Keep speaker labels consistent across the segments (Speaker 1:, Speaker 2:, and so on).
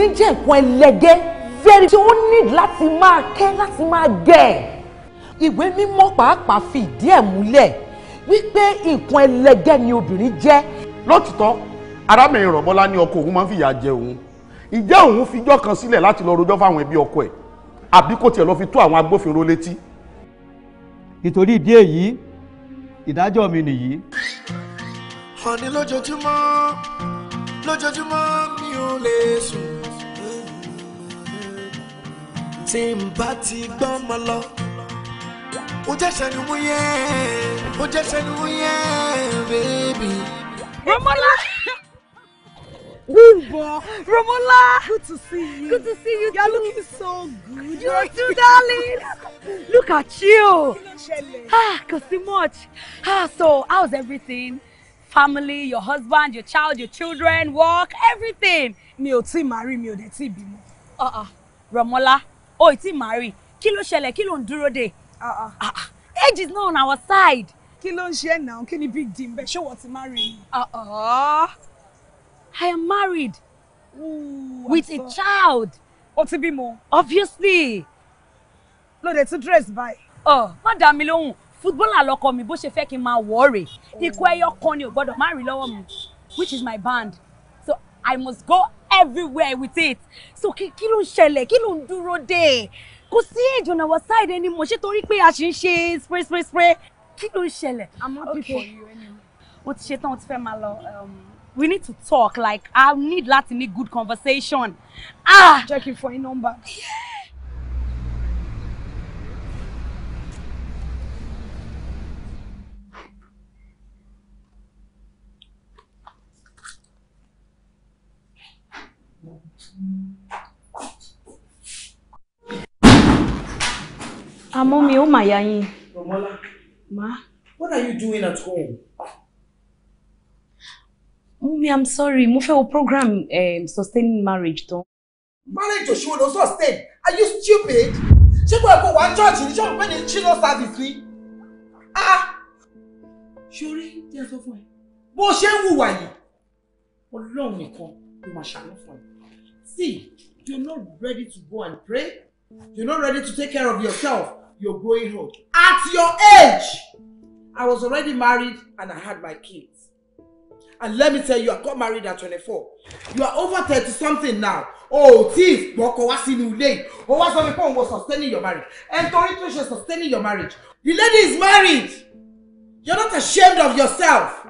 Speaker 1: obìnrin jẹ́
Speaker 2: nǹkan ẹlẹ́gẹ́ very tí ó need láti máa kẹ́ láti máa gẹ̀.
Speaker 3: ìwé mímọ́ pàápàá fi ìdí ẹ̀ múlẹ̀ wípé nǹkan ẹlẹ́gẹ́ ni obìnrin jẹ́. lótìtọ́ arábìnrin rọ̀bọ́lá ní ọkọ òun máa ń fìyà jẹ òun ìjẹ́ òun fijọ́ kan sílẹ̀ láti lọ rojọ́ fáwọn ẹbí ọkọ ẹ̀ àbí kò tiẹ̀ lọ fi tó àwọn agbófinró létí.
Speaker 4: nítorí ìdí èyí ìdájọ́ mi nìyí.
Speaker 3: ọ̀ní lójoojúmọ́ lójoojúmọ́ mi ò lè sùn tí n bá ti gbọ́n mọ lọ. ó jẹ́ sẹ́nu mú yẹn ó jẹ́ sẹ́nu mú yẹn bébì.
Speaker 2: Romola. Bimbo. Romola. Good to see you. Good to see you You're too. looking so good. You
Speaker 5: too, darling.
Speaker 2: Look at you. ah, cause too much. Ah, so how's everything? Family, your husband, your child, your children, work, everything. Mi ò tíì marry, mi ò dẹ̀ tíì bímọ. Uh-uh. Romola, o ì tí marry kí ló ṣẹlẹ̀ kí ló ń dúró dè ah, ah. Ah, age is not on our side. kí ló ń ṣe náà kí ni big deal bẹ́ẹ̀ ṣé wọ́n ti marry ni. I am married
Speaker 5: Ooh, with so... a
Speaker 2: child. o ti bímọ. obviously. ló dé tún dress by. ọ oh, má dá mi lóhùn footballer lọkọ mi bó ṣe fẹ́ kí n máa wọ̀ ọ́ rè ikú ẹyọ kan ni ò gbọ́dọ̀ má rí lọ́wọ́ mi which is my band so I must go everywhere with it so kí ló ń ṣẹlẹ̀ kí ló ń dúró dé kò sí èdè on our side ẹni mo ṣe torí pé a ṣì ń ṣe spray spray spray kí ló ń ṣẹlẹ̀ i'm happy for you anyway o ti ṣe tán ti fẹ́ máa lọ um, we need to talk like i need láti ní good conversation ah jẹ́ kí n fọ yín nọ́mbà. Yeah. àmọ́ mommy, ó màyà yín.
Speaker 1: Rọ̀mọ́lá. Ma. What are you doing at home?
Speaker 2: Mommy, I'm sorry. Mo fẹ́ wo program um, sustaining marriage tán.
Speaker 3: Marriage to show ló sustain. Are you stupid? She kò go one church ní ṣọ́ọ̀bù pé ní chino service ni? Ah! Ṣorí tí a sọ fún ẹ. Bó ṣe ń hùwà yìí, Ọlọ́run nìkan ló máa ṣàánú See, you're not ready to go and pray. You're not ready to take care of yourself you're growing old. At your age, I was already married and I had my kids. And let me tell you, I got married at 24. You are over 30 something now. Oh, thief, gbọ́kọ̀ wá sínú ilé. Ó wá sọ pé òun was sustaining your marriage. And torí tó sustaining your marriage. The lady is married. You're not ashamed of yourself.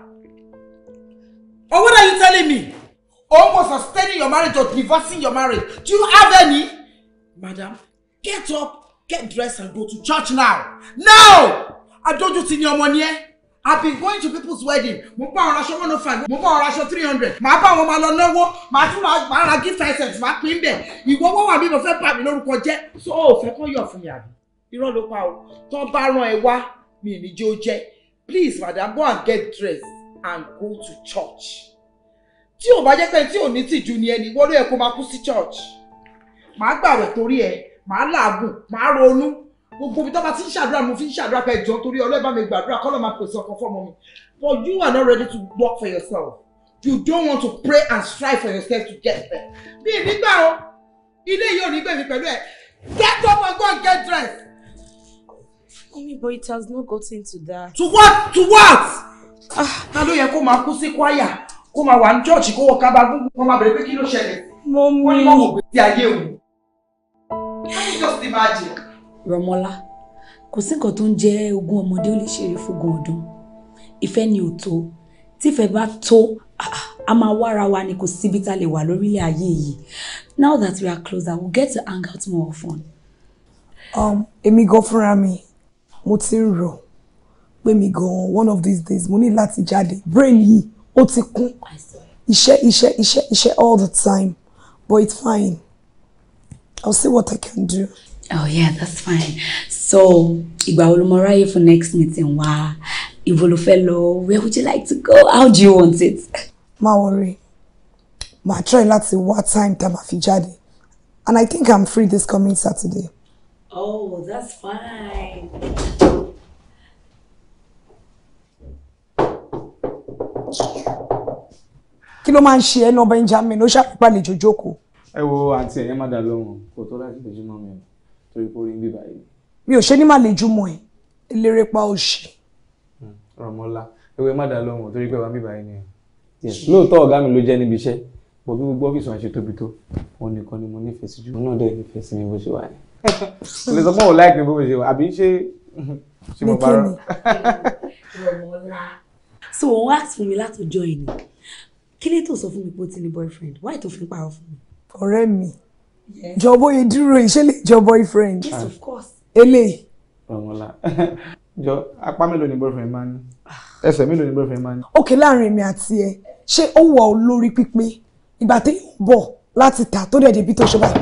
Speaker 3: Or what are you telling me? Òun was sustaining your marriage or divorcing your marriage. Do you have any? Madam, get up Get dressed and go to church now. Now! I ti ni ọmọ ni ẹ́. I've been going to people's wedding. Mo bá ọ̀rọ̀ aṣọ one oh five, mo bá ọ̀rọ̀ aṣọ three hundred. Màá bá wọn máa lọ náwó, màá tún máa ra gift items, màá pín bẹ̀. Ìwọ wọ́n wà mí mo fẹ́ bà mí lórúkọ jẹ́. So o fẹ́ kán yọ̀ fún mi àbí? Irọ́ ló pa o. Tọ́ bá rán ẹ wá, mi ní jẹ́ Please madam go and get dressed and go to church. Tí o bá jẹ́ pé tí ò ní tìjú ni ẹni, wọ́n to church. My gbàwẹ̀ torí ẹ màá làágùn màá ronú gbogbo ibi tó bá ti ń ṣàdúrà mo fi ń ṣàdúrà pé ìjọ torí ọlọ́ọ̀ bá mi gbàdúrà kọ́ lọ́ọ́ máa pèsè ọkọ̀ fọ́mọ mi but you are not ready to work for yourself you don't want to pray and strive for yourself to get there bí nígbà o ilé yìí ò ní gbèmí pẹ̀lú ẹ̀ get up and go and get dressed.
Speaker 2: Mommy, but it has not got into that.
Speaker 3: To what? To what? Ah. Ta ló yẹ kó máa kú sí kwaya, kó máa wà ní chọ́ọ̀chì, kó wọ kábàá gbogbo, kó máa bẹ̀rẹ̀ pé kí ló ṣẹlẹ̀. Mommy. Wọ́n ní wọ́n wò pé sí ayé o. Can you just imagine? Rọmọlá, kò sí
Speaker 2: nǹkan tó ń jẹ́ ogún ọmọdé ó lè ṣeré fógun ọdún. Ìfẹ́ ni ò tó. Tífẹ́ bá tó, a máa wára wa ni kò síbi tá a lè wà lórílẹ̀ ayé yìí. Now that we are closer, we get to hang out more often. Um, èmi gan fúnra mi, mo ti ń rọ̀ pé mi gan one of these days mo ní láti jáde. Brain yìí ó ti kún. Iṣẹ́ iṣẹ́ iṣẹ́ iṣẹ́ all the time but it's fine. I'll see what I can do. Oh yeah, that's fine. So, Iba wo for next meeting wa. Ibo lo where would you like to go? How do you want it? Ma worry. Ma try láti what time tá a fi jáde. And I think I'm free this coming Saturday. Oh, that's fine. Kilo man máa no ṣe no náà Benjamin? Ó ṣàpèpàlejò
Speaker 6: ẹ wo àǹtí ẹ̀yẹ́ má dà lóhùn kò tó láti lè jùmọ̀ mi torí pé orí ń bíbá yìí.
Speaker 2: mi ò ṣe ní má lè jùmọ̀ ẹ̀
Speaker 6: eléré pa òṣì. Hmm, rọmọlá ewé má dà lóhùn torí pé wàá bíbá yìí ni. lóòótọ́ ọ̀gá mi ló jẹ́ níbi iṣẹ́ bọ̀ bí gbogbo ọ́fíìsì wa ṣe tóbi tó òun nìkan ni mo nífẹ̀ẹ́ sí jù náà dẹ̀ nífẹ̀ẹ́ sí mi bó ṣe wà ní. lè sọ pé òun láì bó ṣe wà àbí ṣé
Speaker 5: ṣe mo parọ́.
Speaker 2: so òun wá fún mi látọjọ́ yìí ni kí ló tó sọ fún mi pé ó ti ní boyfriend why tó fi ń parọ́ fún mi ọ̀rẹ́ mi jọ̀bọ́ yìí dúró iṣẹ́ lè jọ boyfriend. yes of course. eléyìí. ọmọlá
Speaker 6: jọ apá mélòó ni boyfriend máa ń ní ẹsẹ̀ mélòó ni boyfriend máa ń ní.
Speaker 2: òkè láàrin èmi àti ẹ ṣé ó wà ó lórí pípé ìgbà tí yóò bọ̀ láti tà tó dẹ̀ débi tó ṣe
Speaker 6: báyìí.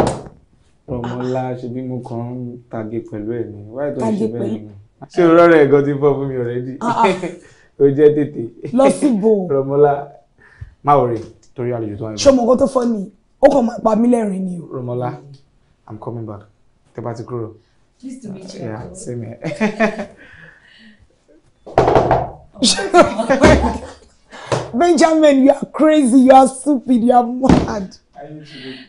Speaker 6: ọmọlá ṣe bí mo kàn ń tàgé pẹ̀lú ẹ̀ ni wáyé tó ń ṣe bẹ́ẹ̀ ni ṣé òróró rẹ̀ gan ti fọ́ fún mi already ah, ah. ó jẹ́ tètè. lọ síbò. ọmọlá máa wọ̀rẹ̀ torí àlejò tó wà ní. ṣọmọ nǹkan tó fọ́ ni ó kàn máa pa mí lẹ́rìn ni o. Romola i'm coming back tẹ bá ti kúrò. please to meet you. yeah same here.
Speaker 3: Benjamin, you are crazy, you are stupid, you are mad. I need to be.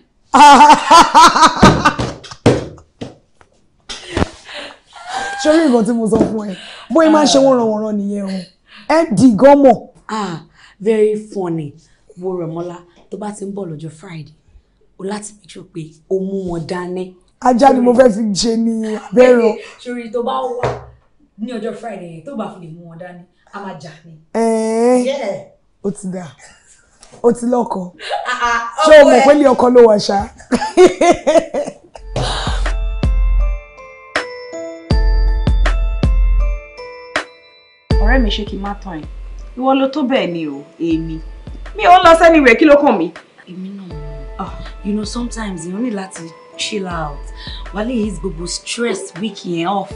Speaker 3: Sori nǹkan
Speaker 2: tí mo sọ fún ẹ. Bo e ma ṣe wọ́n ran wọ́n nìyẹn o. Ẹ di gomo. Ah, very funny. Wo Rẹ̀mọ́lá tó bá ti ń bọ̀ lọ́jọ́ Friday o láti make sure pé o mú wọn dání. ajá ni mo fẹ́ fi jẹ ní abẹ́rọ. sori tó bá wà ní ọjọ́ friday yẹn tó bá fi lè mú wọn dání a máa jà ni. ẹ̀ẹ́ o ti dà o ti lọ́kọ
Speaker 5: ah, ah, ṣé o mọ̀ pé ní
Speaker 2: ọkọ ló wà ṣá. ọ̀rẹ́ mi ṣe kí n má tán ẹ̀ ìwọ ló tó bẹ́ẹ̀ ni o èmi mi ò ń lọ sẹ́niwèé kí ló kàn mí. èmi oh, you know sometimes you only like to chill out wale is gbogbo stress week off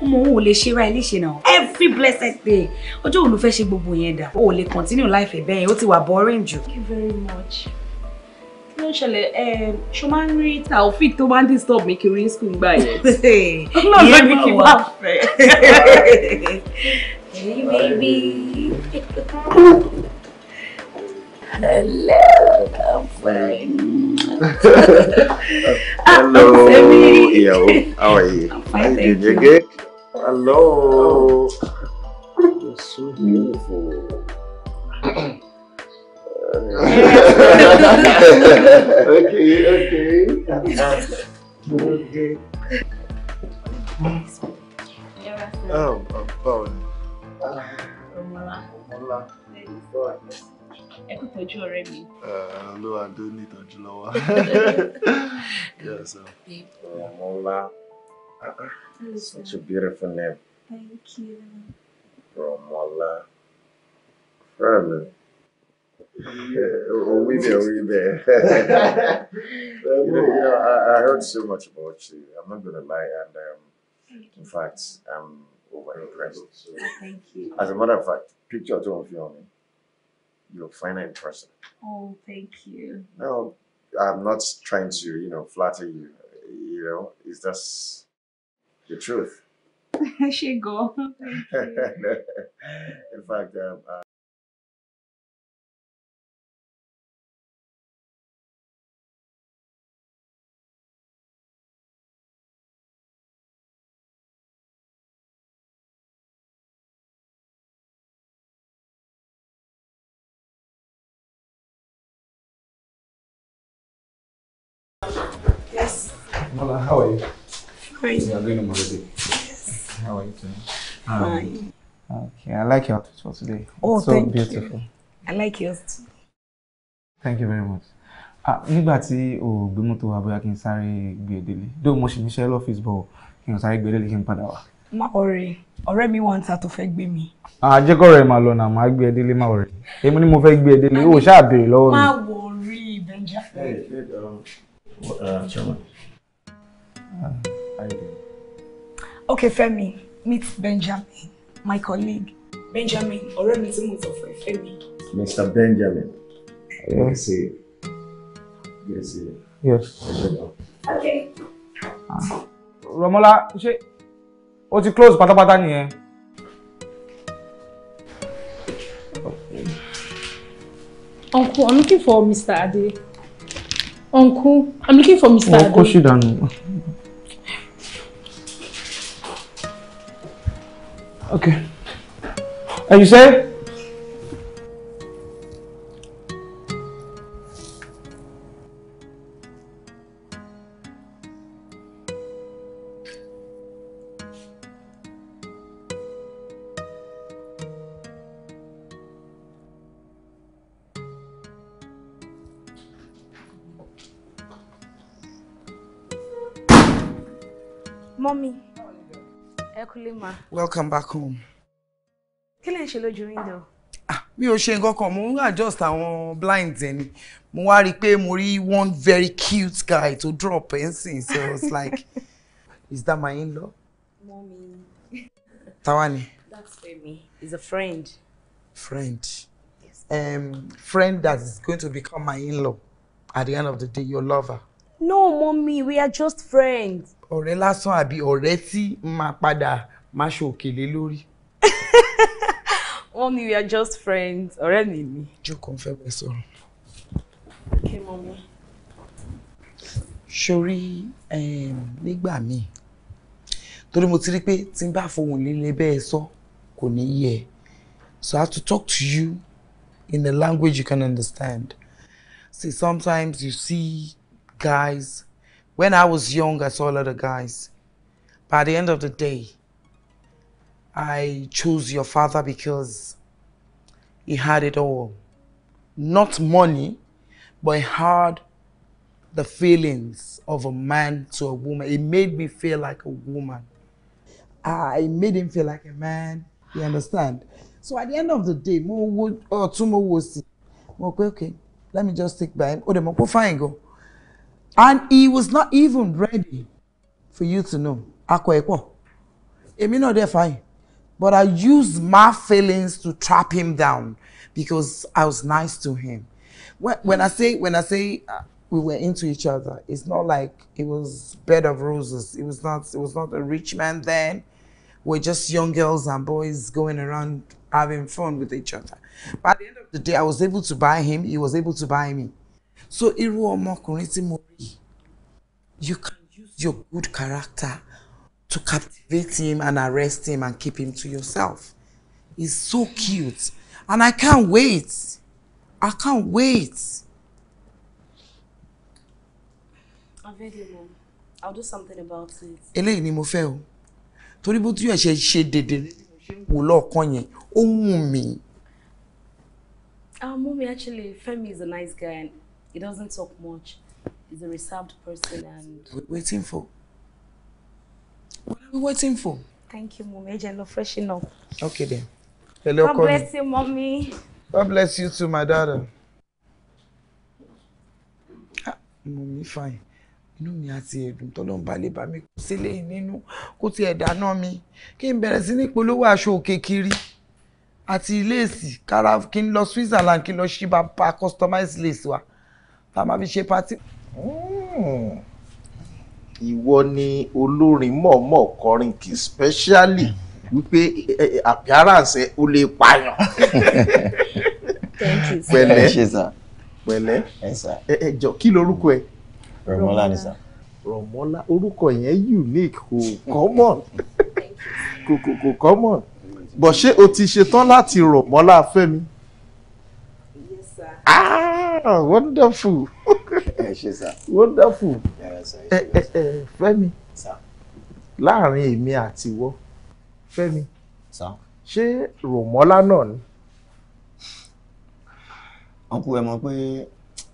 Speaker 2: ọmọ òun ò lè ra ilé every blessed day Ojo òun ló fẹ́ ṣe gbogbo yẹn o ò continue life ẹ̀ bẹ́ẹ̀ ó ti wà boring ju. thank you very much ló ń ṣẹlẹ̀ ṣo máa ń rí taofik tó máa ń disturb mi kiri ní school gbà yẹn. ọlọ́run ló ní kí n máa
Speaker 5: fẹ́. hey baby. Hello, I'm fine. Hello, yo.
Speaker 3: How are you? I'm fine, you thank you. Good? Hello. Oh. You're so beautiful. okay,
Speaker 5: okay. okay. Oh, oh, oh. Uh, ah, Romola
Speaker 2: ẹ
Speaker 3: no, I don't need ló ní ìtọ́jú lọ́wọ́. Ọmọlá such a beautiful name.
Speaker 5: Thank you.
Speaker 3: Ọmọlá Fẹ́mi.
Speaker 5: Oh, we there, we there. you know, you
Speaker 3: know I, I heard so much about you. I'm not gonna lie, and um, in fact, I'm over impressed. So, Thank you. As a matter of fact, picture two of you on me you know finer in person.
Speaker 2: Oh, thank
Speaker 3: you. No, I'm not trying to you know flatter you. You know, it's just the truth.
Speaker 5: she go. in fact, um, uh, Yes. Mala, how are you? Fine. You are going home already? Yes. How are you
Speaker 6: doing? Um, Fine. Okay, I like your outfit for today. Oh, it's so thank beautiful. You.
Speaker 2: I like yours too.
Speaker 6: Thank you very much. Ah, nígbà tí o gbé mọ́tò wa bóyá kí n sáré gbé e délé. Dó mo ṣì níṣẹ́ lọ́fíìsì bọ̀ kí n sáré gbé e délé kí n padà wá.
Speaker 2: Má ọ̀rẹ́ ọ̀rẹ́ mi wà ń ta tó fẹ́ gbé mi.
Speaker 6: Àjẹkọ̀ ah, rẹ̀ máa lọ nà máa gbé e délé má ọ̀rẹ́. Èmi ni mo fẹ́
Speaker 3: gbé e délé. O ṣáà béèrè lọ́wọ́ mi. Má
Speaker 2: wò rí Benjamin.
Speaker 3: Um, Chairman. Uh, ah,
Speaker 2: Okay, Femi, meet Benjamin, my colleague. Benjamin, ọ̀rẹ́ mi tí mo Femi.
Speaker 3: Mr. Benjamin. Yes. yes, to see Yes.
Speaker 5: Okay.
Speaker 6: Ah. Romola, ṣé o ti close pátápátá nìyẹn?
Speaker 2: Uncle, I'm looking for Mr. Ade. Uncle, I'm looking for Mr.
Speaker 6: Ade. Kó ṣì dànù. Okay. And you say?
Speaker 2: ma.
Speaker 3: welcome back home.
Speaker 2: kí lè ń ṣe lójú window.
Speaker 3: ah mi ò ṣe nǹkan kan mo ń adjust àwọn blinds ẹni mo wá rí i pé mo rí one very cute guy to draw pencil so i was like is that my in-law.
Speaker 5: mọ́mí.
Speaker 2: táwa ni. that's Femi he's a friend.
Speaker 3: friend. Yes. Um, friend that is going to become my in-law at the end of the day your lover. no mommy we are just friends. ọ̀rẹ́ lásán àbí ọ̀rẹ́ tí máa padà Ma ṣe òkèlè lórí.
Speaker 2: wọ́n ní we are just friends ọ̀rẹ́ mi ni.
Speaker 3: jókòó ń fẹ́ bẹ́ẹ̀ sọ̀rọ̀.
Speaker 5: okay mọ́mí.
Speaker 3: sori nígbà míì torí mo ti rí pé tí n bá fohùn líle bẹ́ẹ̀ sọ kò ní yẹ so I have to talk to you in a language you can understand see sometimes you see guys when I was young I saw a lot of guys by the end of the day. I chose your father because he had it all. Not money, but he had the feelings of a man to a woman. It made me feel like a woman. Ah, I made him feel like a man. You understand? So at the end of the day, mo wo or oh, tumo wo si. okay, okay. Let me just stick by him. Oh, mo fine go. And he was not even ready for you to know. Akọ ẹ̀pọ̀. Èmi náà dẹ̀ fine. But I used my feelings to trap him down because I was nice to him. When, when I say, when I say uh, we were into each other, it's not like it was bed of roses. It was not, it was not a rich man then. We're just young girls and boys going around having fun with each other. But at the end of the day, I was able to buy him. He was able to buy me. So, irú ọmọkùnrin mo you can use your good character to captivate him and arrest him and keep him to yourself. He's so cute. And I can't wait. I can't wait.
Speaker 2: I'll do something about it.
Speaker 3: Eléyìí ni mo fẹ́ o. Torí bó tí yóò ṣe ṣe dédé wò lọ́ọ̀kan yẹn,
Speaker 2: Our mommy actually, Femi is a nice guy and he doesn't talk much. He's a reserved person
Speaker 3: and... Waiting for?
Speaker 2: What are we waiting for? Thank you, Mummy. Ejelo, freshen up.
Speaker 3: Okay then. Hello, God Connie. bless
Speaker 2: you, Mommy.
Speaker 3: God bless you too, my daughter. Ah, Mummy, fine. inú me àti ẹ̀dùn tọ́lọ́n balẹ̀ bá me. kú sílé nínú kó ti ẹ̀dá náà mi kí n bẹ̀rẹ̀ sí ní polówó aṣọ òkè kiri àti iléèsì kára kí n lọ Switzerland kí n lọ ṣí bá pa customized lace wa tá a máa fi ṣe party. Mm ìwọ ni olórin mọ̀ọ́mọ̀ kọrin kì specially wípé appearance ó lè pààyàn. pẹ̀lẹ́ pẹ̀lẹ́ ẹ jọ kí lorúkọ ẹ. Rọ̀mọ́lá ni sà. Rọ̀mọ́lá orúkọ yẹn unique kò common kò kò kò common bọ̀ ṣé o ti ṣetán láti Rọ̀mọ́lá Fẹ́mi. yes sir. Ah! Ah, wonderful. ẹ ṣe sá. wonderful. ẹ ẹ ẹ Fẹ́mi. sá. láàrin èmi àti ìwọ Fẹ́mi. sá. ṣé Rọ̀mọ́lá náà ni. ọkùn ẹ mọ̀ pé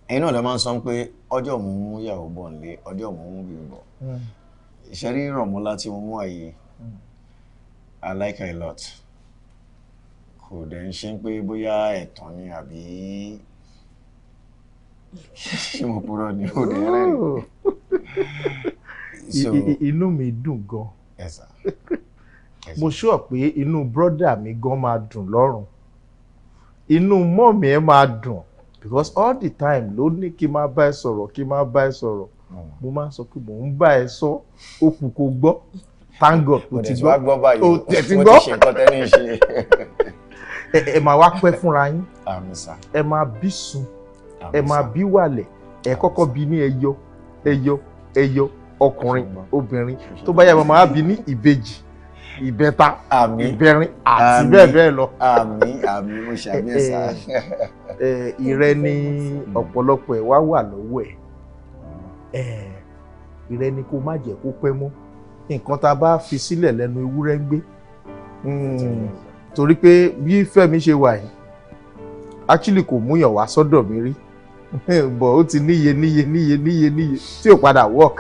Speaker 3: ẹ̀yin náà lè máa ń sọ pé ọjọ́ mò ń mú yàwó bọ̀ nílé ọjọ́ mò ń mú bìrì bọ̀ ìṣẹ́rí hmm. Rọ̀mọ́lá tí mo mú àyè hmm. I like a lot kò dẹ̀ ń ṣe pé bóyá ẹ̀tàn ni àbí ṣé mo ni o dẹ̀ rẹ́rìn. inú mi dùn gan. yes sir. mo sọ pé inú brọ́dà mi gan máa dùn lọ́rùn inú mọ́mì ẹ̀ máa dùn because all the time ló ní kí n máa bá ẹ sọ̀rọ̀ kí n máa bá ẹ sọ̀rọ̀ hmm. mo máa sọ pé mò ń bá ẹ sọ ó kù kó gbọ́ thank god o ti gbọ́ o tẹ̀ ti gbọ́ ẹ máa wá pẹ́ fúnra yín ẹ máa bí sùn ẹ máa bí wàlẹ̀ ẹ kọ́kọ́ bí ní ẹyọ ẹyọ ẹyọ ọkùnrin obìnrin tó bá yá máa bí ní ìbejì ìbẹta ìbẹrin àti bẹ́ẹ̀ bẹ́ẹ̀ lọ. àmín àmín mo ṣàbíyèsà. ìrẹ ni ọ̀pọ̀lọpọ̀ ẹ̀ wá wà lọ́wọ́ ẹ̀ ìrẹ ni kó má jẹ́ kó pẹ́ mọ́ nǹkan tá a bá fi sílẹ̀ lẹ́nu ewúrẹ́ ń gbé hmm, torí pé bí Fẹ́mi ṣe wà yìí actually kò múyàn wá sọ́dọ̀ mi rí bọ̀ ó ti níye níye níye níye níye tí ò padà work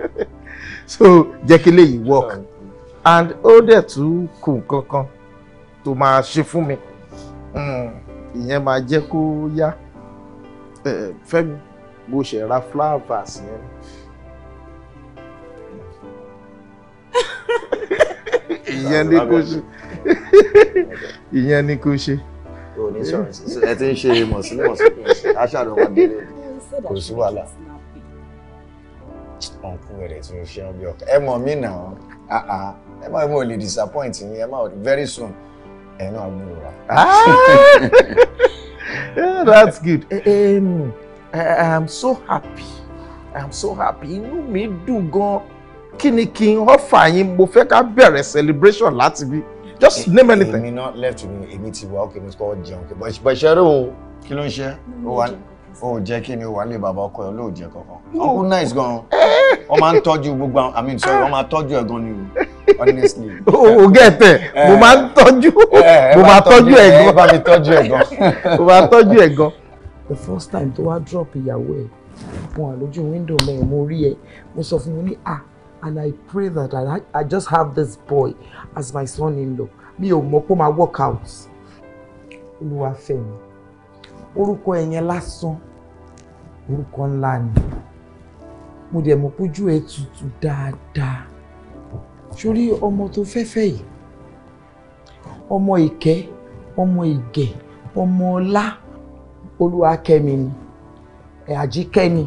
Speaker 3: so jẹ́ kí léyìí work and ó dẹ̀ tún kù nǹkan kan tó máa ṣe fún mi hmm, ìyẹn máa jẹ́ kó yá eh, Fẹ́mi mo ṣe ra flower vase yẹn. ìyẹn ni kò ṣe ìyẹn ni kò ṣe o ní sọ̀rọ̀ ẹ ti ń ṣe mọ̀símọ̀sí aṣáájú ọmọ délé kò sí wàhálà ọ̀nkú rẹ̀ tí mo ṣe ń bí ọkọ ẹ mọ̀ mí nà án ẹ má mo lè disappoint mi ẹ má very soon ẹ náà gbúrò wa. Ah! that's good um, I am so happy I am so happy inú mi dùn gan-an kí ni kí n ọ́fà yín mo fẹ́ ká bẹ̀rẹ̀ celebration láti bí just eh, name anything. èmi náà left mi èmi ti wà ókè mi ti kọ́ jẹun kí bọ̀ ìṣẹ́ rẹ̀ o kí ló ń ṣe o jẹ́ kí ni o wà ní bàbá ọkọ ẹ̀ olóò jẹ́ kankan uncle nice gan eh. wọ́n máa ń tọ́jú gbogbo i mean sorry wọ́n máa tọ́jú ẹ̀ gan ni o honestly. o get ẹ eh. mo máa ń tọ́jú mo máa tọ́jú ẹ̀ gan mo máa tọ́jú ẹ̀ gan mo máa tọ́jú ẹ̀ gan. the first time tó wá drop ìyàwó ẹ̀ mo wà lójú window mẹ́rin mo rí ẹ mo sọ fún mi ní ah and I pray that I, I just have this boy as my son-in-law mi o mọ̀ pé ó work out Olúwafẹ́mi orúkọ ẹ̀yẹn lásán orúkọ ńlá ni mo dẹ̀ mọ̀ pójú ẹ tutù dáadáa sórí ọmọ tó fẹ́fẹ́ yìí ọmọ ìkẹ́ ọmọ ìgẹ̀ ọmọ ọlá Olúwakẹ́mi ni ẹ̀ àjíkẹ́ ni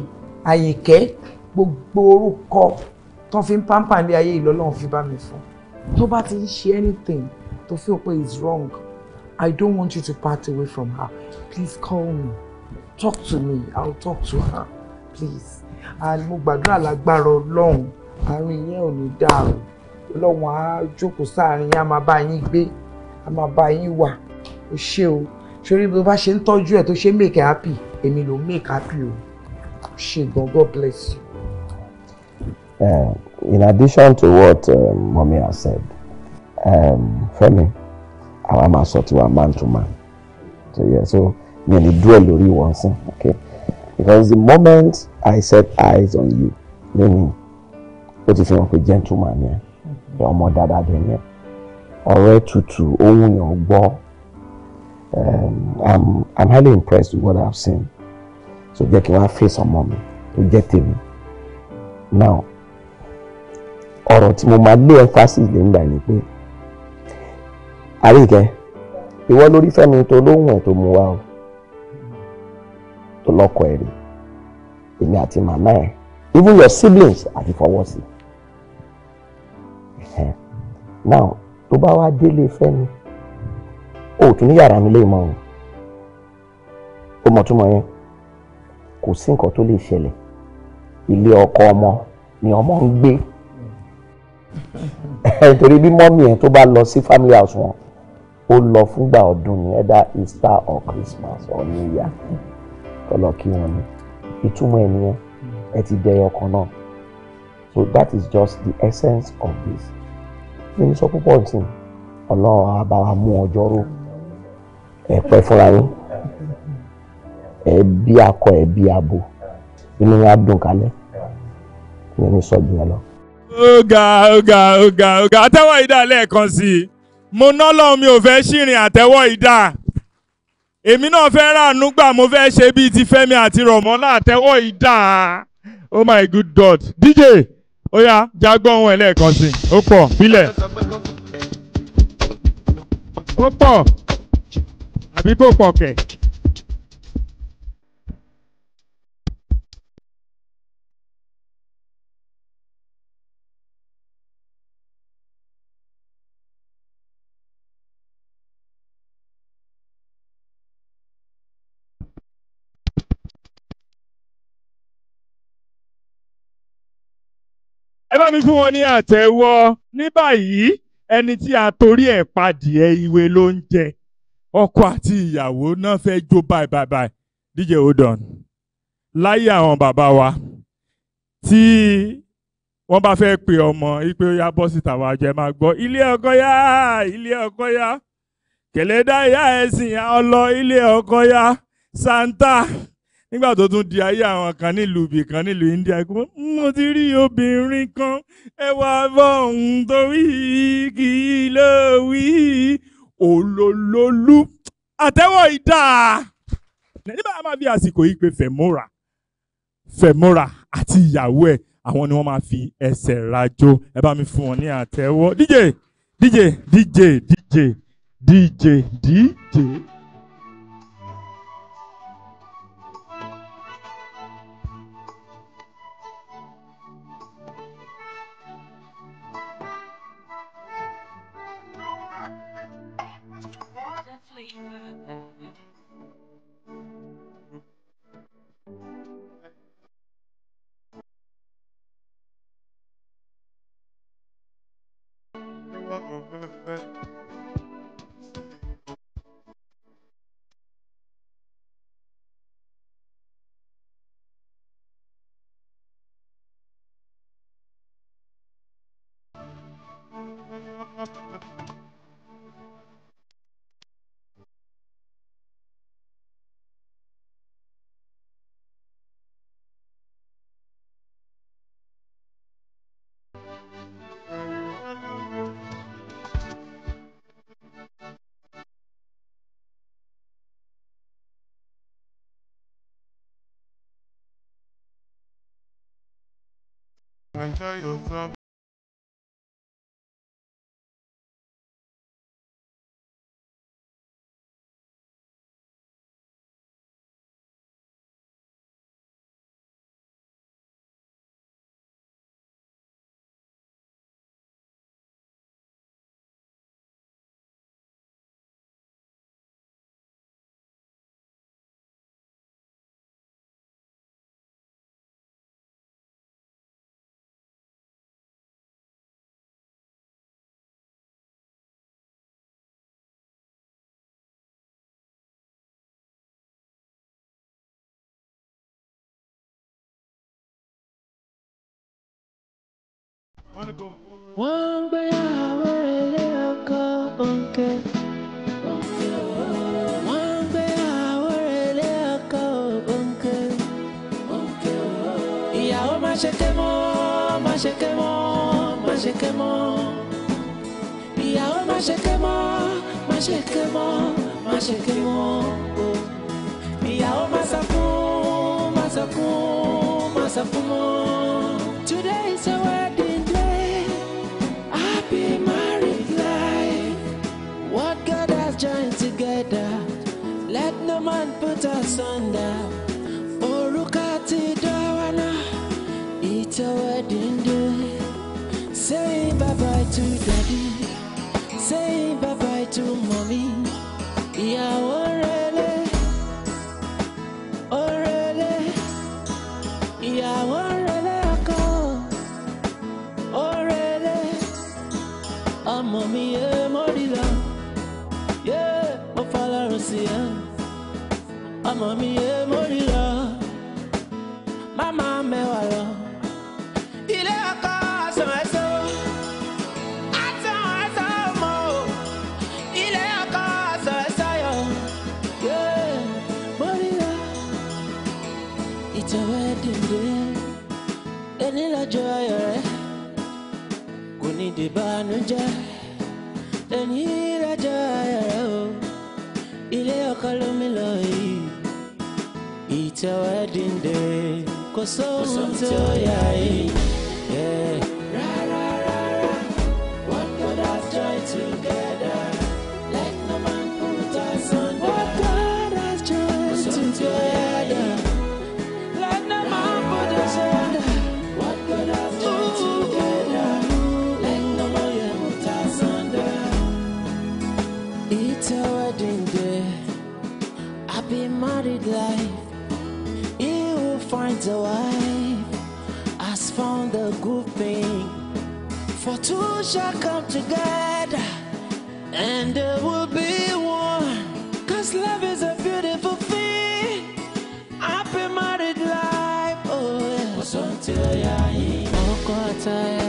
Speaker 3: àyìnkẹ́ gbogbo orúkọ tó fi ń pampa ilé ayé ìlọ́lọ́run fi bá mi fún tó bá ti ń ṣe anything tó feel pé it's wrong I don't want you to part away from her please call me talk to me I'll talk to her please and mo gbàdúrà lágbára ọlọ́run àárín yẹn ò ní dàrú ọlọ́run á jókòó sáàrin yẹn á máa bá yín gbé á máa bá yín wà ó ṣe o ṣorí bí o bá ṣe ń tọ́jú ẹ̀ tó ṣe make happy èmi ló make happy o ṣe gan God bless you. Uh, in addition to what uh, mommy has said, um, Femi, a sort of a man to man. So yeah, so mi ò ní dúró lórí wọn okay? Because the moment I set eyes on you, meaning ó ti fi hàn pé gentleman yẹn, mm-hmm. ọmọ dáadáa dẹ̀ yẹn, ọ̀rẹ́ tútù, ohun yẹn gbọ́. Um, I'm, I'm highly impressed with what I've seen. So get your face on, Mommy, to get him Now, ọ̀rọ̀ tí mo máa gbé emphasis lè ń gbà ní pé àríkẹ́ ìwọ lórí fẹ́mi tó lóhùn ẹ̀ tó mú o tó lọ́kọ̀ ẹ̀ èmi àti màmá even your siblings àti fọwọ́ sí now tó bá wá délé fẹ́mi o tún ní yàrá mi lè mọ o ó mọ̀ túmọ̀ yẹn kò sí nǹkan tó ọkọ ọmọ ni ọmọ ń gbé. nítorí bí mọ́mì ẹ̀ tó bá lọ sí family house wọn ó lọ fúngbà ọdún ní either Easter or Christmas or New Year tó kí wọn ni ìtumọ̀ ẹ̀ nìyẹn ẹ ti dẹyọ kan náà so that is just the essence of this nínú sọ púpọ̀ nsìn ọlọ́run á wa mú ọjọ́ ẹ pẹ́ fúnra yín ẹ bí akọ ẹ bí abo inú yín dùn kálẹ̀
Speaker 1: kí ni ẹ lọ ó ga ó ga ó ga ó ga àtẹ́wọ́ ìdá lẹ́ẹ̀kan sí i mo ná lọ́hùn mi ò fẹ́ ṣìrìn àtẹ́wọ́ ìdá èmi náà fẹ́ ràánú gbà mo fẹ́ ṣe bíi ti Fẹ́mi àti Rọ̀mọ́lá àtẹ́wọ́ ìdá oh my good God DJ ó yá jágbọ́ ohun ẹ̀ lẹ́ẹ̀kan sí i ó pọ̀ bílẹ̀ ó pọ̀ àbí kò pọ̀ kẹ̀. bá mi fún wọn ní àtẹ́wọ́ ní báyìí ẹni tí a torí ẹ̀ padìẹ ìwé ló ń jẹ ọkọ àti ìyàwó náà fẹ́ jó báyìí báyìí díje hold láyé àwọn bàbá wa tí wọ́n bá fẹ́ pè ọmọ ipe ó yá bọ́ síta wàá jẹ́ máa gbọ́ ilé ọkọ yá ilé ọkọ yá kẹlẹ́dá ìyá ẹ̀sìn ọlọ ilé ọkọ yá santa nígbà tó tún di ayé àwọn kan nílùú ibì kan nílùú India kó mo ti rí obìnrin kan ẹwà bọ́ọ̀hún torí kì í lọ wí olólólú àtẹ́wọ̀ ìdá. nígbà máa fi àsìkò yìí pé fẹ̀mọ́ra fẹ̀mọ́ra àti ìyàwó ẹ̀ àwọn ni wọ́n máa fi ẹsẹ̀ rajò ẹ bá mi fún wọn ní àtẹ́wọ́ DJ DJ DJ DJ DJ DJ.
Speaker 5: tell yourself wọ́n ń gbéyàwó ilé ọkọ òǹkè. wọ́n ń gbéyàwó
Speaker 7: ilé ọkọ òǹkè. ìyàwó má ṣe ké mọ́ má ṣe ké mọ́ má ṣe ké mọ́. ìyàwó má ṣe ké mọ́ today is a way. be married like. What God has joined together, let no man put asunder. Orukati dawana, it's a wedding day. Say bye bye to daddy, say bye bye to mommy. Yeah, alright. ama, me ama. É I your wedding day. Cause so, so, so, yeah. shall come to God, and there will be one. Cause love is a beautiful thing. I've been married life. Oh, yeah.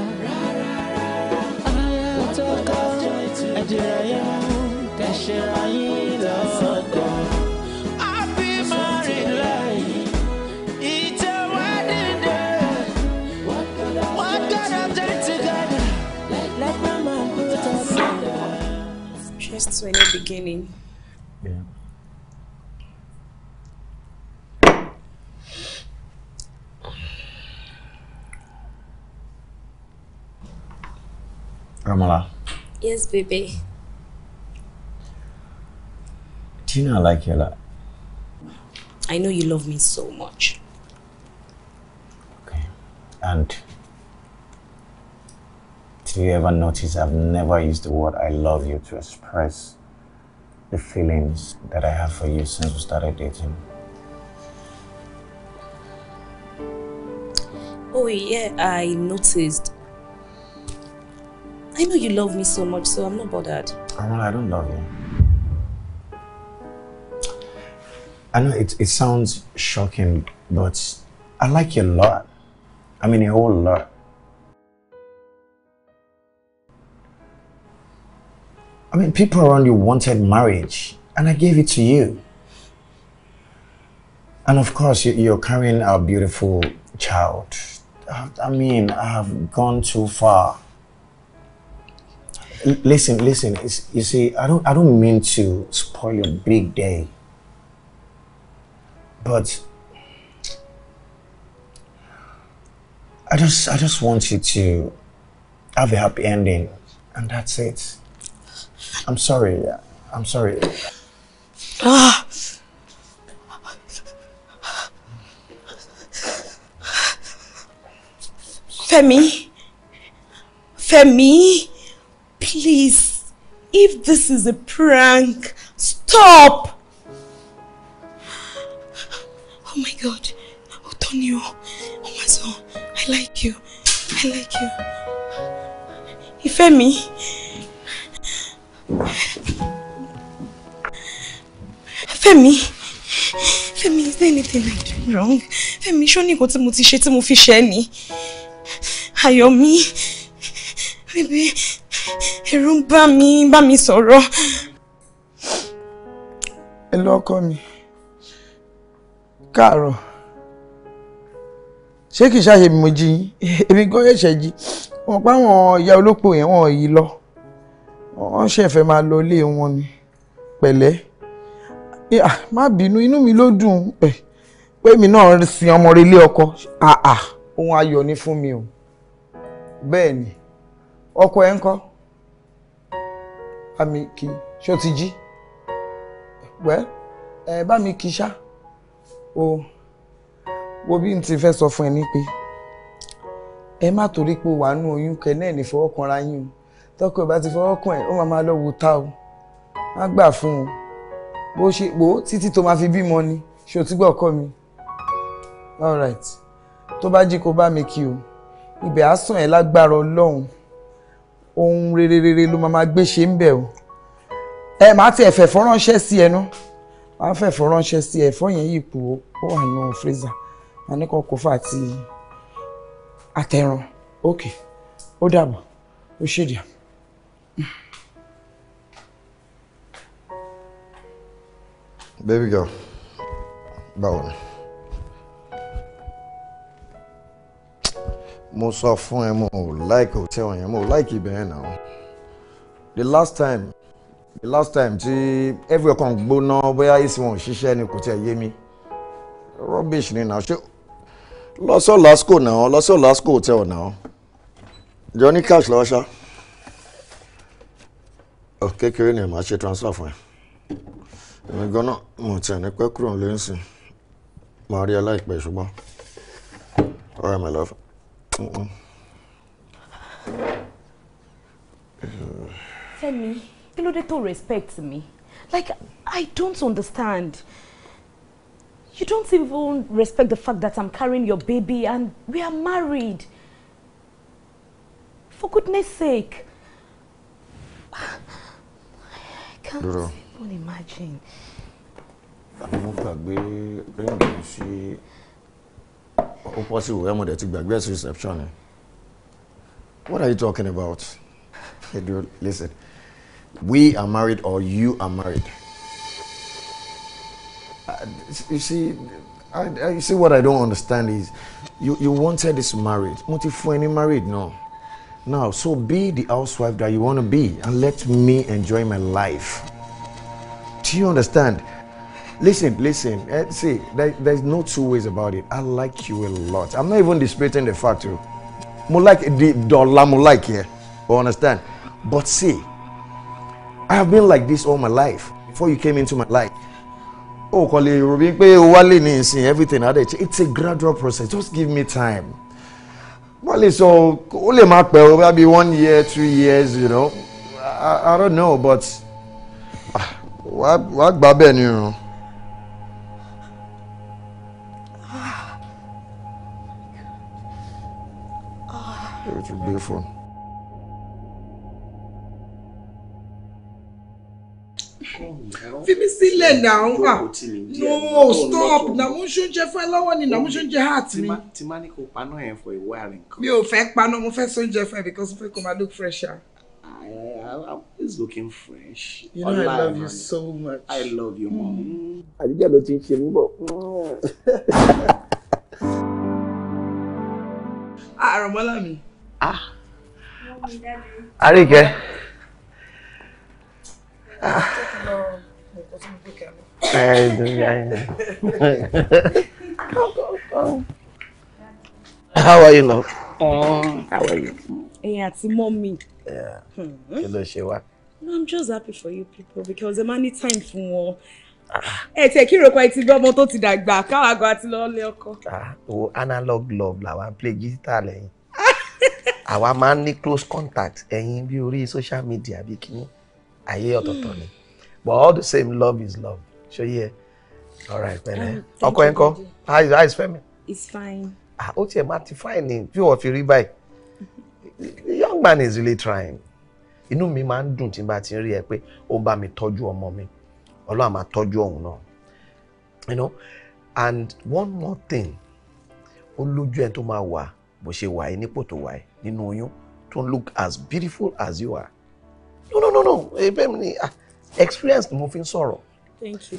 Speaker 2: also a new beginning. Yeah. Ramala. Yes, baby.
Speaker 3: Do you know I like you a lot?
Speaker 2: I know you love me so much.
Speaker 3: Okay. And do you ever notice I've never used the word I love you to express the feelings that I have for you since we started dating?
Speaker 2: Oh, yeah, I noticed. I know you love me so much, so I'm not bothered.
Speaker 1: Well, I don't love you.
Speaker 3: I know it, it sounds shocking, but I like you a lot. I mean, a whole lot. I mean, people around you wanted marriage, and I gave it to you. And of course, you're carrying a beautiful child. I mean, I have gone too far. listen, listen. you see, I don't, I don't mean to spoil your big day, but I just, I just want you to have a happy ending, and that's it. I'm sorry. I'm sorry.
Speaker 5: Ah!
Speaker 2: Femi, Femi, please, if this is a prank, stop! Oh my god, Otonio, oh my son, I like you, I like you. Femi. Femi, Femi, is there anything I did wrong? Femi, show me what you mo ti ṣe tí mo fi ṣe ni? Ayọ̀mí, bíbí, mi, bá mi sorrow.
Speaker 3: Hello, call me, káàárọ̀ ṣé kì í ṣàṣe bí mo jí yín èmi gan yẹ̀ṣẹ̀ jí wọn pa àwọn ìyá olópò yẹn wọn yìí wọ́n ṣe fẹ́ máa lọ ilé wọn ni pẹ̀lẹ́ má bínú inú mi ló dùn pẹ̀ pé mi náà sin ọmọ rẹ ilé ọkọ àà ohun ayọ̀ ni fún mi o bẹ́ẹ̀ ni ọkọ ẹ̀ ń kọ́ bá mi kí ṣó ti jí wẹ́ ẹ bá mi kí ṣá o wo bí n ti fẹ́ sọ fún ẹ ní pé ẹ má torí pé wàá oyún kẹ náà ní fọwọ́ kanra yín o tọkọ ìbá ti fọwọ́ kàn ẹ̀ ó máa máa lọ wò ta o má gbà fún o bó ṣe pò ó títí tó máa fi bímọ ni ṣé o ti gbọ́ ọkọ mi all right tó bá jí kó bá mi kí o ibẹ̀ á sàn ẹ́ lágbára ọlọ́run ohun rere rere ló máa máa gbé ṣe ń bẹ̀ o ẹ máa ti ẹ̀fẹ̀ fọ́ ránṣẹ́ sí ẹ náà máa fẹ̀fọ́ ránṣẹ́ sí ẹ̀fọ́ yẹn yìí pò ó wà nínú freezer máa ní kọ́kọ́ fà àti àtẹ̀ràn ok ó dàbọ̀ ó ṣèdíà. baby girl báwo ni mo sọ fún ẹ mo like o hotel yẹn mo like ibẹ̀ yẹn náà the last time the last time tí everywhere kan gbóná bóyá èsì wọn ò ṣiṣẹ́ ni kò tiẹ̀ yé mi rubbish ni náà ṣé lọ́sọ̀ lásìkò náà lọ́sọ̀ lásìkò hotel náà jọ ní cash lọ́wọ́ ṣá kékeré ni màá ṣe transfer fún ẹ èmi gan-an mo tiẹ̀ ní pẹ́ kúrò nílé nsìn máa rí ẹ láìpẹ́ ṣùgbọ́n ọ̀rẹ́ mi lọ́fẹ̀ẹ́.
Speaker 2: Fẹ́mi kí ló dé tó respect me like I don't understand you don't even respect the fact that I'm carrying your baby and we are married for goodness sake I can't Duro. even imagine
Speaker 3: mo gbàgbé ríǹgì sí ó possible dẹ̀ ti gbàgbé ẹ̀sìn reception ni what are you talking about edu listen we are married or you are married uh, you see I, you see what I don't understand is you you wanted this marriage mo ti fún ẹ married náà. Now, so be the housewife that you want to be and let me enjoy my life. Do you understand? Listen, listen. Eh, see, there, there's no two ways about it. I like you a lot. I'm not even disputing the fact. Oh. Mo like the dollar, mo like here. You understand? But see, I have been like this all my life before you came into my life. Oh, kò lè rò bí pé o wálé ní ìsìn everything it's a gradual process just give me time. Wọ́n so sọ ó lè máa o bí one year two years you know I, I don't know but ah, wàá gbà bẹ́ẹ̀ ni o.
Speaker 5: tún gbé fóònù.
Speaker 3: fi mi sílẹ̀ no stop na mo ń ṣoúnjẹ fún ẹ lọ́wọ́ ni na mo ń ṣoúnjẹ heart mi. tí má ní kó paná yẹn fọ ìwé àrẹ nǹkan. mi ò fẹ́ paná mo fẹ́ ṣoúnjẹ fún ẹ because mo fẹ́ kó máa look fresh. I'm looking fresh. You know Online, I love you so much. I love you, hmm. mom. Àdìjẹ́ ló ti ń ṣe mí bọ̀. Àrọ̀mọ́lá ah, mi ah àríkẹ́ ah ẹ dùnúyà yín
Speaker 6: how are you now um, oh,
Speaker 7: how are you.
Speaker 2: ẹ̀yin ati mommy. kí ló ṣe wá. no i'm just happy for you people because the máa ní time fún wọn ah. ẹ tẹ kí rògbò ẹtì gbọmọ tó ti dàgbà káwàgọ àti lọọ lé ọkọ.
Speaker 3: Oh, analog love la làwọn play guitar lẹ́yìn àwa máa ń ní close contact ẹ̀yin bí orí social media bí kíní ayé ọ̀tọ̀ọ̀tọ̀ ni but all the same love is love So yẹ all right pẹ̀lẹ́ um, ọkọ ẹ ń kọ́ how is how is Fẹ́mi. it's fine. ah ó tiẹ̀ máa ti fine ni bí wọ́n fi rí báyìí young man is really trying inú mi máa ń dùn tí n bá ti rí ẹ pé ó ń bá mi tọ́jú ọmọ mi ọlọ́run máa tọ́jú òun náà you know and one more thing ó lójú ẹ tó máa wà bó ṣe wà yìí nípò tó wà yìí nínú oyún tó look as beautiful as you are no no no no ebe eh, mi ni ah experience ni mo fi ń sọ̀rọ̀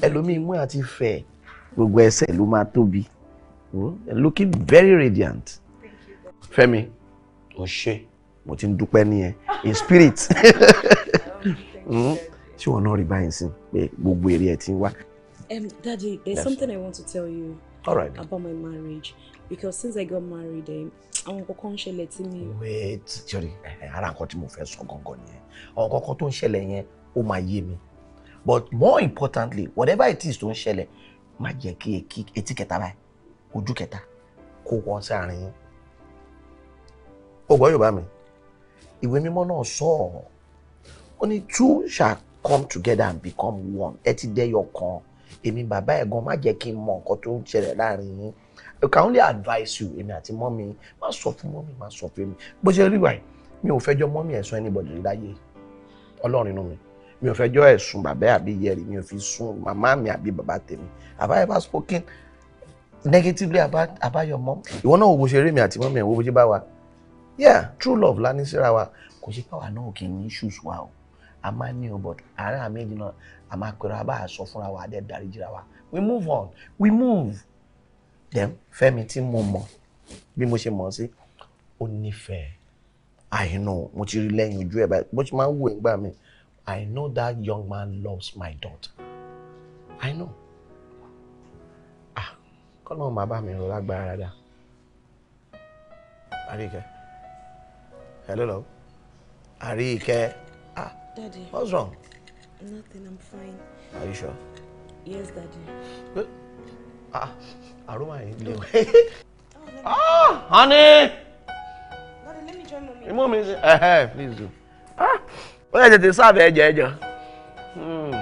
Speaker 3: ẹlòmíì mú àti fẹ̀ gbogbo ẹsẹ̀ ló máa tóbi looking very radiant Fẹ́mi o ṣe mo ti ń dúpẹ́ nìyẹn in spirit hmm? ṣé wọn náà rí báyìí sí pé gbogbo èrè ẹ ti ń wá.
Speaker 2: Um, Daddy, there's yes. something I want to tell you All right. about my marriage because since I got married. Um, àwọn nǹkan ń ṣẹlẹ̀
Speaker 3: tí mi. wait sorry ara nǹkan tí mo fẹ́ sọ gangan nìyẹn àwọn nǹkan kan tó ń ṣẹlẹ̀ yẹn ó máa yé mi but more importantly whatever it is tó ń ṣẹlẹ̀ máa jẹ́ kí etí kẹta báyìí ojú kẹta kó wọ́n sáàrin yín. ó gbọ́ yorùbá mi ìwé mímọ́ náà sọ ọ́ ó ní two shall come together and become one ẹ ti dẹ́yọ̀ kan èmi bàbá ẹ̀ gan má jẹ́ kí n mọ nǹkan tó ń ṣẹlẹ̀ láàrin yín I can only advise you èmi àti mọ́mi má sọ fún mọ́mi má sọ fún mi bó ṣe rí wáyé mi ò fẹjọ́ mọ́mi ẹ̀sùn anybody rí láyé ọlọ́run inú mi mi ò fẹjọ́ ẹ̀sùn bàbá àbí yẹ̀rì mi ò fi sùn màmá mi àbí bàbá tèmi have I ever spoken negatively about about your mom ìwọ náà wo bó ṣe rí mi àti mọ́mi ẹ̀ wo bó ṣe bá wa yeah true love la ní síra wa kò ṣe pàwọ́ náà kì í ní issues wa o a máa ní o but àárín àmì ìdí náà a máa pèrò abáà sọ fúnra wa adé dáríjì wa we move on we move dem fẹ́mi tí mo mọ̀ bí mo ṣe mọ̀ sí ó nífẹ̀ẹ́ i know mo ti rí lẹ́yìn ojú ẹ̀ báyìí bó ṣe máa ń wò nígbà mi i know that young man loves my daughter i know ah kọ́nà bàbá mi rọ lágbára dáadáa àríkẹ́ hello love àríkẹ́
Speaker 5: ah Daddy. what's wrong.
Speaker 2: nothing i'm fine. are you sure. yes Daddy.
Speaker 7: Good.
Speaker 3: Ah, aroma yìí lè. Oh, ah, honey. Daddy, let me join Lolly. Imú mi ṣe, ẹ̀hẹ́, please do. Ah, ó yẹ tètè sáàbẹ̀ ẹ̀jẹ̀ ẹ̀jọ̀. Hmm.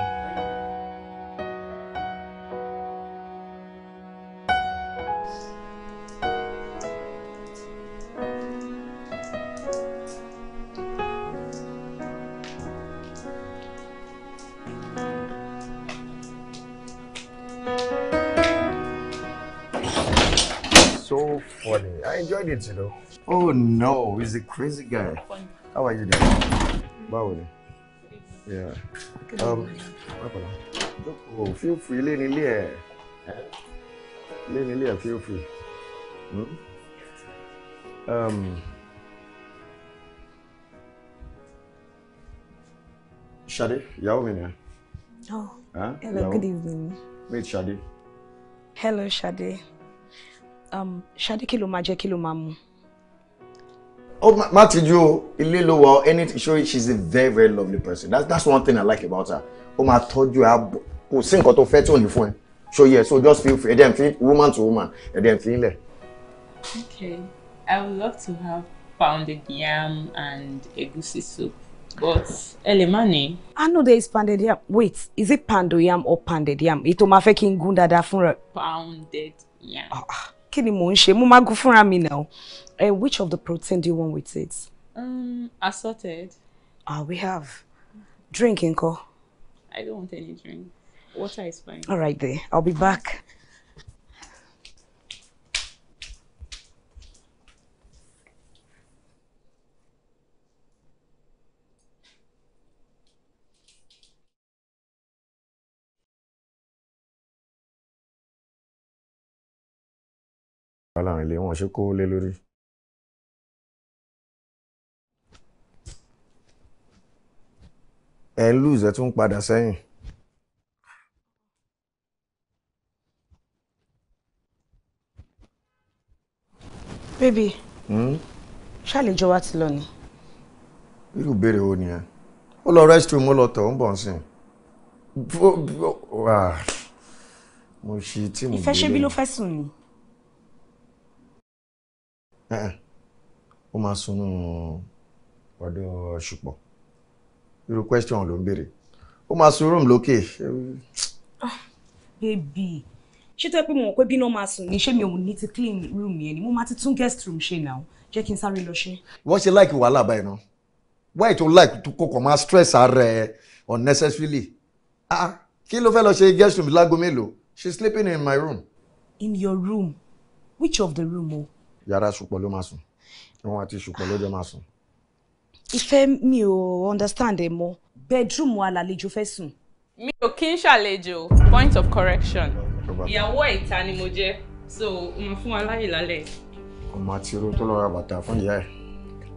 Speaker 3: kids, you Oh no, he's a crazy guy. How are you doing? Báwo Yeah. Um, oh, feel free, lé nílé ẹ̀. Lé feel free. Hmm? Um, Shadi, ìyàwó mi nìyẹn. Oh, huh? hello, Yao. good evening. Meet Shadi.
Speaker 2: Hello, Shadi. Um, ṣadé kí ló máa jẹ kí ló máa mu.
Speaker 3: Oh, má tijú o, ilé ló wà any sure she's a very very lovely person. That's that's one thing I like about her. Ó máa tọ́jú ẹ, kò sí nǹkan tó fẹ́ tí ò ní fún ẹ. So yeah, so just feel free. Ẹ̀dẹ̀ fi woman to woman, ẹ̀dẹ̀ fi ilẹ̀.
Speaker 2: Okay, I would love to have pounded yam and egusi soup. But Elemani. I know there is pounded yam. Wait, is it pando yam or pounded yam? Ito ma fẹ́ kí n gún dáadáa fún Pounded yam. Ah. ah kí ni mò ń ṣe mo máa gun fúnra mi náà and eh, which of the protein do you want with it. Um, assorted. ah we have drink ńkọ́. I don't want any drink water is fine. all right there I'll be back.
Speaker 5: fàlàrin lé wọn ṣe kó lé lórí. ẹ ń lùzẹ
Speaker 3: tún ń padà sẹ́yìn. bébì hmm?
Speaker 2: ṣàlejò wa ti lọ ni.
Speaker 3: irú ìbéèrè wo nìyẹn ó lọ restroom ó lọ tọ̀ ó ń bọ̀ ń sìn ah, mo ṣe tí mo gbé lọ. ìfẹ́ ṣe bí ló fẹ́ sùn ni. Eh, eh. ó máa sunú ọ̀dọ̀ ṣùpọ̀ irú question ló ń béèrè ó máa sun room lókè.
Speaker 2: Ah, bébì ṣé tó yẹ pé mo mọ̀ pé bí náà máa sùn ní ṣé mi ò ní ti clean room yẹn ni mo máa ti tún guest room ṣe náà jẹ́ kí n sáré lọ ṣe.
Speaker 3: wọ́n ṣe láìkì wàhálà báyìí náà why to like to kọkọ̀ máa stress ara unnecessarily ah, ah kí ló fẹ́ lọ ṣe guest room láago mélòó she's sleeping in my room. in your room which of the room o. Oh? yàrá ṣùpọ̀ ló máa sùn wọn àti ṣùpọ̀ ló máa sùn.
Speaker 2: ìfẹ́ mi ò understand ẹ mọ́ bedroom wa làlejò fẹ́ sùn. mi ò kí ń ṣàlejò point
Speaker 3: of correction ìyàwó
Speaker 2: ìta ni mo jẹ́ so mo fún wa láyè lálẹ́.
Speaker 3: ọmọ àti irun tó lọ ra bàtà fún ìyá ẹ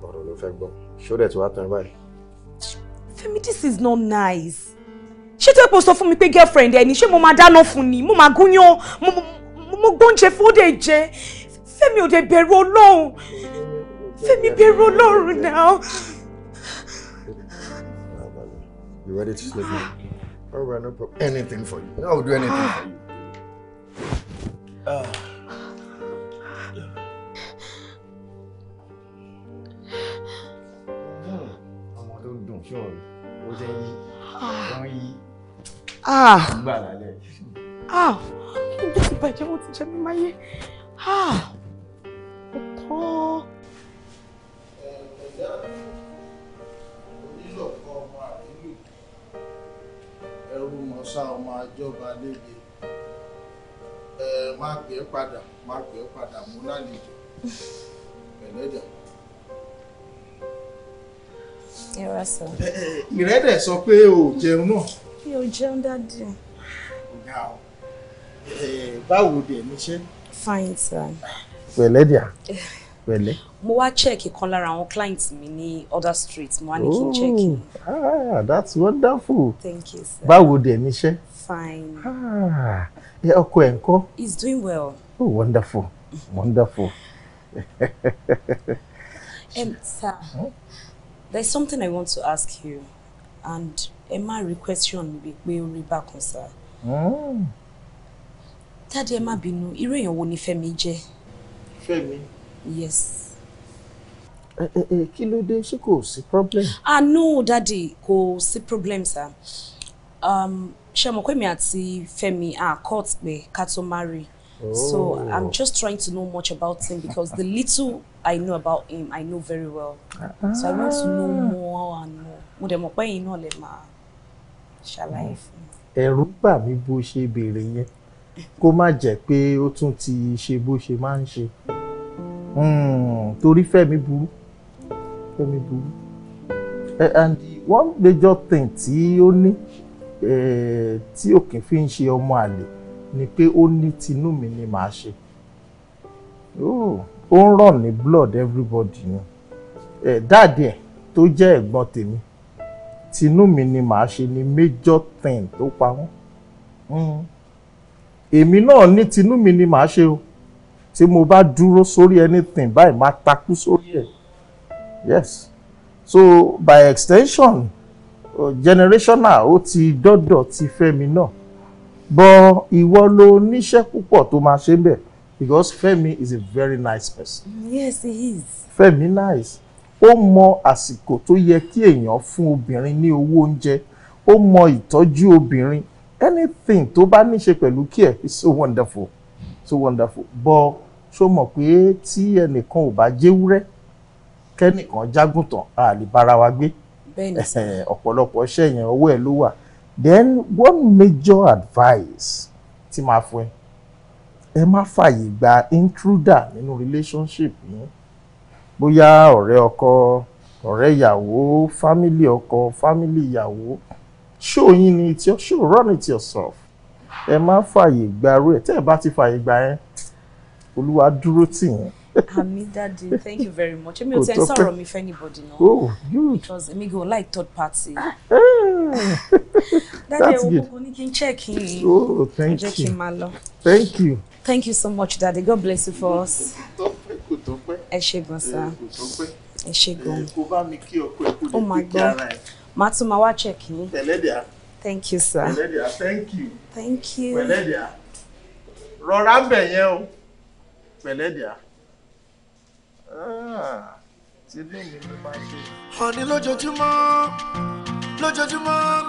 Speaker 3: ọ̀rọ̀ ló fẹ́ gbọ́ ṣó dẹ̀ tí wàá tán báyìí.
Speaker 2: Femi this is not nice ṣé tó pọ̀ sọ fún mi pé girlfriend ẹni ṣé mo máa dáná fún ni mo máa gúnyán mo gbóúnjẹ fódè jẹ. Fẹ́mi ò dé bẹ̀rù Ọlọ́run Fẹ́mi
Speaker 3: bẹ̀rù Ọlọ́run now. You ready to sleep now? All right, no problem. Anything for you. I will do anything for you. Uh. Ọmọ tó dùn ṣọ́ọ̀rọ̀, ó jẹ́ yí, wọ́n yí, gbà lálẹ́.
Speaker 2: Ah! Ó ń jẹ́ ìbàjẹ́ wọn ti jẹ mí máyé. Ah! kan.
Speaker 3: ẹrú mọ̀ọ́sá ọmọ àjọba léde ẹ má pè é padà má pè é padà mú lálejò pẹ̀lẹ́dẹ̀. ìrẹ́dẹ̀ sọ pé o ò jẹun náà.
Speaker 2: mi ò jẹun dáadé. ọ̀gá
Speaker 3: o báwo dẹ̀ níṣẹ́. fine sir pẹ̀lẹ́ díà pẹ̀lẹ́.
Speaker 2: mo wá check kan lára àwọn clients mi ní other street mo wá ní kí n check
Speaker 3: oh, ah that's wonderful.
Speaker 2: thank you sir. báwo dẹ̀ níṣẹ́. fine.
Speaker 3: ah ọkọ ẹ̀ ń kọ́. he's doing well. oh wonderful wonderful.
Speaker 2: um, sir hmm? there's something I want to ask you and ẹ má rí question mi bíi pé ó rí bákan sir. Hmm. dáàdi ẹ má bínú irú èèyàn wo ni Fẹ́mi jẹ́.
Speaker 3: Fẹ́mi. Yes. Kí ló dé ṣé kò sí problem?
Speaker 2: Ah no daddy kò sí problem sir. Um, ṣé mo pé mi àti Fẹ́mi are court pé ká tó marry?
Speaker 5: Oh. So I'm
Speaker 2: just trying to know much about him because the little I know about him I know very well.
Speaker 5: Ah. So I want to know ah.
Speaker 2: more and more. Mo dẹ̀ mọ̀ pé yín náà lè máa
Speaker 3: ṣàlàyé fún mi. Ẹ̀rù bà mí bó ṣe béèrè yẹn kó má jẹ́ pé ó tún ti ṣe bó ṣe máa ń ṣe hmm, torí fẹ́mi burú fẹ́mi burú eh, and one major thing tí ó ní eh, tí òkè fi ń ṣe ọmọ àlè ni pé ó ní tinú mi ni màá ṣe oh, ó ń rọ̀ ní blood everybody ni eh, dáàdì ẹ̀ tó jẹ́ ẹ̀gbọ́n tèmi tinú mi ni màá ṣe ni major thing tó pa wọ́n. Hmm èmi náà ní tinú mi ni màá ṣe o tí mo bá dúró sórí anything báyìí máa takú sórí ẹ̀ yes so by extension uh, generational ó ti dọ́dọ̀ ti Fẹ́mi náà bọ ìwọ ló níṣẹ́ púpọ̀ tó máa ṣe bẹ̀ because Fẹ́mi is a very nice person.
Speaker 2: yes he is.
Speaker 3: Fẹ́mi nice ó mọ àsìkò tó yẹ kí èèyàn fún obìnrin ní owó oúnjẹ ó mọ ìtọ́jú obìnrin anything tó bá ní ṣe pẹ̀lú kí ẹ̀ it's so wonderful so wonderful bọ́ ṣó mọ̀ pé tí ẹnìkan ò bá jẹ́wúrẹ́ kẹ́nìkan jágùntàn a lè bára wa gbé ọ̀pọ̀lọpọ̀ ṣẹ̀yìn ọwọ́ ẹ̀ ló wà then one major advice tí máa fún ẹ ẹ má fàyè gba intruder nínú relationship yín bóyá ọ̀rẹ́ ọkọ ọ̀rẹ́ ìyàwó family ọkọ fámìlì ìyàwó ṣó yín ni it's your show run it yourself ẹ má fààyè gba rú ẹ tẹ́ ẹ bá ti fààyè gba yẹn olúwa dúró tì yín.
Speaker 2: àmì daddy thank you very much èmi ò tẹ sọ̀rọ̀ mi fẹ́ anybody náà oh good because èmi go like third party. daddy ewu kúkú ní kí n check in oh thank you ẹ jẹ́ kí n máa lọ. thank you. thank you so much daddy god bless you for us. ẹ ṣé gan sir eh, ẹ ṣé gan. Eh, kò bá mi màá tún máa wá thank you sir. pẹ̀lẹ́dìá
Speaker 3: thank you. thank you. pẹ̀lẹ́dìá rọra ń bẹ̀ Ah, o pẹ̀lẹ́dìá. tinú lojo ló máa ṣe.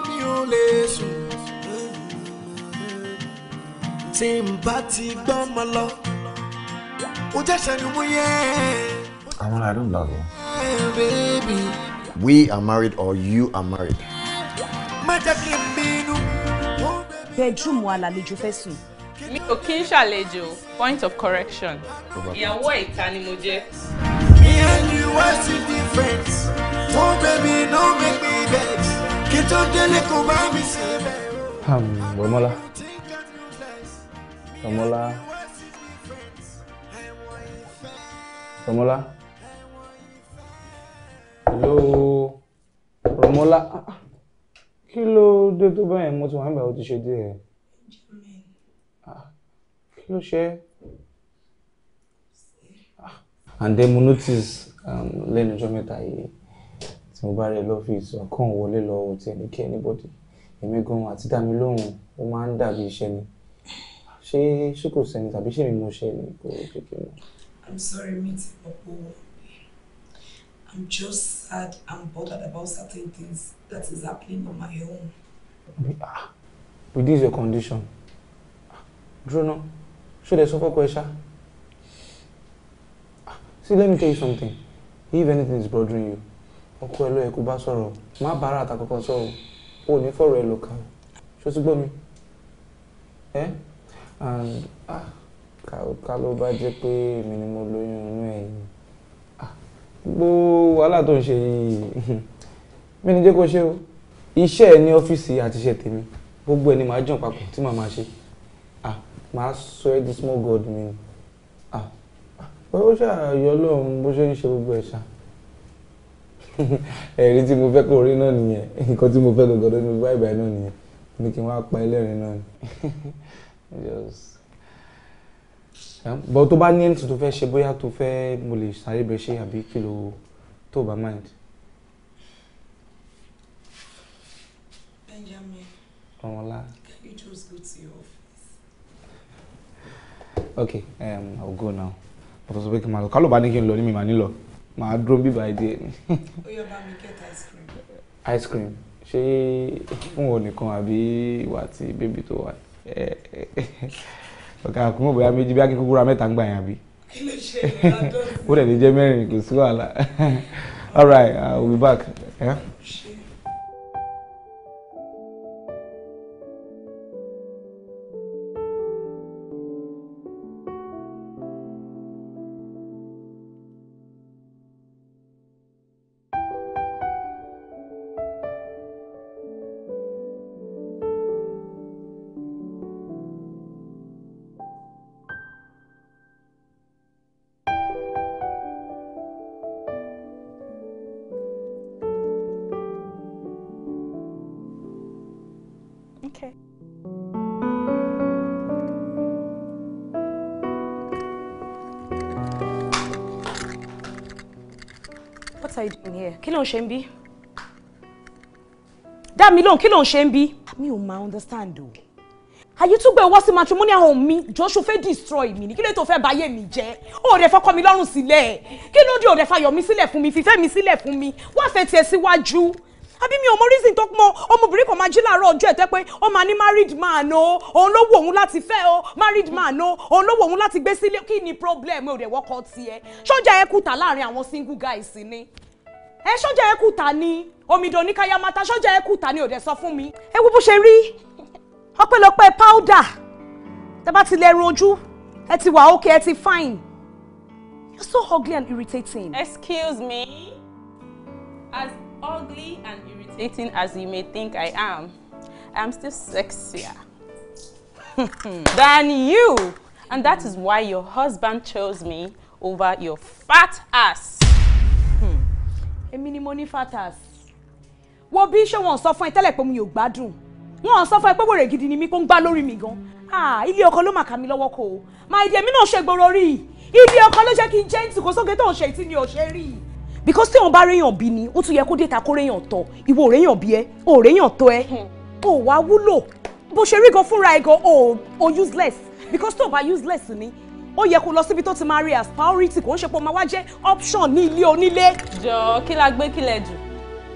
Speaker 3: mi ò lè sùn tí n bá ti gbọ́ mọ
Speaker 1: I don't love
Speaker 3: you we are married or you are married.
Speaker 2: bedroom wa làlejò fẹ́ mi ò kí ń ṣàlejò point of correction ìyàwó ìta ni mo jẹ́. me and you are the
Speaker 7: difference oh baby no make me vex kí tó délé kó bá
Speaker 6: mi ṣe bẹ́ẹ̀. bọ̀mọ́lá bọ̀mọ́lá bọ̀mọ́lá hello Rọmọlá ah, ah. kí ló dé tó báyẹn mo ti wà nígbà ó ti ṣe díẹ̀ ah, kí ló ṣe and then mo notice um, lẹ́nu ọjọ́ mẹ́ta yìí tí mo bá rẹ lọ́fíìsì ọkàn wọlé lọ́wọ́ tí ẹni kí anybody èmi gan àti dá mi lóhùn ó máa ń dàbí iṣẹ́ ni ṣé ṣé kò sẹ́ni tàbí ṣé mi mo ṣe kò kékeré.
Speaker 2: I'm sorry mi ti pọ̀ pọ̀ wọ́n. I'm just sad and bothered about certain things that is happening on my own.
Speaker 6: Ah, with this your condition. Drono, should I suffer question? See, let me tell you something. If anything is bothering you, ọkọ ẹ ló yẹ kó bá sọ̀rọ̀ má bàárà àtàkọ́kọ́ sọ̀rọ̀ o ò ní fọ̀rọ̀ ẹ lò ká ṣó ti gbọ́ mi ẹ́ eh? and ah ká ló bá jẹ́ pé èmi ni mo lóyún inú ẹ̀yìn gbogbo wàhálà tó ń ṣe yìí mi ní jẹ́ kó ṣe o iṣẹ́ ẹ ní ọ́fíìsì àti iṣẹ́ tèmi gbogbo ẹ ni màá jàn papọ̀ tí màá máa ṣe ah màá sọ ẹ́ di small god mi ni ah ó ṣàyọ ọlọ́run bó ṣe ń ṣe gbogbo ẹ̀ ṣá ẹ̀rí tí mo fẹ́ kó rí náà nìyẹn nǹkan tí mo fẹ́ gbọ̀ngàn lónìí báyìí báyìí náà nìyẹn ní kí n wá pa ẹlẹ́rìí náà ni. bọ́ tó bá ní ẹni tó fẹ́ ṣe bóyá tó fẹ́ mo lè sáré bẹ ṣe àbí kí ló tó bá mind. Benjamin. Okay, um, I will go now. But sọ pé kí n máa lọ. Kálọ̀ bá ní kí n lọ ní mi màá nílọ. Màá dúró bíbá ìdí ẹ̀.
Speaker 5: Ó yọ mi get ice
Speaker 6: cream. Ice cream ṣé fún òun nìkan àbí ìwà àti bébí tó wà? Eh, eh, eh ọ̀ka kúmọ̀ bóyá méjì bí akínkú kúra mẹ́ta ń gbà yàn bí ó dẹ̀ lè jẹ́ mẹ́rin kò sí wàhálà all right uh, we'll be back. Yeah?
Speaker 2: What are you doing here? Kill on Shembi. ṣe ń bí? Dá mi lóhùn, kí ló ń ṣe ń bí? Mi ò máa understand o. Àyè tún gbé owó sí matrimonial home mi, Joshua fẹ́ destroy mi ni, kí ló tó fẹ́ me mi Oh, they rẹ̀ fọkọ on lọ́rùn Kill on you. They ó rẹ̀ Missile for me. fún mi, fífẹ́ mi sílẹ̀ fún mi, wá fẹ́ tiẹ̀ síwájú àbí mi ò mọ reason tó pọn ọmọbìnrin kan máa jí láàárọ̀ ọjọ́ ẹ̀ pé ó máa ní married man o òun ló wù òun láti fẹ́ o married man o òun ló wù òun láti gbé sílé kí ni problem ò dẹ̀ wọ́kọ̀ tiẹ̀ ṣọ́jà ẹ kùtà láàrin àwọn single guys ni ẹ ṣọ́jà ẹ kùtà ni omidan oníkayamata ṣọ́jà ẹ kùtà ni ò dẹ̀ sọ fún mi. ẹ wo bó ṣe rí ọpẹ́lọpẹ́ powder tẹ́ bá ti lẹ́run ojú ẹ ti wà okay ẹ ti fine you're so ugly and irritating. excuse me as ugly and irritating as you may think I am, I'm still sexier than you. And that is why your husband chose me over your fat ass. A hmm. mini money fat ass. Wo bí ṣé wọ́n sọ fún ẹ tẹ́lẹ̀ pé mi ò gbádùn. Wọ́n sọ fún ẹ pé wèrè gidi ni mí kó ń gbá lórí mi gan. Ah, ilé ọkọ ló mà kà mí lọ́wọ́ kò. Màá ìdí èmi náà ṣe gbòòrò rí. Ilé ọkọ ló jẹ́ kí n jẹ́ ìtìkọ́sókè tó ń ṣe ìtì mi ò ṣe rí because téèyàn bá réyàn bí ni ó tún yẹ kó dé ta kó réyàn tọ ìwọ ò réyàn bí ẹ ò réyàn tọ ẹ hmm. ò wá wúlò bó ṣe rí gan fúnra ẹ gan ò useless because tó o bá useless ni ó yẹ kó lọ síbi tó ti máa rí as priority kò ń ṣe pé o máa wá jẹ́ option ní ilé onílé. jọ kí la gbé kílẹ̀ jù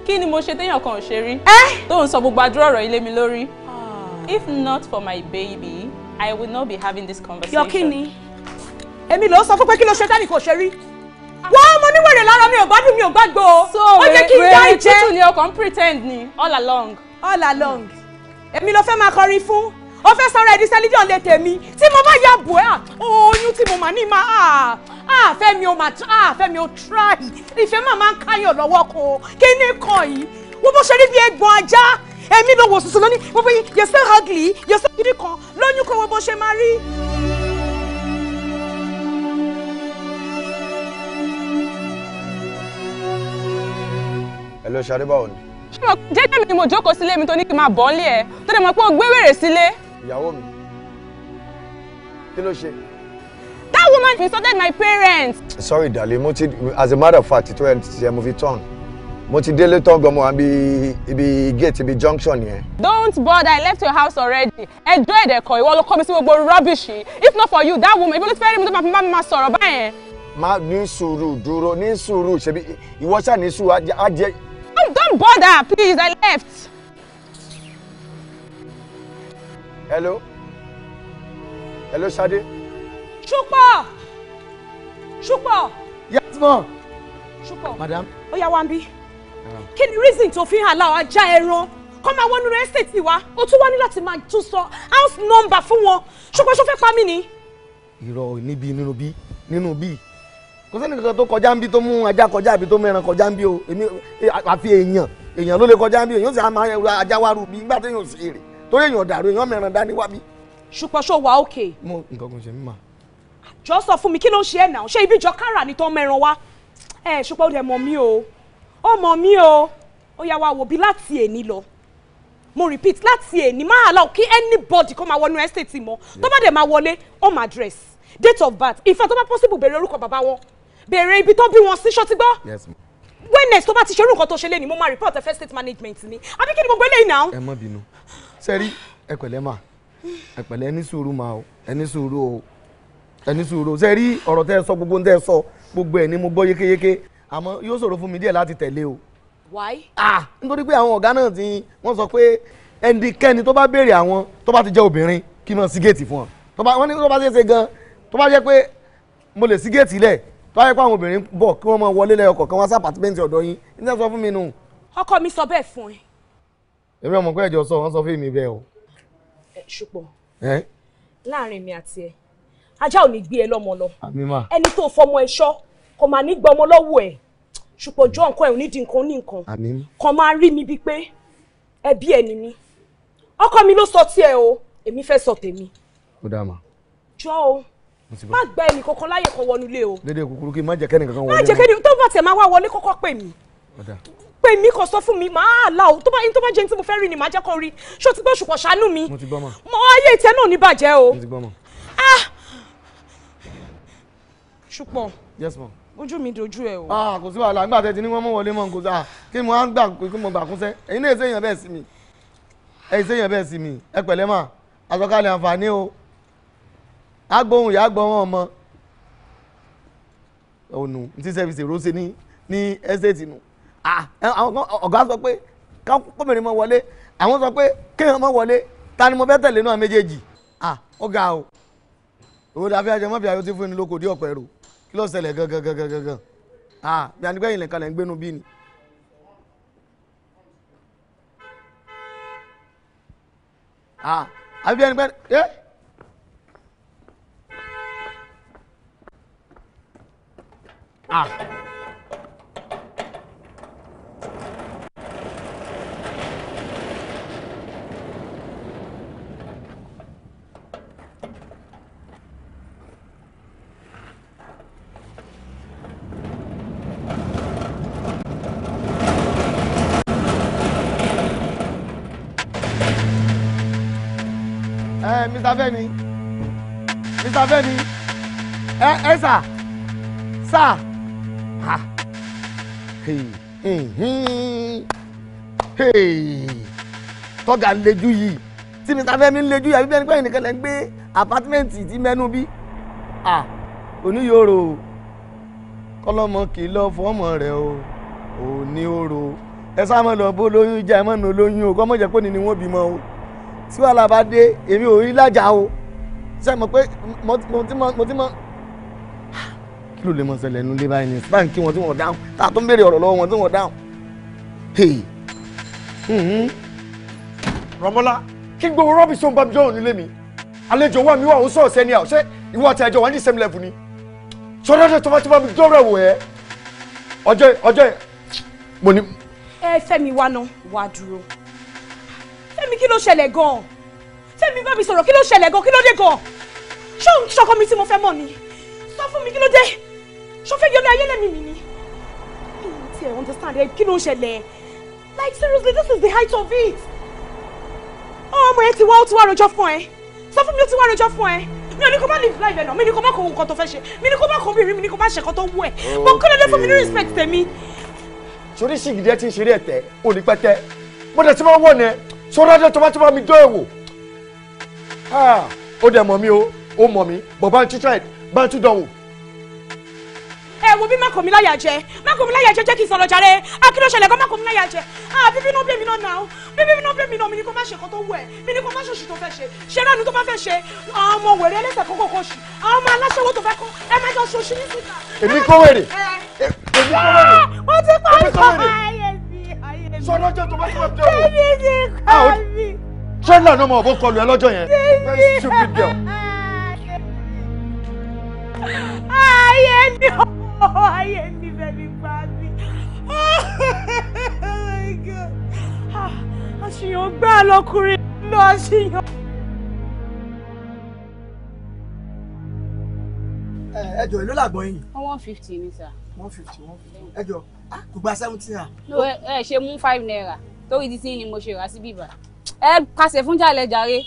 Speaker 2: kí ni mo ṣe téèyàn kan ṣe rí tó ń sọ gbogbo àdúrà ọ̀rọ̀ ilé mi lórí ah. if not for my baby i will not be having this conversation. yọ kí ni èmi ló sọ fún pé kí ló ṣe dání ṣe rí wọ́n mo ní wèrè lára mi ò gbádùn mi ò gbàgbọ́ ó jẹ́ kí n dá ìjẹ́. so wèrè tútù eh? ni ọkàn pretend ni all along. all along èmi ló fẹ́ máa kọrin fún ó fẹ́ sọ̀rọ̀ ẹ̀dí sẹ́lídìọ̀ lè tèmi tí mo bá ya bò ẹ́ oyún tí mo mà ní ma ah fẹ́mi o ma ah fẹ́mi o try ìfẹ́ màmá ń káyọ̀ lọ́wọ́ kan kí ni kàn yìí wọ́n bó ṣe rí bí egbò ajá èmi ló wò sùsù lónìí wọ́n fi yẹ sẹ́ ugly yẹ sẹ́ kiri kan lóyún kó wọ́n bó ṣe máa rí.
Speaker 3: ẹ lọ ṣàrí báwo ni.
Speaker 2: jẹ́jẹ́ mi mo jókòó sílé mi tó ní kí n máa bọ́ ọ́nlé ẹ tó dẹ̀ mọ̀ pé o gbé wèrè sílé.
Speaker 3: ìyàwó mi kí ló ṣe.
Speaker 2: that woman insulted my parents.
Speaker 3: sorry darling mo ti as a matter of fact tó ẹ ti ẹ mo fi turn mo ti délé tán gan mo wà níbi ibi gate ibi junction yẹn.
Speaker 2: don't bother i left your house already ẹjọ́ ẹ̀dẹ̀kọ̀ ìwọ ló kọ́ mi sí gbogbo rubbish if not for you that woman ibi ló ti fẹ́ rí mi tó máa fi máa sọ̀rọ̀ báyẹn
Speaker 3: má ní sùúrù dúró ní sùúrù ṣebí ìwọ ṣáà ní sùúrù á jẹ Don't, don't bother, please. I left. Hello? Hello, Shade?
Speaker 2: Ṣúpọ̀! Ṣúpọ̀! Yes, ma'am. Ṣúpọ̀. Madam. Ó yá wá Yeah. Can you reason tó fi hàn láwa já ẹran? Kọ́ máa wọnú you. ṣètì Oh, two one. wá ní láti máa tún sọ house number fún wọn. Ṣùgbọ́n ṣó fẹ́ pa mí ni?
Speaker 3: Irọ́ níbi nínú bí nínú bí kò sẹ́ni kankan tó kọjá ń bí tó mú ajá kọjá àbí tó mẹ́ran kọjá ń bí o èmi e, àfi èèyàn èèyàn ló lè kọjá ń bí èèyàn sì á máa ajá wá rú bí nígbà téèyàn sì rè torí èèyàn dàrú èèyàn mẹ́ran dání wá bí. ṣùpọ̀
Speaker 2: ṣó wà òkè. mo nǹkan kan ṣe mí mà. jọ sọ fún mi kí ló ń ṣe ẹ̀ náà ṣé ibi ìjọ kára ni tó ń mẹ́ran wá. ẹ ṣùpọ̀ ó dẹ̀ mọ̀ mí o ó mọ̀ mí o ó yá wa wò bí láti èní lọ mo repeat láti èní máa allow kí anybody kó máa wọnú estate mọ́ tó bá dẹ̀ máa wọlé home address date of birth in fact tó bá possible béèrè orúkọ bàbá wọn bẹ̀rẹ̀ ibi tó bí wọn sí ṣọ́tí gbọ́. yes ma. wellness tó bá ti ṣerú nǹkan tó ṣe lé ni mo máa report first state management ni àbí kí ni gbogbo eléyìí náà.
Speaker 3: ẹ má bínú sẹ́rí ẹ pẹ̀lẹ́ mà ẹ pẹ̀lẹ́ ẹ ní sùúrù mà o ẹ ní sùúrù o ẹ ní sùúrù o sẹ́rí ọ̀rọ̀ tẹ́ sọ gbogbo tẹ́ sọ gbogbo ẹ̀ ni mo gbọ́ yékéyéké àmọ́ yóò ṣòro fún mi díẹ̀ láti tẹ̀lé o. why. ah nítorí pé àwọn ọ̀gá náà ti wọ́n sọ pé ẹnikẹ́ni tó bá béèrè àwọn tó bá ti jẹ́ obìnrin kí n náà sí géètì fún ọ tó bá wọ́n tó wáyé pé àwọn obìnrin bọ̀ kí wọ́n máa wọlé lẹ́yọ kọ̀ọ̀kan wá sí àpàtímẹ́ǹtì ọ̀dọ́ yín ní sẹ́ sọ fún mi nù.
Speaker 2: ọkọ mi sọ bẹ́ẹ̀ fún ẹ.
Speaker 3: èmi ọmọ pé ẹjọ sọ wọn sọ fún mi bẹ́ẹ̀ o.
Speaker 2: ẹ ṣùpọ̀ láàrin mi àti ẹ ajá ò ní gbé ẹ lọ́mọ lọ ẹni tó fọmọ ẹ ṣọ́ kò máa ní gbọmọ lọ́wọ́ ẹ ṣùpọ̀ jọ nǹkan ẹ̀ ò ní di nǹkan ní nǹkan kan máa rí mi bíi pé ẹbí ẹ ni mí ọkọ mi ló sọ tiẹ̀ o èmi fẹ́ sọ tèmi. ó dà mà. jọ o má gba ẹnì kankan láyè kan wọnú ilé o.
Speaker 3: dédé kúkúrú kí n má jẹ kẹ́nì kankan wọlé. má jẹ kẹ́nì
Speaker 2: tó bá tẹ̀ máa wá wọlé kọ́kọ́ pè mí. pè mí kò sọ fún mi màá là o tó bá tó bá jẹun tí mo fẹ́ rí ni màá jẹ́ kó rí ṣó ti gbọ́ ṣùpọ̀ ṣàánú mi. mo ti gbọ́ mọ̀. mo ayé ìtẹ́ náà ní bàjẹ́ o.
Speaker 3: mo ti gbọ́ mọ̀. ah ṣùpọ̀. yes ma.
Speaker 2: ojú mi dojú ẹ o.
Speaker 3: ah kò sí wàhálà nígbà tẹ ti ní wọn mú wọlé mọ nǹkan sá ah, kí mo á agbohun ìyá agbọ̀n ọmọ ònù tí sẹ́fìsì rọ́ọ̀ṣe ní ní ẹ́sẹ̀tì nù ọ̀gá sọ pé kọ́mìnrin mọ wọlé àwọn sọ pé kéèyàn mọ wọlé ta ni mo fẹ́ tẹ̀lé náà méjèèjì ó ga o owó dàbí ajẹmọ bí ayọ tí fún mi lóko dí ọ̀pẹ rò kí ló ṣẹlẹ̀ gangan gangan gangan bí a ní gbẹ̀yìn lẹ́ka lẹ́ ń gbénu bí ni. àbí ẹni pẹ́ ẹ́. Ah. Mr. Fẹ́mi Mr. Fẹ́mi ẹ ẹ Sir. sà tọ́gà ń lejú yìí tí mr fẹ́mi ń lejú yìí àbí bẹ́ẹ̀ ni pé ẹnìkan lẹ́ ń gbé apátímẹ́ǹtì tí mẹ́nu bí oníyòrò kọ́lọ́mọ kì í lọ fọ́ọ̀mọ rẹ̀ o òní òrò ẹ sáà lọ bó lóyún ìjà ẹ mọ̀ nà o kọ́mọ̀ pé ni wọ́n bímọ o tí wàhálà bá dé èmi ò rí lájà o ṣe mọ̀ pé mo ti mọ̀ kí ló lè mọ ṣẹlẹ̀ nílé báyìí ní báńkì wọn tí wọn dáhùn tá a tún béèrè ọ̀rọ̀ lọ́wọ́ wọn tí wọn dáhùn. Mm-hmm. Rọmọlá kí n gbowó sóun bá mi jọ́ òun nílé mi àlejò wa mi wà òun sọ̀rọ̀ sẹ́ni àwọn ṣé ìwọ àti àjọ wa ní same level ni sọdọ́ ṣe tó bá tó bá mi dọ́rọ̀ wò ẹ́ ọjọ́ ọjọ́ mo ní.
Speaker 2: ẹ Fẹ́mi wá ná wàá dúró Fẹ́mi kí ló ṣẹlẹ̀ gan-an bá mi sọ̀rọ̀ kí ló ṣẹlẹ̀ gan kí ló dé gan ṣé òun ṣọkọ mi tí mo fẹ́ mọ̀ ni sọ fún mi kí ló dé ṣọfẹ́ yọlé ayé lẹ́mí mi ni tí ẹ understand ẹ kí ló ń ṣẹlẹ̀ like seriously this is the height of it ọmọ ẹ ti wá ó ti wá rojọ́ fún ẹ sọ fún mi ó ti wá rojọ́ fún ẹ mi ò ní kó má live life ẹ nà mi ní kó má kó nǹkan tó fẹ́ ṣe mi ní kó má kó obìnrin mi ní kó má ṣe nǹkan tó wù ẹ oh, bọ́n kí ló dé fún mi ní respect tèmi.
Speaker 3: sori sigidi ẹ ti ń ṣeré ẹtẹ olùpẹtẹ mo dẹ̀ ti máa wọ̀ nẹ sọ́dọ̀ ọjọ́ tó bá ti bá mi dán ẹ̀ wò ah, ó dẹ̀ mọ̀ mi o ó mọ̀ mi bọ̀ bá ń tú try bá ń tú dán wò
Speaker 2: ẹ wo bí mákò mi láyà jẹ mákò mi láyà jẹ jẹ́ kí n sọ̀rọ̀ jàre akíló ṣẹlẹ̀ kọ́ mákò mi láyà jẹ ah bíbí náà bẹ́ẹ̀ mi náà nà ó bíbí náà bẹ́ẹ̀ mi náà mi ni kò má ṣe kó tó wù ẹ́ mi ni kò má ṣòṣì tó fẹ́ ṣe ṣe náà ni tó bá fẹ́ ṣe àwọn ọmọ wèrè ẹlẹ́sẹ̀ kókó kó ṣì àwọn ọmọ aláṣẹwó tó fẹ́ kó ẹ má jọ ṣoṣì ní síta. èmi kó wèrè ah, èmi kó wèrè mo ti pa
Speaker 3: ìkọ́ ayé mi ayé mi sọ lọ́jọ́ tó bá tó bá tó wò. bébí ti kọ́ ah, mi. tírélà ló mọ ọ̀bọ kọlù ẹ lọ́jọ́ yẹn. bébí
Speaker 5: ayé mi. Oh, I very ayé mi
Speaker 2: fẹ́ mi pa
Speaker 5: mí oh ah, àṣìyàn gbá lọkùnrin lọ àṣìyàn.
Speaker 3: ẹ jọ èló làgbọn yìí.
Speaker 2: one fifty ni sà. one fifty one fifty ẹ Ah, kò gba seventeen No, eh, ṣe mú five naira torí títí ni mo ṣe rà sí bíbá Eh, kàṣẹ fún jàlẹ jàre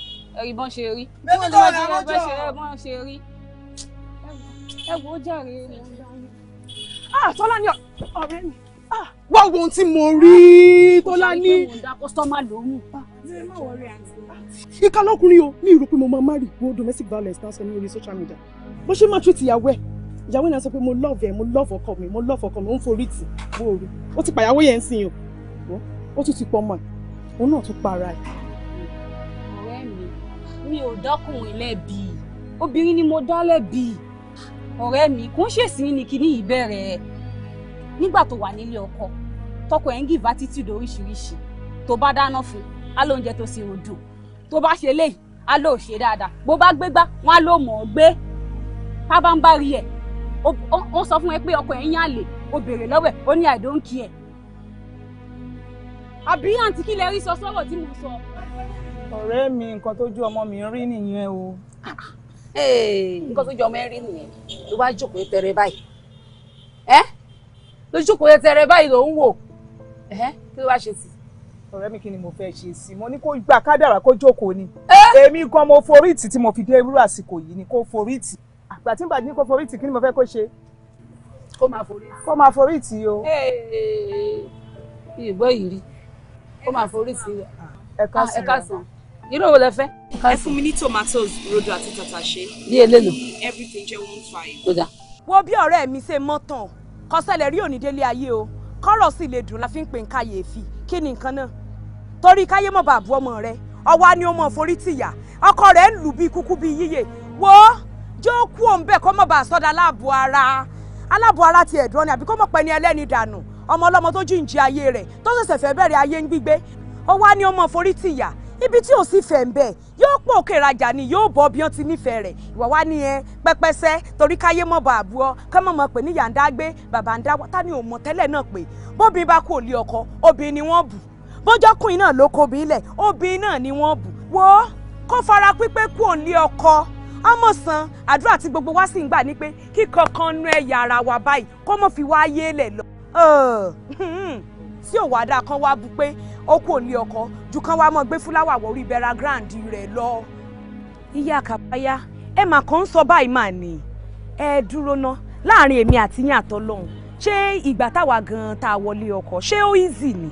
Speaker 2: ẹrí bọ́n ṣe rí. bẹ́ẹ̀ ni wọ́n ti rẹ́ bọ́n ṣe rí. ẹ wò ó jàre ah Tola ni ọ̀rẹ́ mi ah wá wo ohun tí mo rí tọ́lá ní. kò sọ pé mo ń dá kọ́sọ́mà lóhùn. Ah. ìka lọkùnrin o mi rò pé mo máa marry wo domestic violence náà sọ ní orí social media bó ṣe máa treat ìyàwó ẹ ìyàwó náà sọ pé mo love ẹ mo love ọkọ mi mo love ọkọ mi ó ń forí tì mo rí ó ti pàyàwó yẹn ń sìn o ó tún ti pọ ọmọ ẹ òun náà tún para ẹ. ọ̀rẹ́ mi mi ò dákùnrin lẹ́bi obìnrin ni mo dá lẹ́bi ọ̀rẹ́ mi kò ń ṣèṣin ní kíní ìbẹ̀rẹ̀ ẹ̀ nígbà tó wà nílé ọkọ tọkọ ẹ̀ ń give attitude oríṣiríṣi tó bá dáná fún á lóúnjẹ tó ṣe odò tó bá ṣe léyìí á lóò ṣe dáadáa bó bá gbégbá wọn á lóò mọ̀ ọ́ gbé pábá rí ẹ̀ wọ́n sọ fún ẹ pé ọkọ ẹ̀ ń yàn lè o béèrè lọ́wọ́ ẹ̀ ó ní I don't care àbí àǹtí kí lè rí sọ sọ́rọ̀ tí mo sọ.
Speaker 6: ọ̀rẹ́ mi nǹkan tó ju ọmọ mi rí nìyẹn o. Ah, ah nǹkan
Speaker 2: tó jọ ọmọ ẹ rí nìyẹn ló bá jókòó tẹrẹ báyìí ẹ ló jókòó tẹrẹ báyìí ló ń wò kí ló wá ṣe sí. ọ̀rẹ́ mi kí ni mo fẹ́ ṣe sí mo ní kó gba kádàrá kó jókòó ni èmi gan mo forí ìtì tí mo fi dé irú àsìkò yìí ni kó forí ìtì àgbà tí n bá ní kó forí ìtì kí ni mo fẹ́ kó ṣe. kó máa forí ìtì. kó máa forí ìtì o. ìbọn yìí rí kó máa forí ìtì. ẹ̀ka ah, sàn irú òwò lẹ fẹ́. ẹ fún mi ní tomatoes rodo àti tàtàṣé. bí elélo. everything jẹ́ one five. ó dà. wo bí ọ̀rẹ́ mi ṣe mọ́ tán kọ́sẹ̀lẹ̀ rí òní délé ayé o kọ́rọ̀ sì lè dùn la fi ń pè ń káyèéfì kí ni nǹkan náà torí káyé mọ̀ bàbú ọmọ rẹ ọwọ́ ni ó mọ̀ forí tìyà ọkọ rẹ̀ ń lù bí kúkú bí yíyè wo jó kú òun bẹ́ẹ̀ kó mọ̀ bá sọ́dọ̀ aláàbò ara aláàbò ara ti ẹ̀dùn ni àbí kó mọ̀ pẹ́ ni ẹlẹ́ni dànù ọmọ ọlọ́mọ tó jíǹjì ayé rẹ̀ tó ṣẹ̀ṣẹ̀ fẹ́ bẹ̀rẹ̀ ayé ń gbígbé ọwọ́ ni ó mọ̀ forí tìyà ibi tí ò sí fẹ̀ ń bẹ̀ yóò pọ̀ òkè ìrajà ni yóò bọ́ bí wọ́n ti nífẹ̀ẹ́ rẹ̀ ìwà wa ni ẹ pẹpẹsẹ torí káyé mọ̀ bá àbúọ ká mọ̀ mọ̀ pé ní yàǹda gbé bàbá ń dá wa ta tẹ́lẹ̀ náà pé bóbin bá kò lé ọkọ obìnrin ni wọ́n bù bójọ́kùnrin náà ló kó bílẹ̀ obìnrin náà ni wọ́n bù wo kó fara pípé kú òun lé ọkọ amọ̀sán àdúrà tí gbogbo wa sì ń gbà ní pé kíkankan nu ẹ̀yà ara ó kò ní ọkọ ju kán wá mọ́ gbé fúláwà wọ orí bẹ́ra grand rẹ lọ. iye kàbáyá ẹ mà kàn ń sọ báyìí mà ní ẹ dúró ná láàrin èmi àti yín àtọlọ́hún ṣé ìgbà táwa gan-an tá a wọlé ọkọ ṣé ó easy ni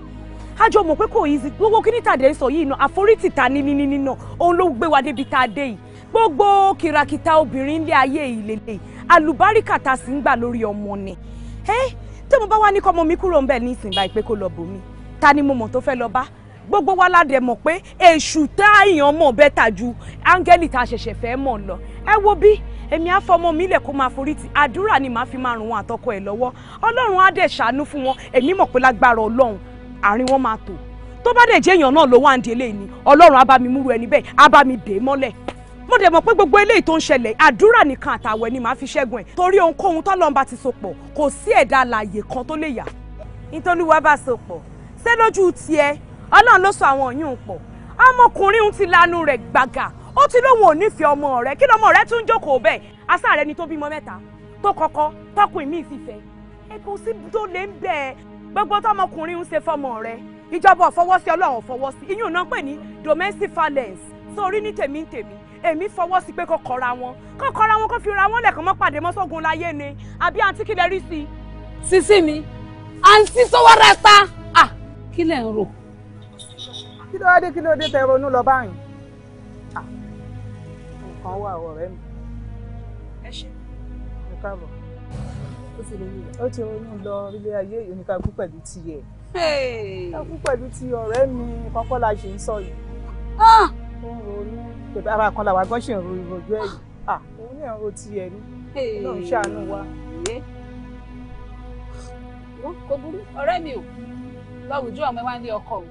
Speaker 2: a jọ mọ̀ pé kò easy gbogbo kíní tàdé sọ yìí náà àforítì ta ní níní náà òun ló gbé wa débi tá a dé yìí gbogbo kìràkìtà obìnrin ilé ayé ìlélẹ̀ àlùbáríkà tá a sì ń gbà lórí ọmọ ni ẹ tẹ́ mo bá wá ní kọ́mọ mi kúrò ń bẹ̀ ní ìsìn báyìí pé kó lọ bòmí ta ni mo mọ̀ tó fẹ́ lọ bá gbogbo wa la dẹ̀ mọ̀ pé èṣù tá èèyàn mọ̀ bẹ́tà ju áńgẹ́lì tá a ṣẹ̀ṣẹ̀ fẹ́ lọ ẹ wo bí èmi á mi lẹ̀ kó máa forí ti àdúrà ni màá fi máa ràn wọn àtọkọ ẹ̀ lọ́wọ́ ọlọ́run á dẹ̀ ṣàánú fún wọn èmi mọ̀ pé lágbára ọlọ́run àárín wọn máa tò tó bá dẹ̀ jẹ́ èèyàn náà ló wá ń délé ni ọlọ́run á bá mi múru ẹni bẹ́ẹ̀ á bá mi dè é mọ́lẹ̀ mo dẹ̀ mọ̀ pé gbogbo eléyìí tó ń ṣẹlẹ̀ àdúrà nìkan àtàwẹ̀ ni màá fi ṣẹ́gun ẹ̀ torí ohunkóhun tọ́lọ́run bá ti so pọ̀ kò sí ẹ̀dá alààyè kan tó lè yà. nítorí wàá bá so ṣé lójú tiẹ̀ ọlọ́run ló sọ àwọn òyìn pọ̀ ọmọkùnrin ń ti lanu rẹ̀ gbàgà ó ti lóun ò nífẹ̀ẹ́ ọmọ rẹ̀ kí lọmọ rẹ̀ tún jókòó bẹ́ẹ̀ asá rẹ̀ ni tó bímọ mẹ́ta tó kọ́kọ́ tọkùnrin míì sì fẹ́ ẹ kò sí tó lè ń bẹ́ẹ̀ gbogbo tọmọkùnrin ń ṣe fọmọ rẹ̀ ìjọba ọ̀fọwọ́sí ọlọ́run ọ̀fọwọ́sí iyún náà pè ní domestic violence sórí ní tèmi ń tèmi èmi fọwọ́ sí pé kó kọra wọn kó kọra wọn kó fi ra wọn lẹ̀kọ́ mọ́ pàdé mọ́sọ́gun láyé ni àbí àǹtí kí rí sí sísí mi àǹtí tó wá rẹ ta ah, kí lẹ̀ ń rò. kí ló dé kí ló dé tẹ ronú lọ báyìí. Ah, nǹkan wà ọ̀rẹ́ mi. ẹ ṣe ẹ káàbọ̀. ó ti ronú lọ. ó ti ronú lọ ilé ayé oníkakú pẹ̀lú tiẹ̀. kakú pẹ̀lú ti ọ̀rẹ́ mi kọ́kọ́ la ṣe ń sọ yìí. Ah! ó ń ronú ara kan làwọn agbọ́n ṣe ń ro ìrojú ẹ̀ yìí. Ah, òun náà ro tiẹ̀ ni. ó ń ṣàánú wa. ọ̀rẹ́ mi ò láwùjọ àwọn ẹwà ní ọkọ o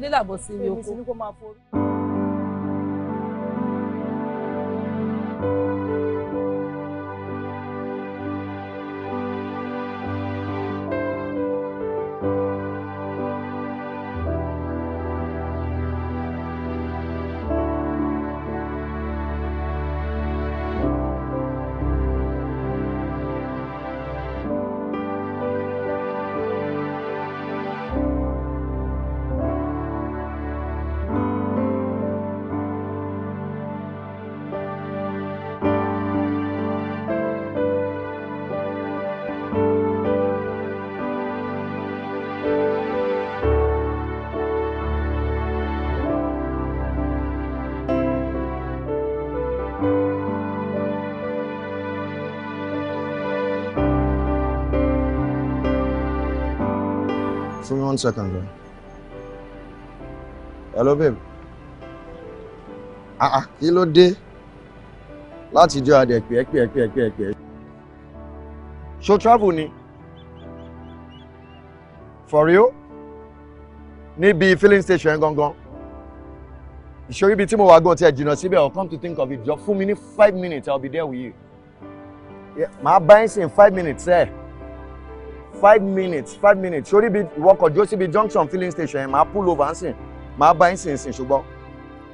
Speaker 2: nílàbọ̀ sí ilé oko. èmi sì ní kó máa
Speaker 3: One second, girl. Hello, babe. Ah, ah, kí ló dé? Láti jọ adẹ̀ pẹ́ pẹ́ pẹ́ pẹ́ pẹ́. Ṣo travel ni? For real? Níbi filling station gangan. Ìṣòro ibi tí mo wà gan ti ẹ̀ jìnnà síbẹ̀ or come to think of it, jọ fún mi ní five minutes, I'll be there with you. Màá bá ẹ̀ sìn five minutes ẹ̀. Eh five minutes five minutes sórí ibi ìwọkọ̀ dúró síbi junction filling station yẹn pull over nsìn máa bá nsìn nsìn ṣùgbọ́n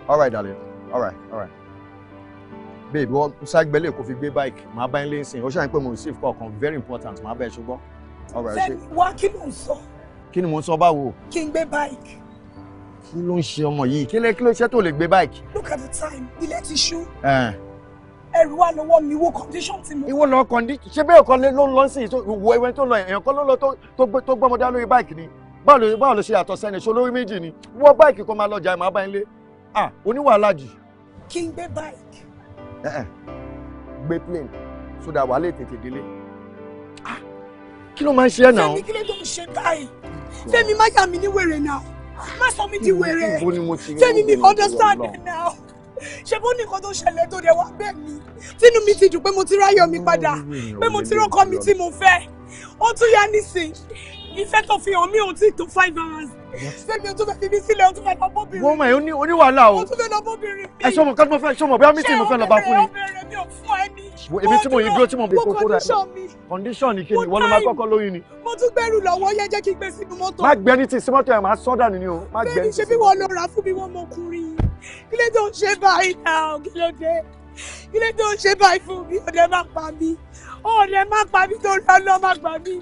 Speaker 3: all right darling all right all right babe wọ́n ságbẹ́lẹ̀ kò fi gbé bike máa buy ilé nsìn ó ṣàyẹn pé mo receive call kan very important máa bá ẹ ṣùgbọ́n all right ṣe. wá kí ló ń sọ. kí ni mo ń sọ báwo.
Speaker 2: kí n gbé bike.
Speaker 3: kí ló ń ṣe ọmọ yìí kí ló ṣe tó lè gbé bike. look at the time ilé issue. ṣú ẹrù wa lọ́wọ́ mi wo condition ti mú. ìwọ lọ condition ṣé bẹ́ẹ̀ kọ́ ló ń lọ sí ìwọ ẹwẹ́ tó lọ èèyàn kan ló lọ tó gbọ́mọdé lórí báìkì ni báwo ló báwo ló ṣe àtọ̀ sẹ́ni ṣe olórí méjì ni wọ́n báìkì kan máa lọ jà máa lé ah oníwàhálà jì. kí n gbé báìkì. gbé plane sódà wàá lè tètè délé kí ló máa ń ṣe ẹ náà. fẹmi kí
Speaker 2: ló tó ń ṣe báyìí fẹmi má yà mí ní wèrè náà má sọ mí di wèrè fẹmi mi understand now ṣe bó ní nǹkan tó ṣẹlẹ̀ tó dẹ̀ wá bẹ́ẹ̀ mi tínú mi ti dùn pé mo ti ráyọ̀ mi padà pé mo ti rọ́kọ mi tí mo fẹ́ ó tún yá nísìn ìfẹ́ tó fi hàn mí ò tí tó five hours sẹ́mi o tún fẹ́ fi mí sílẹ̀ o tún fẹ́ lọ bóbìnrin mi. wọ́n mọ̀ ẹ́ oníwàhálà o. o tún
Speaker 3: fẹ́ lọ bóbìnrin mi. ẹ sọmọ ká tí mo fẹ́ sọmọ bí amítì mo fẹ́ lọ bá fún mi. ṣé o bẹ̀rẹ̀ mi ò fún ẹ ní. èmi tí mo yí dúró tí mo bí kókó rẹ. condition ni kí ni wọ́n ló máa kọ́kọ́ lóyún ni. mo tún gbẹ́rù lọ́wọ́ yẹ jẹ́ kí n gbé
Speaker 2: sínú mọ́tò. má gbẹ́ni
Speaker 3: tí símọ́tò ẹ̀ máa sọ́dà nìyí o. bẹ́ẹ̀ni ṣe bí wọ́n lọ
Speaker 2: rà fún mi wọ́n mọkùnrin kí ló tó ń ṣe báyìí náà kí ló dé kí ló tó ń ṣe báyìí fún mi ọ̀dẹ má pa mí ọ̀dẹ má pa mí tó lọ lọ má pa mí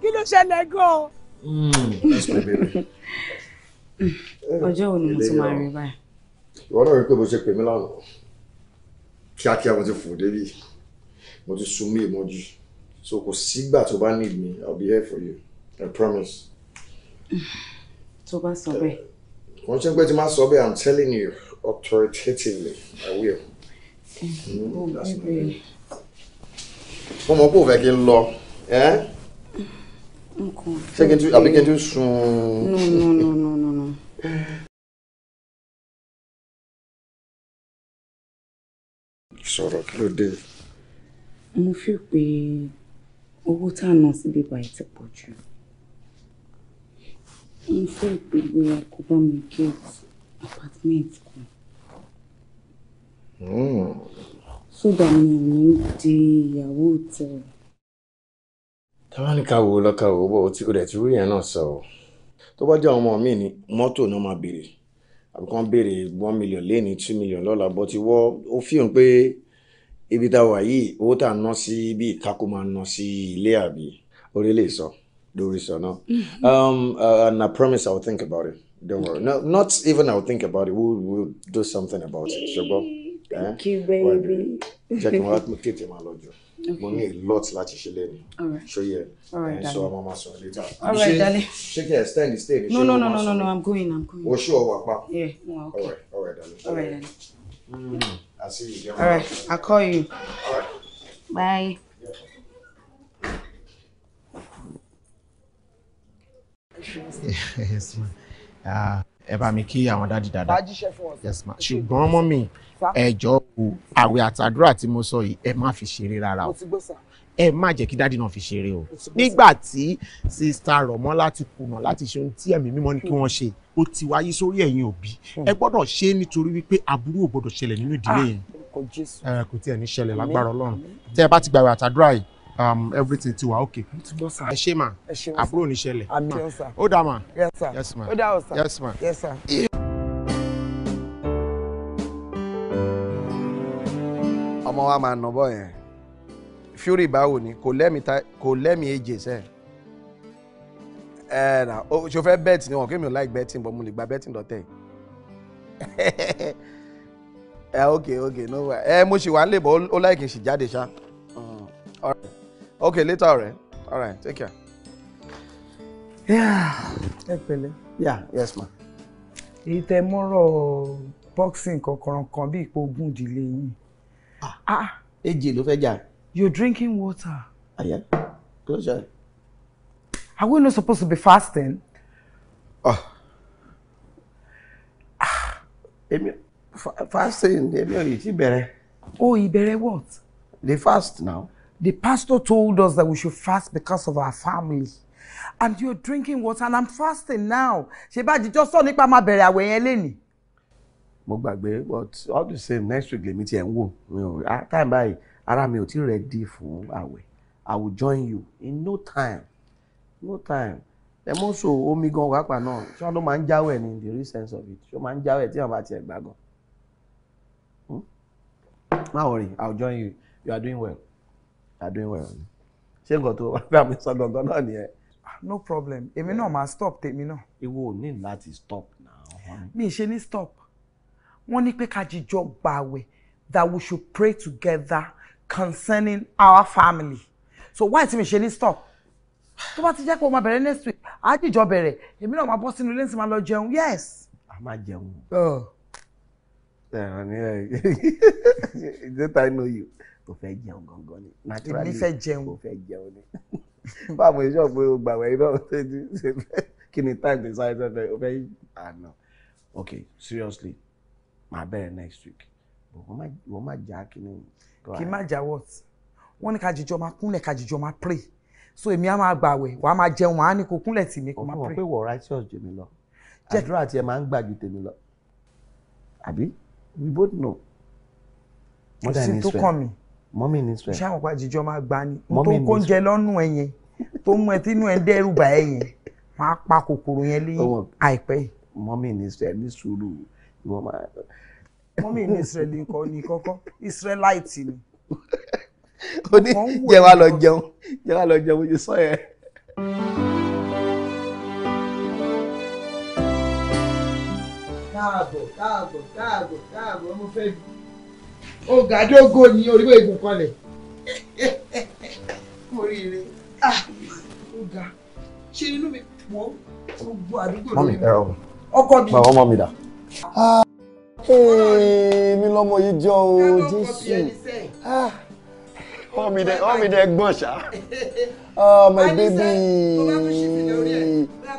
Speaker 2: kí ló ṣẹlẹ̀ gan. Hmm. ọjọ́ wo ni mo ti máa rí báyìí.
Speaker 3: ìwọ náà rí pé mo ṣe pè mí lánàá kíákíá mo ti fò débi mo ti sun mí ìmọ̀jú so kò sígbà tó bá need me i'll be here for you i promise. tó bá sọ bẹ́ẹ̀. wọ́n ṣe ń pẹ́ tí máa sọ bẹ́ẹ̀ i'm telling you authoritatively I will. Mm, mo mọ̀ pé o fẹ́ kí n lọ
Speaker 5: ṣé kí n tún àbí kí n no no no no no. no. Sorry, kí day. I'm
Speaker 2: mo fi pé owó tá a ná síbi báyìí ti pọ̀ jù going to pé bóyá kó bá mi get apartment
Speaker 5: sódà
Speaker 2: mi ò ní di ìyàwó tẹ.
Speaker 3: táwọn ká wo lọ́ka wo bó o rẹ̀ ti rí yẹn náà sọ o tó bá jẹ́ ọmọ mi ni mọ́tò náà máa béèrè àbí kàn béèrè one million lẹ́ni two million lọ́la bó ti wọ́ ó fi hàn pé ibi tá a wà yìí owó tá a ná sí bí ìkákó máa ná sí ilé àbí orí lè sọ lórí sọ náà mm-hmm. um uh, and I promise I will think about it don't worry no not even I will think about it we will we'll do something about it ṣùgbọ́n. Eh? Thank you, baby. Jẹ́ kí n wá tètè máa lọ jù. Mo ní a lot láti ṣe lẹ́nu. Ṣóyẹ. So ọmọ máa sọ̀rọ̀ later. Ṣé kí ẹ extend the stay? No, no, no, no, no, no, I'm going, I'm going. Oṣù oh, ọ̀wà pa. Yeah, All right, all right, darling. All right, darling. Mm, I see All right, I'll call
Speaker 7: you. All right. Bye.
Speaker 3: yes ma ah, ẹ bá mi kí àwọn dáàdi dáadáa yes ma ṣùgbọ́n mọ́ mi ẹjọ́ o àwẹ̀ àtàdúrà tí mo sọ yìí ẹ má fi ṣeré rárá o ẹ má jẹ́ kí dádì náà fi ṣeré o nígbà tí sista Rọ̀mọ́lá ti kùnà láti ṣe ohun tí ẹ̀mí mímọ́ ní kí wọ́n ṣe ó ti wáyé sórí ẹ̀yin òbí ẹ gbọ́dọ̀ ṣe é nítorí wípé aburú ò gbọ́dọ̀ ṣẹlẹ̀ nínú ìdílé yẹn ah, ẹ kò tiẹ̀ ní ṣẹlẹ̀ lágbára Ọlọ́run tẹ́ ẹ bá ti gbàgbé àtàdúrà yìí um, everything ti wa okay. ẹ ṣe ma àbúrò ní ṣẹlẹ̀ ó dà ma yes ma ó dà yes sà yes ma. ọmọ wa máa nà yẹn fury báwo ni kò lẹ́mi ta kò lẹ́mi èjè sẹ́ ẹ na o ṣe fẹ́ bet ni wọn kí mi ò like betting but mo lè gba betting dọ̀tẹ̀ ẹ ok ok no wa ẹ mo ṣì wà ń lè bọ̀ ó like n ṣì jáde ṣá mm, ok later ọ̀rẹ́ alright take care. ẹ pẹ̀lẹ́. yeah yes ma. èyí tẹ mọ́rọ̀ boxing kankan kan bí ipò ogun ìdílé yìí ah èjì ah. ló fẹ́ jà. you drinking water. àyà close your. ṣe. are we not supposed to be fasting. Ah. Ah. èmi fasting èmi ò yìí ti bẹ̀rẹ̀. oh he ìbẹ̀rẹ̀ what. They fast now. the pastor told us that we should fast because of our family and you're drinking water and I'm fasting now ṣe bá jíjọ́ sọ nípa máa bẹ̀rẹ̀ àwẹ̀ yẹn lénìí mo gbàgbé but all the same next week lèmi tiẹ̀ ń wò mi ò time báyìí ara mi ò tí ready fún àwẹ̀ i will join you in no time no time ẹmọ so omi gan wàpà náà ṣé wọn ló máa ń jáwẹ̀ ni the real sense of it ṣé wọn máa ń jáwẹ̀ tí wọn bá tiẹ̀ gbà hmm? má worry i will join you you are doing well you are doing well ṣé nǹkan tó wà bá mi sọ gangan náà nìyẹn. Ah, no problem èmi náà máa stop tèmi náà. ìwọ ò ní láti stop náà. mi ì ṣe ní stop wọ́n ní pé ká jíjọ gbààwẹ̀ that we should pray together concerning our family so why tí mi ṣe ní stop tó bá ti jẹ́ pé o máa bẹ̀rẹ̀ next week á jíjọ bẹ̀rẹ̀ èmi náà máa bọ́ sínú ilé nísìnyí máa lọ jẹun yes. a máa jẹun. ẹ̀rọ ni ẹ̀ data I know you kò fẹ́ jẹun gangan ni naturally èmi fẹ́ jẹun kò fẹ́ jẹun ni báwo ni sọ pé o gbàwẹ̀ náà ṣe kí ni time to sáré fẹ́ fẹ́ o fẹ́ àná okay seriously màá bẹ̀rẹ̀ next week wọ́n má jà kí ni. kì í má jà what wọ́n ní ká jíjọ máa kúnlẹ̀ ká jíjọ máa pray so èmi á máa gbàwẹ̀ wàá máa jẹun wàá ní kó kúnlẹ̀ tì mí kó máa pray. o fún wọn pé wọ righteous jẹ mi lọ àdúrà tiẹ̀ máa ń gbà ju tèmi lọ àbí we both know. mo sì tó kàn mí mọ́mí ní sọ ẹ̀. ṣáà wọ́pá jíjọ máa gba ni tó ń kóúnjẹ lọ́nù ẹ̀ yẹn tó mú ẹ tínú ẹ dẹ́rù bà ẹ̀ máa pa kòkòrò yẹn lé àìpẹ́ yìí. mọ́mí ní sọ ẹ ní sùúrù ìwọ máa. wọ́n mi ní israeli nǹkan ní kọ́kọ́ israelite ni. ó ní jẹ́ wá lọ jẹun jẹ́ wá lọ jẹun ojú sọ yẹn. káàbọ̀ káàbọ̀ káàbọ̀ káàbọ̀ mo fẹ́ bí. ó ga dógó ni oríwé egun kanlẹ̀. mo rí i rí ah, ó ga ṣe inú mi pọ̀ gbogbo àdúgbò lórí mi
Speaker 5: ọkọ mi. ọmọ mi dà. Ah, mi
Speaker 3: lọmọ yìí jọ o jésù ah. ọmọ mi dẹ gbọ́n ṣá ah, my baby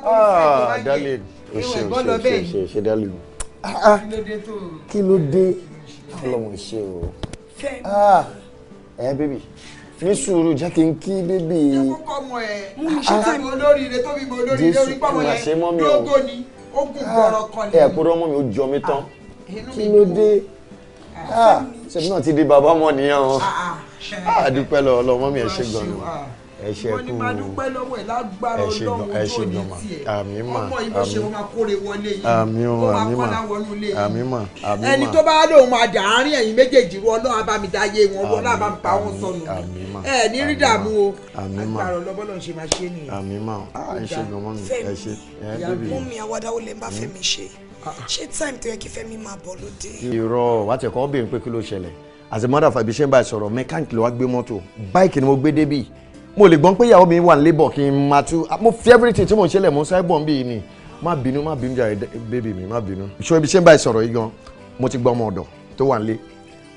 Speaker 3: ah darling o ṣe o ṣe o ṣe ṣe ṣe darling ah, kí ló dé ọlọmọ ṣe o ah ẹ baby ní sùúrù jẹ́ kí n kí bébì. jẹ́ kókó ọmọ ẹ̀ mú mi ṣe táìmù olóríire tóbi mo olóríire orí pọ́mọ yẹn lógo ni ó gùn gbọ́rọ̀ kan ni. Ah, ẹ kúrò mú mi ó jọ ah, mi tán kí ló dé ah, ṣebí náà ti di bàbá mọ̀ nìyẹn o àdúpẹ́ lọ́wọ́ lọ́wọ́ mọ́mí ẹ̀ ṣe gan ẹ ṣe kú ẹ ṣe gan ẹ ṣe gan ma àmì mà àmì o àmì mà àmì mà àmì mà ẹni tó bá lóun máa dà árín ẹ̀yin méjèèjì ru ọlọ́run abámidáyé wọn wọn náà bá ń pa wọn sọnù ẹ ní rí dààmú o agbára ọlọ́bọ́lọ́ ṣe máa ṣe nìyẹn. àmì mà mú mi
Speaker 2: àwàdà lè bá hmm? Fẹ́mi ṣe ah. ṣé time tó yẹ kí Fẹ́mi máa bọ̀ ló
Speaker 3: irọ́ wàá tẹ̀kọ́ pé kí ló ṣẹlẹ̀ as a ibi ṣe ń bá ẹ sọ̀rọ̀ mechanic ló wá gbé mọ́tò báìkì ni mo gbé débì mo lè gbọ́n pé ìyàwó mi wà ní labour kí n máa tú ah, mo fi everything tí mo ń ṣẹlẹ̀ mo ń cyborg bí ni má bínú má bínú jàre bébì mi má bínú. ìṣòro ibi ṣé ń bá sọ̀rọ̀ yìí gan mo ti gbọ́ ọmọ ọ̀dọ̀ tó wà nílé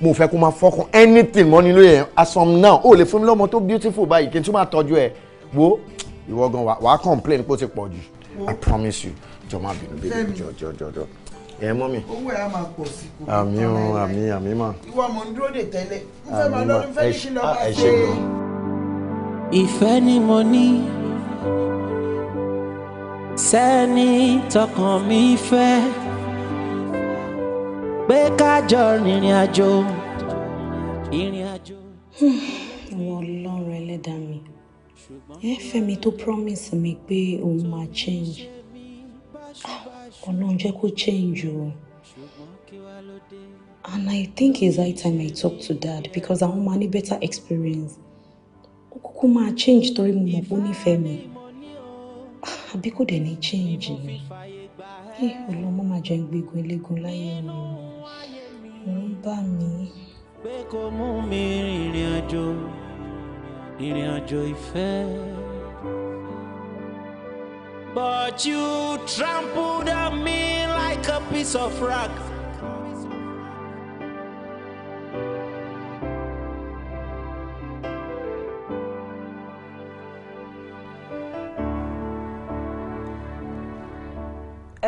Speaker 3: mo fẹ́ kó máa fọ́kàn anything mọ́ nínú yẹn as now ó lè fún mi lọ́mọ tó beautiful báyìí kí n tún máa tọ́jú ẹ wo ìwọ gan wàá complain pé ó ti pọ̀ jù i promise you jọ má bínú bébì jọ jọ jọ jọ ẹ mọ mi. owó ẹ á máa pọ̀ sí kò. àmì o àmì àmì mà. ìwọ mò ń dúró dè tẹ́lẹ̀ n fẹ́ máa lọ́dún fẹ́ ṣí lọ́ọ́ máa ṣe ah,
Speaker 7: ìfẹ́ ni mo ní sẹ́ni tọkàn mi fẹ́ pé kájọ rìnrìn àjò ìrìn àjò.
Speaker 2: ìwọ ọlọ́run ẹlẹ́dàá mi ẹ fẹ́mi tó promise mi pé òun máa change ah, ọlọ́run jẹ́ kó change o. And I think it's high time I talk to dad because I wan manage better experience kó máa change torí mo mọ̀ pé ó nífẹ̀ẹ́ mi àbí kò dẹ̀ ní change ni ẹ ọlọ́mọ máa jẹun gbégun eléegun láyé mi ò ń bà mí.
Speaker 7: pé kò mú mi rìnrìn àjò rìnrìn àjò ìfẹ́. But you trampled on me like a piece of rock.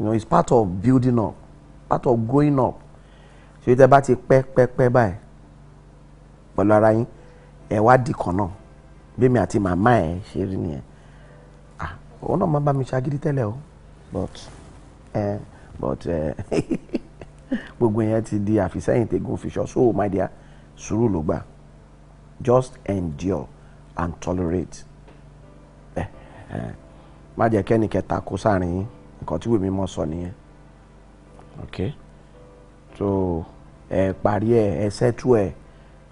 Speaker 3: you know it's part of building up part of growing up So tẹ bá ti pẹ́ pẹ́ pẹ́ báyìí pẹ̀lú ara yín ẹ wá di kan náà bí mi àti màmá ẹ ṣe rí nìyẹn ah òun náà máa bá mi ṣagídí tẹ́lẹ̀ o but ẹ uh, but ẹ gbogbo yẹn ti di àfisẹ́yìn tegun fisọ so my dear sùúrù ló gbà just endure and tolerate ẹ ẹ má jẹ́ kẹ́ni kẹta kó sáàrin yín nǹkan tí wèmí mọ̀ sọ nìyẹn ok so ẹ parí ẹ ẹ sẹ́tù ẹ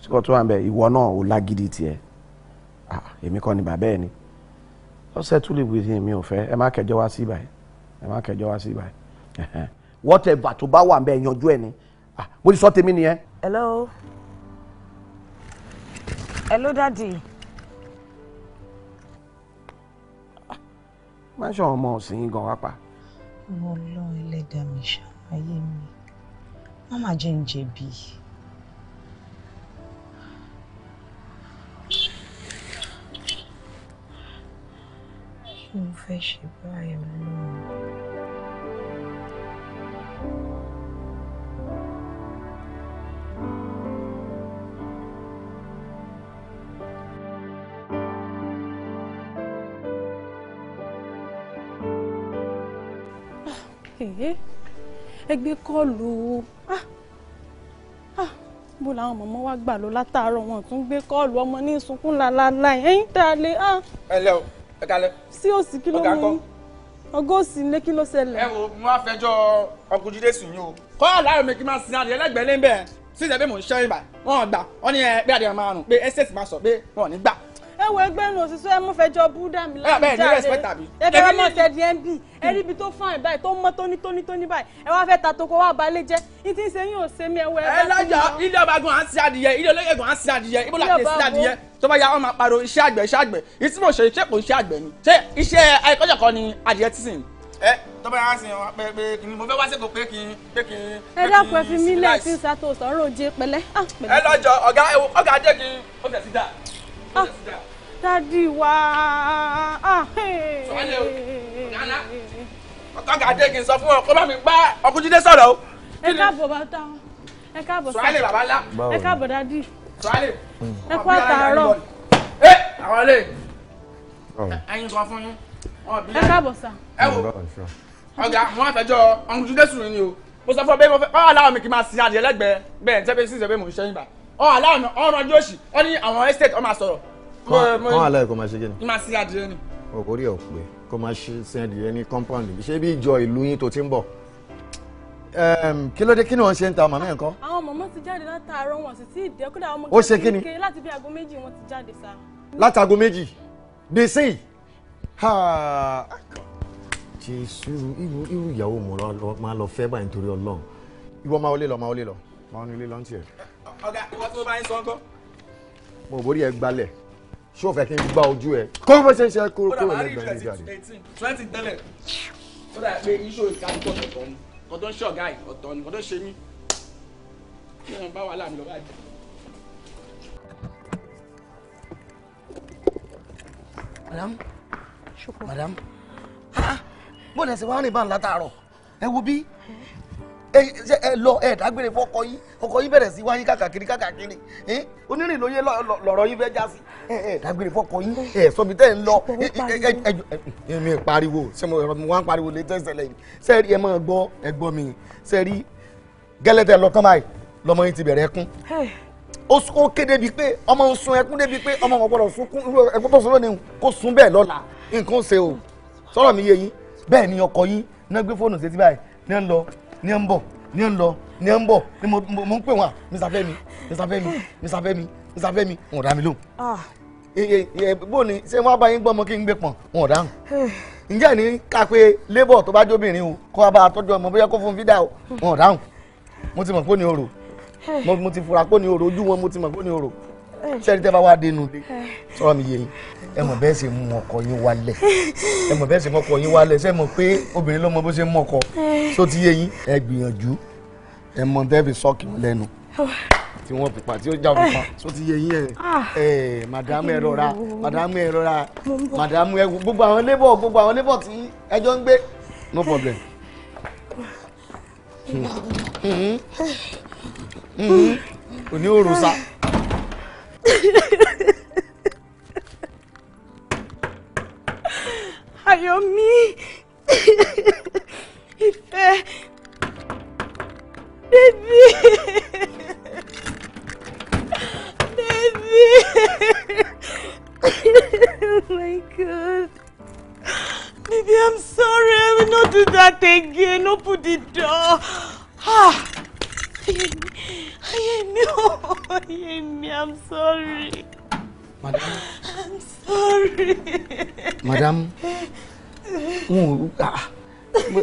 Speaker 3: síkọ̀ tó wà bẹ́ẹ̀ ìwọ náà ò lágídí tiẹ̀ ah èmi kọ́ ni bàbá ẹ ni ó sẹ́tù lè wí sí èmi ò fẹ́ ẹ má kẹjọ wá sí ibàyẹn ẹ má kẹjọ wá sí ibàyẹn whatever tó bá wà ń bẹ yanjú ẹ ni ah mo ti sọ tèmi nìyẹn. hello
Speaker 2: hello daddy.
Speaker 3: máa ń ṣe ọmọ ọ̀sìn gan wá pa
Speaker 2: ìwọ ọlọ́run ẹlẹ́dàá mi ṣàwáyé mi má má jẹ́ ń jẹ̀bi. kí mo fẹ́ ṣe báyìí ọlọ́run. ẹgbẹ́ kọ́ọ̀lù ah, ah, bó làwọn mọ̀mọ́ wá gbà lọ látàárọ̀ wọn tún gbé kọ́ọ̀lù ọmọ ní
Speaker 3: sunkún làlàlà ẹ̀yìn tá a lè. Ah. ẹ lẹ o ẹ kalẹ. sí òsì kí ló mú un ọgọ́sì ní kí ló ṣẹlẹ̀. ẹ wo mo máa fẹjọ́ ọkùnrin jíde sùn yín o. kọ́ọ̀lù ayọ̀ mi kí n máa sin adìyẹ lẹ́gbẹ̀ẹ́ lé ń bẹ̀ sí ìjẹ́bí mò ń ṣẹ́yìn bá wọn gbà wọn ni ẹ pé adìyẹ máa rùn pé ẹ ṣèṣì máa sọ pé wọn ò ní gbà
Speaker 2: wo ẹgbẹ́ nu òṣìṣẹ́ mú fẹ́ jọ búdà mi láti jáde
Speaker 3: ẹbí ọmọ tẹ̀dí
Speaker 2: ẹ̀ ń ẹ rí ibi tó fáìn báyìí tó mọ́ tónítóní tóní báyìí ẹ wá fẹ́ ta toko wá balẹ̀ jẹ́ ní tí ń ṣe
Speaker 3: yín ò ṣe mí ẹwọ́ ẹ bá ti lọ. ilé ọba gan-an sí adìyẹ ilé olóyè gan-an sí adìyẹ ibo láti sí adìyẹ tó bá ya wọn máa pariwo iṣẹ́ àgbẹ̀ iṣẹ́ àgbẹ̀ ìsìn ẹ dákun ẹ fi mí lẹ́ẹ̀ tí ń
Speaker 2: sa tó sọ̀rọ̀ òjì pẹ̀lẹ́. ẹ lọ́jọ́
Speaker 3: ọ̀gá ọ̀gá jẹ́ kí ó fẹ̀ sí
Speaker 2: dádì wa. sọ́ọ́lẹ̀ o
Speaker 3: nana
Speaker 1: ọ̀tọ́gà sọ fún ọ kó bá mi gbá ọkùnjídé sọ̀rọ̀ o.
Speaker 3: ẹ káàbọ̀
Speaker 2: bàtà ẹ káàbọ̀ sọ́ọ́ sọ́ọ́lẹ̀ bàbá ńlá ẹ káàbọ̀ dádì sọ́ọ́lẹ̀ ẹ kú
Speaker 1: àtàárọ̀. ẹ eh, àwọn ilé
Speaker 5: oh.
Speaker 3: ẹyin sọ fún yín. ẹ káàbọ̀ sà.
Speaker 5: ẹ wo oh,
Speaker 3: ọ̀gá wọn àfẹjọ ọkùnjídé sùn ni o mo sọ fún ọ bẹ́ẹ̀ mo fẹ́ ọ aláwọ̀ mi kì í máa sin adìyẹ lẹ́gbẹ̀ẹ́ bẹ́ẹ̀ ní tẹ́bí sí ìṣẹ́bí mò ń ṣẹ́yìn bá ọ aláwọ̀ mi ọ̀rọ̀ ọjọ́ òsì ọ ní àwọn estate ọ máa sọ̀rọ̀ kán àlẹ́ kò máa ṣe kí ni. ní máa sí adìyẹ ni. òkórí ẹ̀ ò pé kó máa sin adìyẹ ní compound ibi ṣé bí ìjọ ìlú yín tó ti ń bọ̀. kí ló dé kí ni wọ́n ṣe ń ta màmá ẹ̀ kọ́.
Speaker 2: àwọn màmá ti jáde látàárọ̀ wọn sì tí ì dẹ́kúdà àwọn ọmọ kékeré láti bí aago méjì wọn ti jáde
Speaker 5: sá.
Speaker 3: látago méjì dèsè jésù irú irú ìyàwó mo máa lọ fẹ́ báyìí nítorí ọlọ́run ìwọ máa wọlé lọ máa wọlé lọ máa wọlé lọ ń tiẹ̀.
Speaker 1: ọ̀gá ìwọ tí mo bá ń sọ ń kọ́.
Speaker 3: mo borí ẹ gbalẹ̀ ṣé o fẹ́ kí n gba ojú ẹ kó fẹ́ ṣe ń ṣe kúrò kúrò lẹ́gbẹ̀ẹ́ ní jáde. twenty tẹ́lẹ̀ ó dà pé iṣu ìkàtọ̀ ọ̀tọ̀ ni kò tó ń ṣe ọ̀gá yìí ọ̀tọ̀ ni kò tó ń ṣe mí kí wọ́n bá wàhálà mi lọ báyìí. madam madam bó lẹ ṣe wá rìn bá ń látàárọ̀ ẹ wo bí ẹ lọ ẹ dágbére fún ọkọ yìí ọkọ yìí bẹ̀rẹ̀ sí wáyé káàkiri káàkiri onírìn lóye lọ̀rọ̀ yìí fẹ́ já sí ẹ dágbére fọkọ yín ẹ sọ mi tẹ́ ẹ ń lọ ẹ mi pariwo ṣé mo ẹ̀rọ mi wá ń pariwo lè tẹ́sẹ̀ lẹ́yìn sẹ́ẹ̀rí ẹ máa gbọ́ ẹ gbọ́ mi sẹ́ẹ̀rí gẹ́lẹ́tẹ̀ lọ tán báyìí lọmọ yín ti bẹ̀rẹ̀ ẹkún ó kéde bíi pé ọmọ ń sun ẹkún débi pé ọmọ wọn gbọ́dọ̀ sunkún ẹkún tó sun lónìí kó sun bẹ́ẹ̀ lọ́la nǹkan ṣe o sọ̀rọ̀ mi yé yín bẹ́ẹ̀ ni ọkọ yín náà gbé fóònù sétí báyìí ní ẹ ń lọ ní ẹ ń bọ̀ ní ẹ ń lọ ní ẹ ń bọ̀ ni mo ń pè wọn à Mr. Fẹ́mi Mr. Fẹ́mi Mr. Fẹ́mi Mr. Fẹ́mi wọn ò dá mi lóhùn ah bó ni ṣé wọ́n bá yín gbọ́mọ kí n gbé pọ̀n wọn ò dáhùn ǹjẹ́ ní ká pé labour tó bá jóbìnrin o kó wá bá a tọ́jú ọmọ bóyá kó fún fídà o wọn ò dáhùn mo ti mọ̀ pé ó ní orò mo ti fura pé ó ní orò ojú wọn mo ti mọ̀ pé ó ní orò sẹ́ni tẹ́ bá wá dénú sọ̀rọ̀ mi yé yín ẹ mọ̀ bẹ́ẹ̀ ṣe mú ọkọ yín wálẹ̀ ẹ mọ̀ bẹ́ẹ̀ ṣe mú ọkọ yín wálẹ̀ ṣe mọ̀ pé obìnrin ló mọ bó ṣe mú ọkọ tó ti yé yín ẹ gbìyànjú ẹ mọ̀ tẹ́ fi sọ́ọ̀kì lẹ́nu. Oh tí wọ́n pupa tí ó já pupa tó eh. ti yẹ yín ẹ̀ ẹ̀ ah. eh, màdàmú ẹ rọra màdàmú ẹ rọra màdàmú ẹ gbogbo àwọn lébọ̀ gbogbo àwọn lébọ̀ tí ẹjọ́ ń gbé no problem. Hmm. Hmm.
Speaker 5: Hmm. òní òrùsà. Ayọ̀mí ìfẹ́ bébí. Baby! oh my god. Baby, I'm
Speaker 2: sorry. I will not do that again. Open the door. Ah! Ayemi, oh, Ayemi, I'm sorry.
Speaker 3: Madam.
Speaker 5: I'm sorry. Madam. Mm,
Speaker 3: ah.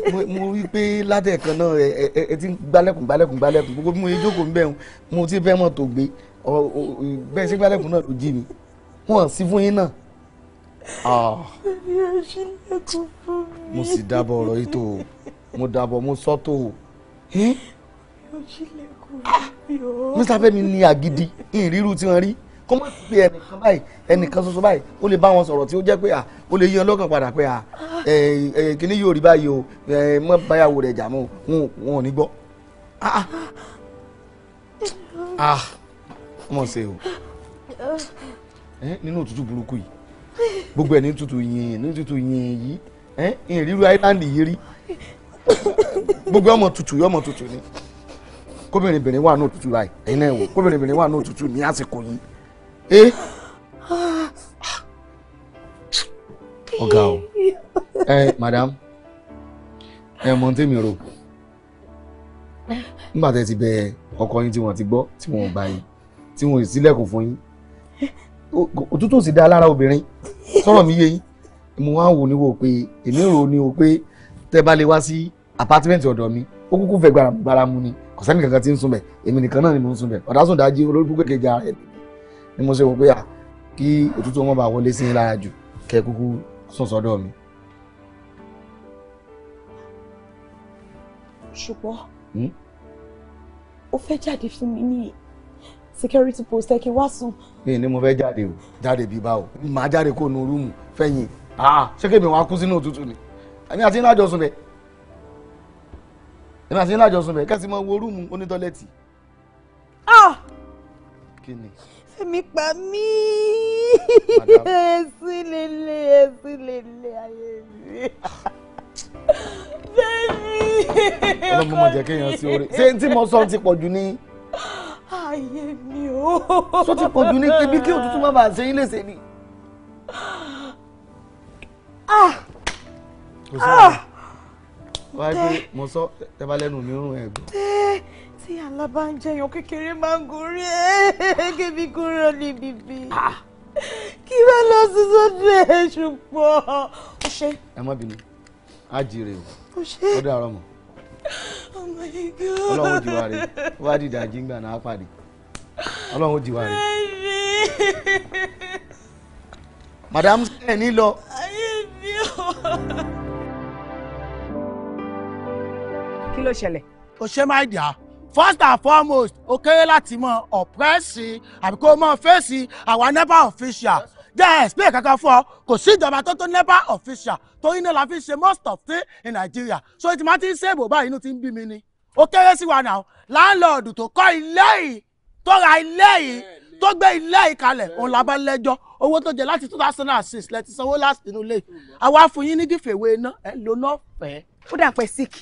Speaker 3: mo rí i pé ládẹ̀ kan náà ẹ ti ń gbálẹ̀kùn gbálẹ̀kùn gbálẹ̀kùn gbogbo mo ìjókòó ń bẹ̀ mo ti fẹ́ mọ̀ tó gbé bẹ́ẹ̀ ṣe gbálẹ̀kùn náà ló jí mi wọ́n sì fún yín náà. Ah.
Speaker 5: mo sì dábọ̀
Speaker 3: ọ̀rọ̀ yìí tó o mo dábọ̀ mo sọ tó o. mr hm? fẹ́mi ní agídí ìrírú tí wọ́n rí kó má pe ẹnìkan báyìí ẹnìkan ṣoṣo báyìí ó lè bá wọn sọ̀rọ̀ tí ó jẹ́ pé à ó lè yí wọn lọ́kàn padà pé à kíní yóò rí báyìí o mọ́ báyàwó rẹ̀ jà mọ́ wọn ò ní gbọ́. Ah, ah mọ̀ ṣe o eh, nínú òtútù burúkú yìí gbogbo ẹ̀ ní tutù yìn ní tutù yìn yìí ìrírú eh, island yìí rí gbogbo ọmọ tutù yọmọ tutù ni kóbìnrin bìnrin wà ní òtútù láì ẹ̀yin náà wò kóbìnrin bìnrin wà ní òtútù ní àsìkò yìí ẹ eh? ọ̀gá o ẹ madam ẹ mọ̀ ní tèmi rò nígbà tẹ́ ti bẹ ọkọ yín tí wọ́n ti gbọ́ tí wọ́n bá yìí tí wọn ò sílẹ̀kùn fún yín òtútù sì dá lára obìnrin sọ̀rọ̀ mi yé yín mo wá wò ní wò pé èmi rò ní wò pé tẹ́ bá lè wá sí apátímẹ́ǹtì ọ̀dọ̀ mi ó kúkú fẹ́ gbaramu ni kò sẹ́ni kankan tí ń sùn èmi nìkan náà ni mo ń sùn bẹ̀ ọ̀dásùn dájí olórí púpọ̀ kejì ara ẹ̀ ni mo ṣe wò pé à kí òtútù wọn bá wọlé sí yín lára jù kẹ́ kúkú sùn sọ́dọ̀ mi. ṣùgbọ́n hmm?
Speaker 2: ó fẹ́ jáde fún mi ní
Speaker 3: security post
Speaker 2: ẹ kí wá sùn.
Speaker 3: mi ni mo fẹ́ jáde o jáde bíi báwo màá jáde kó nu rúùmù fẹ̀yìn ah ṣé kébì wọn á kú sínú òtútù ni èmi àti iná àjọsùn bẹ èmi àti iná àjọsùn bẹ kẹsì mọ wo rúùmù onítọ́lẹ́tì.
Speaker 2: ah kí ni. Fẹ́mi pa mí
Speaker 7: ẹsìn lele ẹsìn lele ayé mi
Speaker 3: Fẹ́mi. ọlọ́mọ mọ̀ jẹ́ kéèyàn sí orí ṣé tí mo sọ ti pọ̀ jù ní
Speaker 5: ayé mi o. sọ ti pọ̀ jù ní ebi kí òtútù má bàa ṣe yín
Speaker 3: léṣe ni. Ah. kò sí ọ̀rọ̀ wáyé pé mo sọ ẹ bá lẹ́nu mi rún ẹ̀ gbọ́.
Speaker 2: tí alábàájẹyàn kékeré máa ń gorí ẹ kébi kúrò níbi bí ah. kí wọ́n lọ sí sọ́dọ̀ ẹ̀ ṣùgbọ́n. ó ṣe.
Speaker 3: ẹ má bínú á jí rè o ó ṣe mọ́.
Speaker 5: Oh ọlọ́run ti wá rí
Speaker 3: wá dìde àjíngbà náà pàdé ọlọ́run ti wá rí. madam sẹ́yìn ní lọ.
Speaker 7: ayé mi ò.
Speaker 3: kí ló ṣẹlẹ̀. o ṣe máa dà first and foremost o kéré láti mọ ọ̀pẹ́sì àbíkó mọ fèsì àwa never official jẹ́ explain kankan fún ọ kò sí ìjọba tó tó nepa official torí náà la fi ṣe most of thing in Nigeria so ètò máa ti ń ṣèbò báyìí inú ti ń bí mi ni ó kéré sí wa náà láńlọ́ọ̀dù tó kọ́ ilé yìí tó ra ilé yìí tó gbé ilé yìí kalẹ̀ òun la bá lẹ́jọ́ owó tó jẹ láti two thousand and six lẹ́ti sanwó láti inú ilé àwa fún yín ní dìfẹ̀wé iná ẹ̀
Speaker 2: lónà fẹ́ẹ́ ó dà pé sick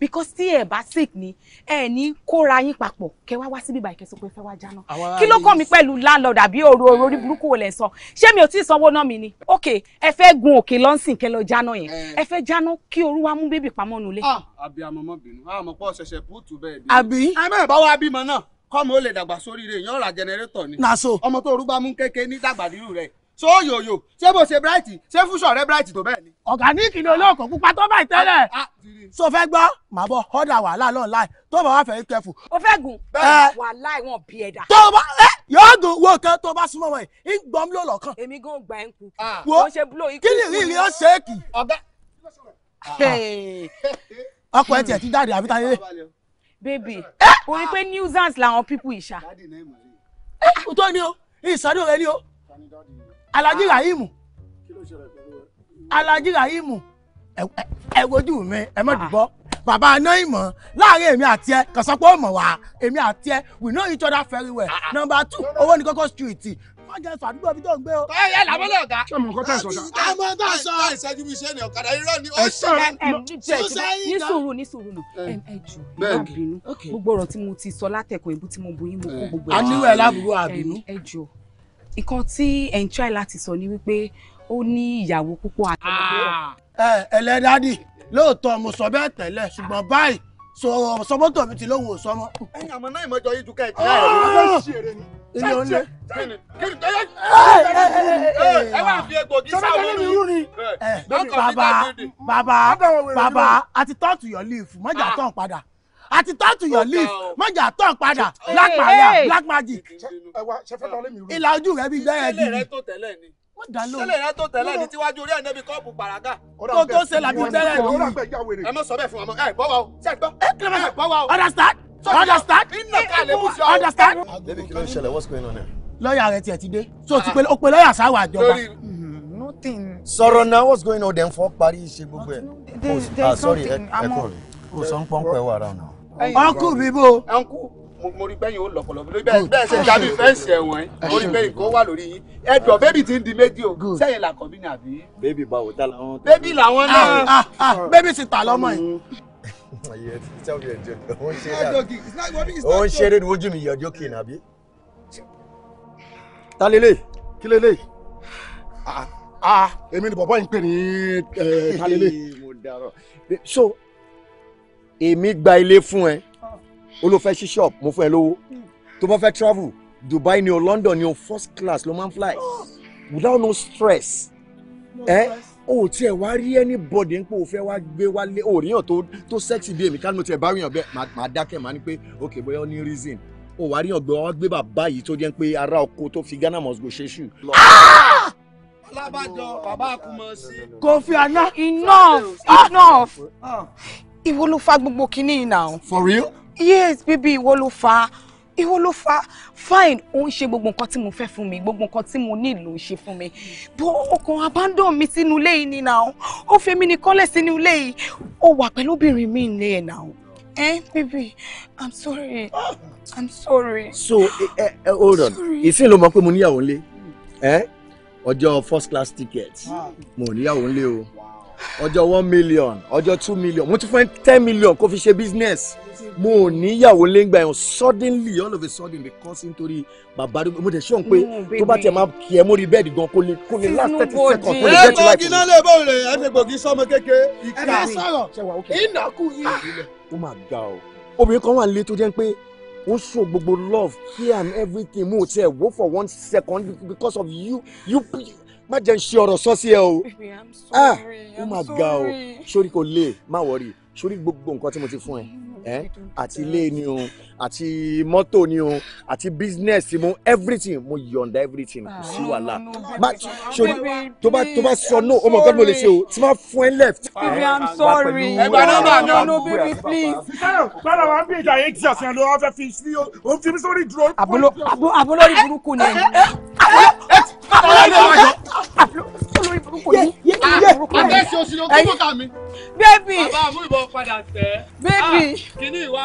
Speaker 2: because tí ẹ bá sick ni ẹ ní kóra yín papọ̀ kẹ wá wá síbí báyìí kẹ sọ pé fẹ́ wá jáná kí ló kàn mí pẹ̀lú landlord àbí òru òru orí burúkú wo lẹ̀ sọ ṣé mi ò tí ì sanwó náà mi ni ok ẹ fẹ́ gun òkè lọ́nsìn kẹ lọ jáná yẹn eh. ẹ fẹ́ jáná kí òru wa mú bébì pamọ́ nulẹ̀.
Speaker 3: àbí ah, àmọ́mọ́ bínú àmọ́ ah, pọ̀ ṣẹ̀ṣẹ̀ púùtù bẹ́ẹ̀ bí. àbí àmọ́ ah, ìbáwá bímọ náà kọ́mọ ó lè dàgbà sóríire èèyàn ra jẹnẹrétọ̀ ni. naso ọmọ tó rúbá mú kéke ní dàgbàdìrú rẹ̀ tó yòyò ṣé bó ṣe bright ṣé fúnṣọ rẹ bright tó bẹ́ẹ̀ ni. ọ̀gáníìkì ni olóòkàn pupa tó báyìí tẹ́lẹ̀. Ah, ah, so fẹ́ gbọ́ màá bọ̀ ọ̀dà wàhálà lọ́n láì tó bá wà fẹ́ kẹfù. o fẹ́ gùn ah,
Speaker 2: wàhálà ìwọ̀n bí ẹ̀dá. tó bá
Speaker 3: ẹ yóò gùn wo kan tó bá súnmọ́ wọ̀nyí ń gbọ́n ló lọ́kàn. èmi gan gbà ẹ́ ń kú. wo kí ni rírì ó ṣe é kì. ọkọ ẹ tiẹ̀ ti jáde àbí táyé. baby
Speaker 2: eh! o rí pé nuisance làwọn people ìṣá. Eh, tó ní o ìsàdó rẹ ní o.
Speaker 3: Ah. alhaji rahimu alhaji rahimu ẹ wojú mi ẹ mọ̀ ah. dùbọ́ bàbá aná ìmọ̀ láàrin èmi àti ẹ kàn sọ pé ó mọ̀ wá èmi àti ẹ we know each other very well ah, number two owó ní kókó street fájà ẹsọ àdúgbò ibi tó ń gbé o. ẹ ẹ làbọ́lẹ̀ ọ̀gá. ṣé mo kọ́ tẹ̀ sọ̀dá. a mọ tó sọ. ẹ ṣáájú mi ṣe ni ọ̀kadà irọ́ ni ó ṣe máa ń sọ ní sùúrù
Speaker 2: ní sùúrù náà ẹ jù náà bínú gbogbo ọ̀rọ̀ tí mo ti sọ látẹ̀kọ̀ ìbú tí mo bu yín mo kó gbogbo ẹ̀. a níwẹ̀ lábúrò àbínú. ẹ jù nǹkan tí ẹ̀ ń try
Speaker 3: láti sọ ni wípé ó ní ìyàwó púpọ̀ àti ọmọ. Ah. ẹ ẹlẹ́dàdì lóòótọ́ mo sọ bẹ́ẹ̀ tẹ́lẹ̀ ṣùgbọ́n báyìí so sọmọtò mi ti lóhùn ò sọmọ. ẹyin àmọ náà ìmọ̀jọ yìí ju kẹ́ẹ̀kì láàrẹ̀ ah. ló fẹ́ ah. ṣe eré ni. ilé oúnjẹ.
Speaker 5: ẹ wá fi egbògi sáwọn olú. Eh, eh, bàbá bàbá
Speaker 3: bàbá àti tọ́ọ̀tù yọ̀ líìfù mọ́jà tán padà àti turn to your list mọ̀jà tán padà black maria black magic.
Speaker 1: ìlà ojú rẹ bí gbẹ́rẹ́ gidi
Speaker 3: wọ́n dá lóhùn. sẹ́lẹ̀ rẹ tó tẹ̀lé ní tíwájú orí ẹ̀ níbi kọ́ọ̀pù pàràgà. tó tó ṣe làbí bẹ́rẹ̀ lórí. ẹ mọ sọ bẹ́ẹ̀ fún wa ẹ bọ́ wa o ṣe gbọ́ ẹ bọ́ wa o. understand understand understand. lady kí ló ń ṣẹlẹ̀ what's going on here. lọ́ọ̀yà rẹ tiẹ̀ ti dé so ti ah. pe o pe lọ́ọ̀yà sáwọ́ àjọba. Mm-hmm, sọ̀rọ̀ náà what's going on then? fọ́ parí ṣe gbogbo ẹ̀. Oh, ah, sorry ẹ kọ́ rẹ̀ o sọ ń pọ́npẹ́ wà rà náà ọ̀nkù mi bò. ọ̀nkù mo rí gbẹ̀yìn ó lọ̀pọ̀lọpọ̀ lórí bẹ́ẹ̀ bẹ́ẹ̀ ṣe jábí fẹ́ǹsì ẹ̀wọ̀n ẹ̀ mo rí gbẹ̀yìn kó wà lórí yín ẹ̀dọ̀ bébì ti ń di méjì o sẹ́yìn làkọ̀ bí ni àbí. bébì báwo tá làwọn. bébì làwọn náà ah, ah, ah, bébì ti tà lọ́mọ yìí ó ń ṣeré ní ojú mi yẹ ọjọ́ kìnnà àbí. ta lélẹ̀ kí lélẹ̀ èmi ni bọ̀bọ̀ yìí ń pè ní eh, ta lélẹ̀ so èmi gba ilé fún ẹ ó ló fẹ́ shop mo fún ẹ lówó tó bá fẹ́ travel Dubai ni o London ni o first class ló máa ń fly without no stress ẹ o ò wá rí anybody ń pé o fẹ́ wá gbé o ríyàn tó tó sexy bí èmi ká ló tiẹ̀ bá ríyàn bẹ́ẹ̀ máa dákẹ́ máa ní pé ok bóyá ó ní reason o wá ríyàn gbé wá gbé bàbá yìí tó jẹ́ pé ara oko tó fi Ghana must go ṣe ṣù. Ah! alábàjọ bàbá kò mọ̀ sí. kò fi àná. enough ah! enough. Ah!
Speaker 2: ìwọ ló fa gbogbo kinní yìí náà. for real. yes baby ìwọ ló fa ìwọ ló fa fine ó ń ṣe gbogbo nǹkan tí mo fẹ́ fún mi gbogbo nǹkan tí mo nílò ṣe fún mi bó ọkàn abandon mi sínú ilé yìí ni náà ó fẹ́ mi ní kọ́lẹ̀ sínú ilé yìí ó wà pẹ̀lú obìnrin mi ilé ẹ̀ náà. Eh, baby, I'm sorry. I'm sorry.
Speaker 3: So, eh, eh, eh hold on. Ìsìn ló mọ̀ pé mo níyàwó ńlé. Ọjọ́ first class ticket. Ah. Mo níyàwó ńlé o ọjọ́ one million ọjọ́ two million mo ti fún ẹ ten million kó fi ṣe business mo ò níyàwó léngbà ẹ̀hún suddenly all of a sudden because nítorí bàbá rẹ mo tẹ̀ ṣọ́n pé mm, tó bá tiẹ̀ máa kí ẹ mórí bẹ́ẹ̀dì gan kó lè kó lè last thirty seconds kó lè get life. ẹ gbọ́dọ̀ náà lè bọ̀ rẹ̀ ẹ fi gbòógì sọmọ kékeré ìka ẹ sọ̀rọ̀ ìnákù yìí. Ah, ó mà ga o obìnrin kan wà nílé tó jẹ́ pé ó show gbogbo love care and everything mo ò tiẹ̀ wò for one second because of you you má jẹ́ ń ṣe ọ̀rọ̀ sọ sí ẹ o ah ó mà ga o sórí kò lè má wọrí sórí gbogbo nǹkan tí mo ti fún ẹ àti ilé ni o àti mọ́tò ni o àti business mo everything mo yọ̀ǹda everything kò sí ah, wàhálà má sórí tó bá tó bá sọ no ọmọ nǹkan tí mo lè ṣe o tí má fún ẹ left. baby i'm sorry ẹgbẹ́ nọ́mbà náà no baby
Speaker 1: please. bára wa bí ìjà yẹn ti àṣeyàn ló wá fẹ́ fi sí o fi sórí dúró. àbúlórí burúkú ni
Speaker 5: abẹ́sí oṣù ló kún mọ́ta
Speaker 3: mi.
Speaker 6: bébì
Speaker 1: bàbá àmúlùbọ̀ padà tẹ̀. bébì ah, kíní ìwà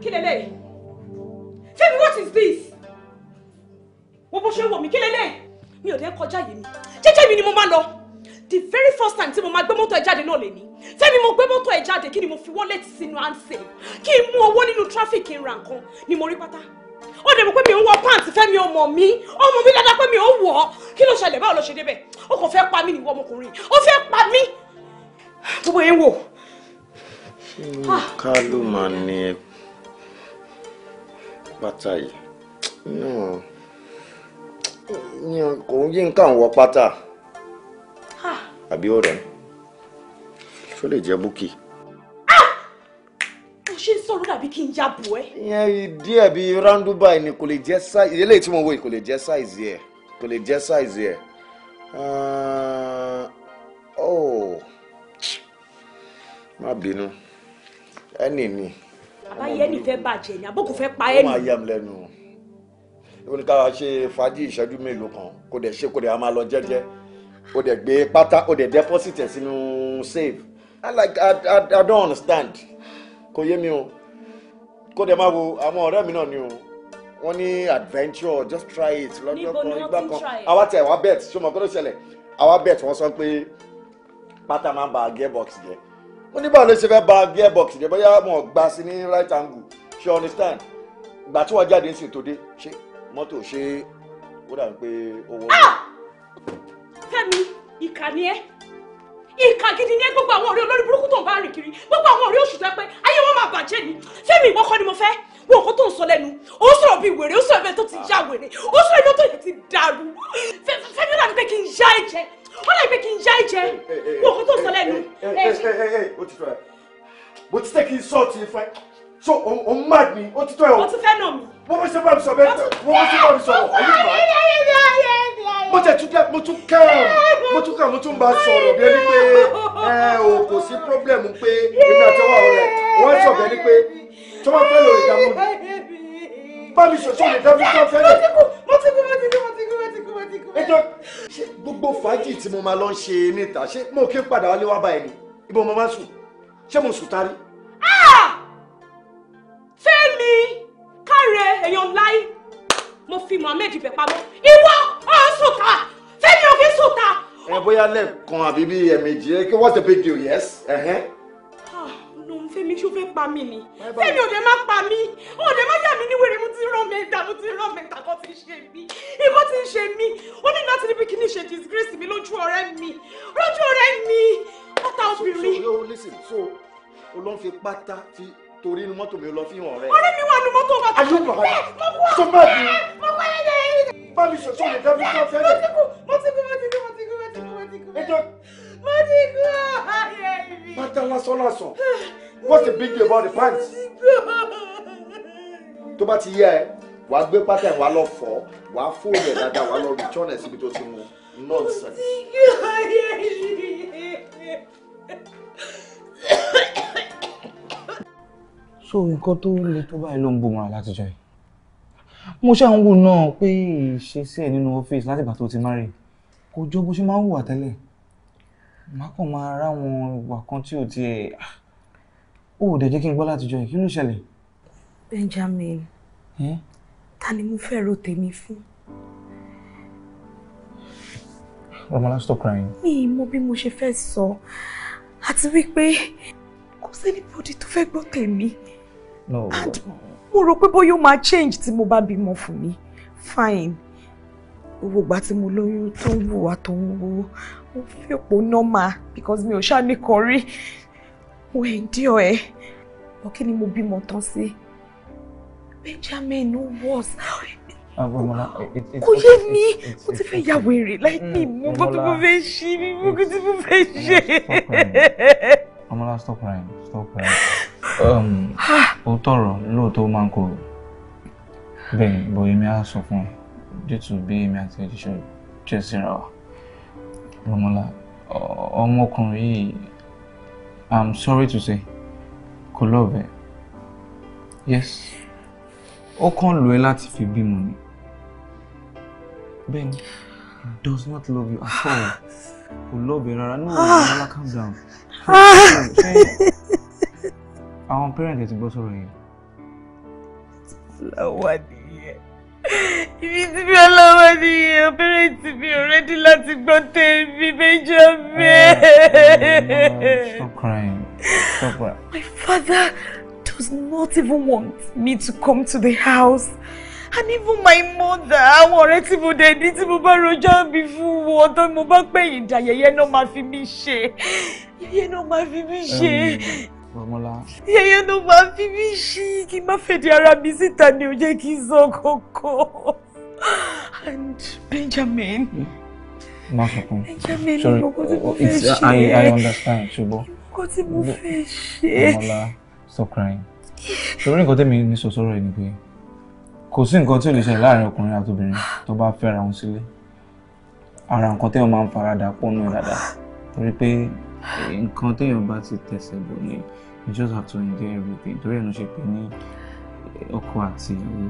Speaker 2: kí lélẹ̀ what is this wo bó ṣe wò mi ò lè kọjá yìí ni jẹ́jẹ́ mi ni mo máa lọ the very first time tí mo máa gbé mọ́tò ẹ̀ jáde náà lè ní tẹ́mi mo gbé mọ́tò ẹ̀ jáde kí ni mo fi wallet sínú ànsẹ̀ kí n mú owó nínú traffic kí n ra nǹkan ni mo rí pátá ó dẹ̀ mọ̀ pé mi ò wọ pants fẹ́mi ọmọ mi ọmọ mi dáadáa pé mi ò wọ̀ ọ́ kí ló ṣẹlẹ̀ báwo ló ṣe débẹ̀ ó kò fẹ́ pa mí nìwọ ọmọkùnrin ó fẹ́ pa mí gbogbo yẹn wò.
Speaker 3: ká ló máa ní ẹ pátá yìí kò ń yí nǹkan wọ pátá. No àbí ọ̀rẹ́ ṣó lè jẹ́ búkì. Ah!
Speaker 2: mo ṣe ń sọ̀rọ̀ dàbí kí n ya bù ẹ́.
Speaker 3: ìyẹn díẹ̀ bí round by ni kò lè jẹ́ size eléyìí tí mo wò yìí kò lè jẹ́ size yẹ kò lè jẹ́ size yẹ. Ah, oh. má bínú ẹnì ni. àbáyé ẹnì
Speaker 2: fẹ́ bàjẹ́ ni àbókù fẹ́ pa ẹnì. ó máa yà
Speaker 3: mí lẹ́nu ó ní ká ṣe fàájì ìṣẹ́jú mélòó kan kó dẹ̀ ṣe kó dẹ̀ á máa lọ jẹ́jẹ́ o dẹ̀ gbé pátá o dẹ̀ deposit ẹ̀ save i like i i, I don't understand kò yé mi o kó dẹ̀ máa wo àwọn ọ̀rẹ́ mi náà ni o wọ́n ní adventure just try it lọ́jọ́ kan ìgbà kan Awa tẹ̀ awa bet ṣé o mọ̀ to ló ṣẹlẹ̀ àwa bet wọ́n sọ pé pátá máa ń ba gearbox jẹ́ wọ́n ní báwo ló ṣe fẹ́ ba gearbox jẹ́ bóyá wọn ò gbà sí right angle She understand ìgbà tí wọ́n jáde ń sìn tó dé ṣe mọ́tò ṣe ó dàbí pé owó. Ah!
Speaker 2: Kẹ́mi ìkà ni ẹ́ ìkà gidi ni ẹ́ gbogbo àwọn ọ̀rẹ́ olórí burúkú tó ń bá rìn kiri gbogbo àwọn ọ̀rẹ́ òṣùtẹ́ pé ayé wọn máa bàjẹ́ ni fẹ́mi ìwọ kọ́ ni mo fẹ́ wọn kò tó ń sọ lẹ́nu ó sọ̀rọ̀ bíi wèrè ó sọ̀rọ̀ bẹ́ẹ̀ tó ti ya wèrè ó sọ̀rọ̀ iná tó yẹ
Speaker 3: ti dàrú fẹ́mi ó dàbí pé kí n ya ẹ̀jẹ̀ ó dàbí pé kí n ya ẹ̀jẹ̀ wọn kò tó ń sọ lẹ́nu. bó ti tẹ́ kí n sọ́ọ̀tì fún ẹ so òun mad ni ó ti tọ́ ẹ̀ o. ó tún fẹ́ nà mí. wọ́n fẹ́ sẹ́fà mi sọ bẹ́ẹ̀ wọ́n fẹ́ sẹ́fà mi sọ̀rọ̀ ọ̀lú ìgbà. mo tẹ̀ tún kẹ́ mo tún kẹ́ mo tún kẹ́ mo tún bá sọ̀rọ̀ bí ẹni pé ẹ o kò sí problem pé èmi àti ọwọ́ rẹ̀ wọ́n sọ bẹ́ẹ̀ ni pé tí wọ́n fẹ́ lò lè dààmú ni bá mi sọ̀tún lè dààmú tí wọ́n fẹ́ lè.
Speaker 5: mo ti kú mo ti kú
Speaker 7: mo ti kú mo
Speaker 3: ti kú mo ti kú. ẹ jọ ṣé gbogbo fàájì tí mo máa lọ ń ṣe níta ṣé mo kí padà wálé wá báyìí ni ibo mo máa sùn ṣé mo sùn tari. Ah!
Speaker 2: mi káre èèyàn láì mo fi Mohammed ibẹ̀ pamọ́ ìwọ ọ̀ sùn ta fẹ́mi ò fi sùn ta.
Speaker 3: ẹ bóyá lẹ́ẹ̀kan àbí bí ẹ̀ẹ̀mejì ẹ kí wọ́n ti big deal yes.
Speaker 2: Ah, fẹ́mi ṣó fẹ́ pa mí ni Fẹ́mi ò dé má pa mí ò dé má yà mí níwèrè mo ti rán mẹ́ta mo ti rán mẹ́ta kan ti ṣe mí ìbọn ti ṣe mí ó ní láti níbi kíní ṣe disgrace mi lójú ọ̀rẹ́ mi lójú ọ̀rẹ́ mi
Speaker 3: ọ̀tá obìnrin. so so listen so o ló ń fi pátá fi torí inú mọ́tò mi lọ fi hàn rẹ. ọ̀rẹ́ mi wà ní mọ́tò wa. ayé wà sọ bá mi.
Speaker 7: mo bá mi sọ sóde dábí tó fẹ́ rẹ̀. mo ti kú mo ti kú mo ti kú mo ti kú mo ti kú mo
Speaker 5: ti kú. mo ti kú ayé
Speaker 3: mi. bàtà lásán lásán what's the big deal about the pants. tó bá ti yẹ wàá gbé pátá ẹ lọ fọ wàá fóònù ẹ dáadáa wàá lọ return ẹ síbi tó ti mú nonsense
Speaker 6: so nǹkan tó le tó báyìí ló ń bò mọ́ra látijọ́ yìí mo ṣe àwọn wò náà pé ìṣesí ẹ̀ nínú ọ́fíìsì láti ìgbà tó ti má rè kò jọ bó ṣe máa ń hùwà tẹ́lẹ̀ má kàn máa ráwọn ìwà kan tí ò tiẹ̀ ah, ó dẹ̀ jẹ́ kí n gbọ́ látijọ́ yìí kí ló ṣẹlẹ̀.
Speaker 2: Benjamin ta ni mo fẹ́ ro tèmi fún.
Speaker 6: Romola stop crying.
Speaker 2: Mi mọ bí mo ṣe fẹ́ sọ àti wípé kò sẹ́nibọ́dì tó fẹ́ gbọ́ tèmi
Speaker 6: no.
Speaker 5: and
Speaker 2: mo rò pé bóyá ó máa change tí mo bá bímọ fún mi fine gbogbo ìgbà tí mo lóyún tó ń wùwà tó ń wo mo fi òpó normal because mi ò ṣáà nìkan rí mo endure ẹ but kí ni mo bímọ tán sí Benjamin was ah,
Speaker 6: kò yé mi
Speaker 2: mo ti fẹ́ ya wèrè láì mm, ní mo bó tó mo fẹ́ ṣí mi mo kò tí mo fẹ́ ṣe.
Speaker 6: Ọmọlá stop crying stop crying. Um, ó tọrọ lóòótọ́ máa ń korò bẹ́ẹ̀ bọ̀ èmi á sọ fún ẹ dítù bí èmi àti ẹ̀díṣọ́ jẹ́ síra wa Rọ́mọlá ọmọkùnrin yìí i'm sorry to say kò lọ́ọ̀bẹ yes ó kàn lò ẹ́ láti fi bímọ ni bẹ́ẹ̀ ni does not love you at all ah. kò lọ́ọ̀bẹ rárá no Rọ́mọlá ah. calm down. Ah. àwọn parent ti gbọ́ sọ̀rọ̀ yẹn. fúláwà nìyẹn ibi tí mi ọlọ́wọ́
Speaker 2: nìyẹn parent mi ò rẹ́dí láti gbọ́ tèmi méjọ bẹ́ẹ̀.
Speaker 5: stop crying stop crying.
Speaker 2: my father does not even want me to come to the house. And even my mother, àwọn ọ̀rẹ́ tí mo dẹ̀ ní tí mo bá rojọ́ mi fún wọn tó mo bá pẹ̀yìn dà náà máa fi mí ṣe. Yẹ̀yẹ́ náà máa fi mí
Speaker 5: ṣe. Um,
Speaker 2: Rọmọlá. Yẹ̀yẹ́ ló máa fi mí ṣí kí n má fèdè ara mi síta ni ò jẹ́ kí n sọ kókó. And Benjamin. Má sọkún. Benjamin ni mo kọ́ tí mo fẹ́ ṣe. I understand
Speaker 6: ṣùgbọ́n.
Speaker 5: Nǹkan tí mo fẹ́ ṣe. Rọmọlá
Speaker 6: stop crying. Ṣòro nǹkan tẹ́mi ní sọ̀sọ́rọ̀ ẹ̀ ni pé kò sí nǹkan tí ò lè ṣẹlẹ̀ láàrin ọkùnrin àti obìnrin tó bá fẹ́ra wọn sílé. Ara nǹkan tẹ́wọ̀n máa ń farada pọ̀ nù dáadáa torí pé nǹkan téèyàn bá ti tẹ̀sẹ̀ bọ̀ ni you just have to enjoy everything torí ẹ̀ ló ṣe pé ní ọkọ àti ìyàwó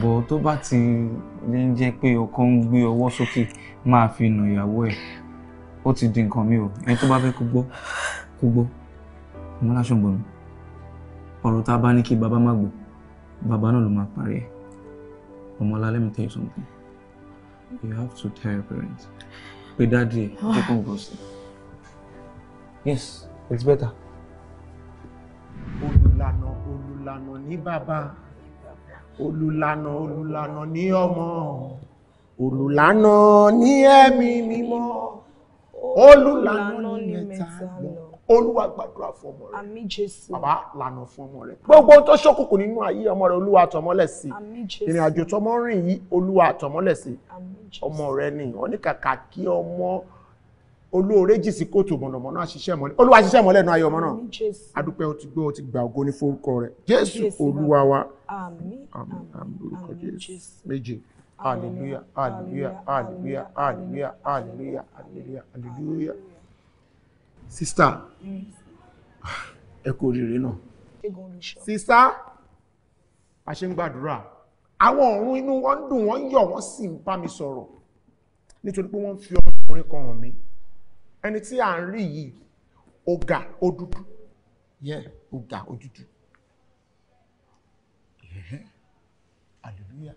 Speaker 6: bọ̀ tó bá ti ń jẹ́ pé ọkọ ń gbé ọwọ́ sókè máa fi nà ìyàwó ẹ̀ ó ti di nǹkan mi o ẹni tó bá fẹ́ kó gbọ́ kó gbọ́ mo láṣọ gbọ̀nù ọ̀rọ̀ tá a bá ní kí bàbá má gbọ́ bàbá náà ló máa parí ẹ̀ ọmọlá let me tell you something you have to tell your parents pé dáàdi ẹ̀ tó kàn sí i. Yes, it's better.
Speaker 3: Olùlànà olùlànà ní bàbá, olùlànà olùlànà ní ọmọ, olùlànà ní ẹ̀mí mímọ́, olùlànà ní mẹ́ta lọ olúwa gbàdúrà fún ọmọ rẹ àmín jésù bàbá lànà fún ọmọ rẹ gbogbo tó ṣókùnkùn nínú ayé ọmọ rẹ olúwa tọmọ́lẹ̀ sí àmín jésù ìrìn àjò tọmọ rìn yìí olúwa tọmọ́lẹ̀ sí àmín jésù ọmọ rẹ ni oníkàkà kí ọmọ olóore jì sí kóòtù mọ̀nàmọ́ná àṣìṣẹ́ mọ́lẹ̀ olúwa àṣìṣẹ́ mọ́lẹ̀ náà ayọ̀ ọmọ náà adúpẹ́ o ti gbọ́ o ti gbà ògo ní forúkọ rẹ̀ jésù olúwa wa àmín àmín àmín orúkọ jésù méje hallelujah hallelujah hallelujah hallelujah hallelujah hallelujah hallelujah sista mm. ẹ kú oríire náà sista a ṣe ń gbàdúrà àwọn ọ̀run inú wọn dùn wọ́n yọ̀ wọ́n sì ń bá mi sọ̀rọ̀ nítorí pé wọ́n fi ọkùnrin kan hàn mí ẹni tí à ń rí yìí ọ̀gà òdúdú yẹ ọ̀gà òdúdú hallelujah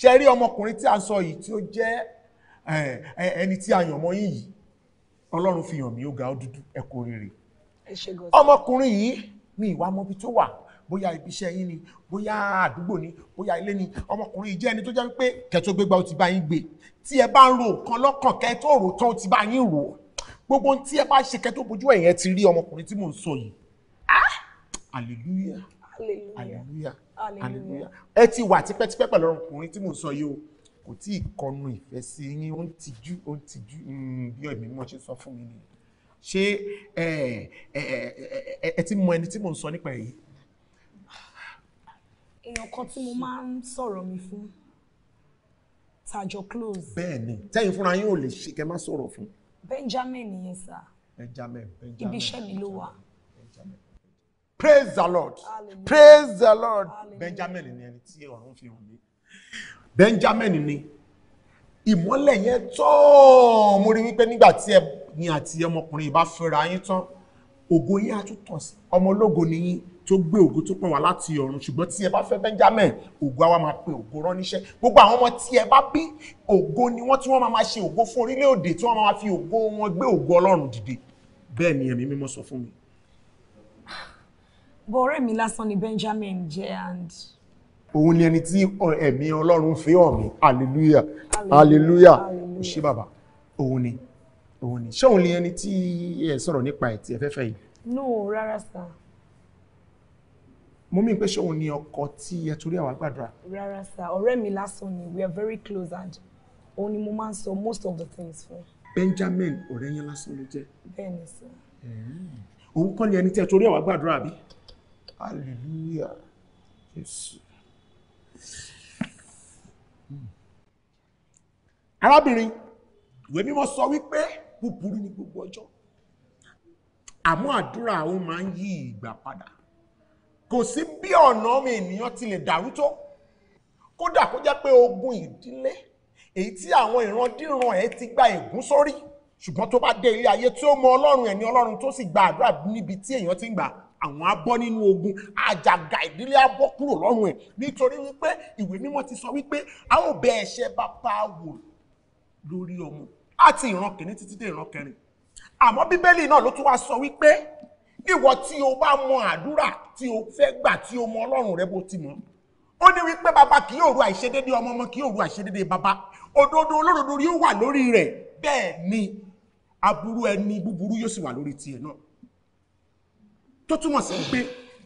Speaker 3: ṣe rí ọmọkùnrin tí a sọ yìí tí ó jẹ́ ẹni tí a yàn mọ́ yín yìí ọlọ́run fi hàn mí ọ̀gà òdúdú ẹ kú ọmọkùnrin yìí mi ìwà mọ́bí tó wà bóyá ibiṣẹ́ yín ni bóyá àdúgbò ni bóyá ilé ni ọmọkùnrin yìí jẹ́ ẹni tó jẹ́ pé kẹ́tó gbégbá ó ti bá yín gbé tí ẹ bá ń ro nǹkan lọ́kàn kẹ́tó rò tán ó ti bá yín rò ó gbogbo ohun tí ẹ bá ṣe kẹ́tó bójú ẹ̀yìn ẹ ti rí ọmọkùnrin tí mò ń sọ yìí.
Speaker 1: Ah! hallelujah hallelujah
Speaker 3: hallelujah ẹ ti wà tipẹ́tipẹ́ pẹ̀lú ọmọkùnrin tí mò ń sọ yìí o kò tí ì kọnu ìfẹ́ sí yín ó ń tijú ó ń tijú hmm, bí ẹ̀mí mímọ́ ṣe sọ fún mi nìyẹn ṣé ẹ ẹ ẹ ẹ ti mọ ẹni tí mò ń sọ nípa èyí.
Speaker 2: èèyàn kan tí mo máa ń sọ̀rọ̀ mi fún
Speaker 3: tàjọ close. bẹ́ẹ̀ni tẹyin fúnra yín ò lè ṣe kẹ má sọ̀rọ̀ fún un
Speaker 2: benjamin yẹn sá.
Speaker 3: benjamin benjamin ibi iṣẹ́ mi ló praise the lord Hallelujah. praise the lord Hallelujah. benjamin ni ẹni tí ọ̀run fi hàn mí benjamin ni ìmọ́lẹ̀ yẹn tán mo rí wípé nígbà tí ẹ ní àti ọmọkùnrin ìbá fẹ́ra yín tán ògo yín á tún tàn sí ọmọ ológo nìyí tó gbé ògo tó pọ̀ wá láti ọ̀run ṣùgbọ́n tí ẹ bá fẹ́ Benjamin ògo àwa máa pe ògo rán níṣẹ́ gbogbo àwọn ọmọ tí ẹ bá bí ògo ni wọ́n tí wọ́n máa ṣe ògo fún orílẹ̀-èdè tí wọ́n máa fi ògo wọn gbé ògo Ọlọ́run dìde bẹ́ẹ̀ ni ẹ̀mí mímọ́ sọ fún mi.
Speaker 2: bọ ọ̀rẹ́ mi lásán ni Benjamin
Speaker 4: jẹ and.
Speaker 3: òun ni ẹni tí ẹ̀mí Ọlọ́run fi hàn mí hallelujah hallelujah ó ṣé bàbá òun ni òun ni ṣé òun ni ẹni tí ẹ sọ̀rọ̀ nípa ẹ̀ tí ẹ fẹ́ fẹ́ yìí.
Speaker 2: no rárá sáà
Speaker 3: mo mí pé ṣóun ni ọkọ tí ẹ torí àwa gbàdúrà.
Speaker 2: rárá sá ọ̀rẹ́ mi lásán ni we are very close and òun ni mo máa ń sọ most of the things fún.
Speaker 3: Benjamin ọ̀rẹ́ yẹn lásán ló jẹ́. bẹ́ẹ̀ni sá. òun kọ́ ni ẹni tí ẹ torí àwa gbàdúrà bí. hallelujah jésù. arábìnrin ìwé mímọ́ sọ wípé búburú ni gbogbo ọjọ́ àmọ́ àdúrà ó máa ń yí ìgbà padà kò sí bí ọ̀nà ọmọ ènìyàn ti lè dàrú tó kódà kó jẹ́ pé ogun ìdílé èyí tí àwọn ìrandíran ẹ̀ ti gba ègún sórí ṣùgbọ́n tó bá dé ilé ayé tí ó mọ ọlọ́run ẹ̀ ní ọlọ́run tó sì gba àdúrà níbi tí èèyàn ti ń gbà àwọn abọ́ nínú ogun àjàgà ìdílé abọ́ kúrò lọ́rùn ẹ̀ nítorí wípé ìwé mímọ́ ti sọ wípé a ó bẹ ẹ̀ṣẹ̀ bàbá wò lórí ọmọ láti ìran kìíní títí dé ìran kẹrin àmọ́ bíbélì náà ló tún wá sọ wípé níwọ tí o bá mọ àdúrà tí o fẹ́ gbà tí o mọ ọlọ́run rẹ bó ti mọ̀ ó ní wípé bàbá kì yóò ru àìṣedédé ọmọ ọmọ kì yóò ru àìṣedédé bàbá òdodo olódodo yóò wà lórí rẹ̀ bẹ́ẹ̀ ni aburú ẹni búburú yóò sì wà lórí tiẹ̀ náà tó túmọ̀ sí pé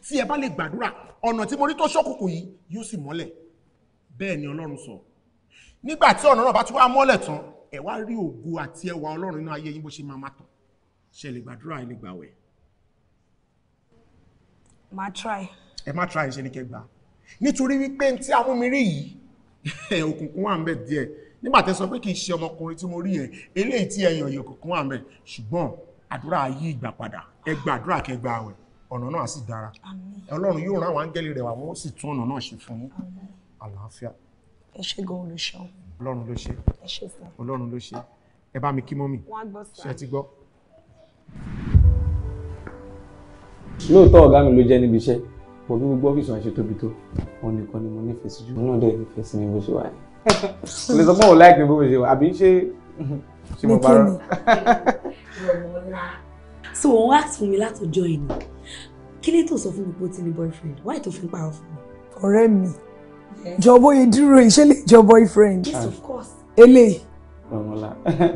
Speaker 3: tí ẹ bá lè gbàdúrà ọ̀nà tí mo rí tó ṣókùnkù yìí yóò sì mọ́lẹ̀ bẹ́ẹ̀ ni ọlọ́run sọ nígbà tí ọ̀nà náà bá tún wá mọ́lẹ̀ tán ẹ wá rí ògo àti ẹwà ọlọ́run inú ayé yín bó ṣe máa má tán ṣe lè gbàdúrà ẹ lè gbàwẹ̀ má try. ẹ má try ṣe ni kẹ gbà nítorí wípé tí amúmirí yìí òkùnkùn wà ń bẹ díẹ̀ nígbà tẹ́ sọ pé kì í ṣe ọmọkùnrin tí mo rí yẹn eléyìí tí ẹyàn yìí òkùnkùn wà ń bẹ ṣùgbọ́n àdúrà yí ìgbà padà ẹ gba àdúrà kẹ́ gba àwẹ̀ ọ̀nà náà á sì dára ọlọ́run yóò rán àwọn áńgẹ́lì rẹ̀ wá wọ́n sì tún ọ̀nà náà ṣe fún yín àlàáfíà.
Speaker 2: ẹ ṣe gan olùṣọ́.
Speaker 3: ọlọ́run ló ṣe ọlọ́run ló ṣe ẹ bá mi kí mọ́mì ṣe ti gbọ́
Speaker 6: lóòótọ́ ọ̀gá mi ló jẹ́ níbi iṣẹ́ mo bí gbogbo ọ́fíìsì wọn ṣe tóbi tó òun nìkan ni mo nífẹ̀ẹ́ sí jù òun náà dẹ̀ nífẹ̀ẹ́ sí mi bó ṣe wà ní. lè sọ pé òun láìpẹ́ bó ṣe wà àbí ṣé ṣé mo parọ́.
Speaker 2: so òun ask fún mi látọjọ́ ẹ ni kí lè tó sọ fún mi pé ó boyfriend why tó fi ń parọ́ fún mi. ọ̀rẹ́ mi jọ̀bọ́ yìí dúró iṣẹ́ lè jọ boyfriend. yes of course. eléyìí.
Speaker 6: ọmọlá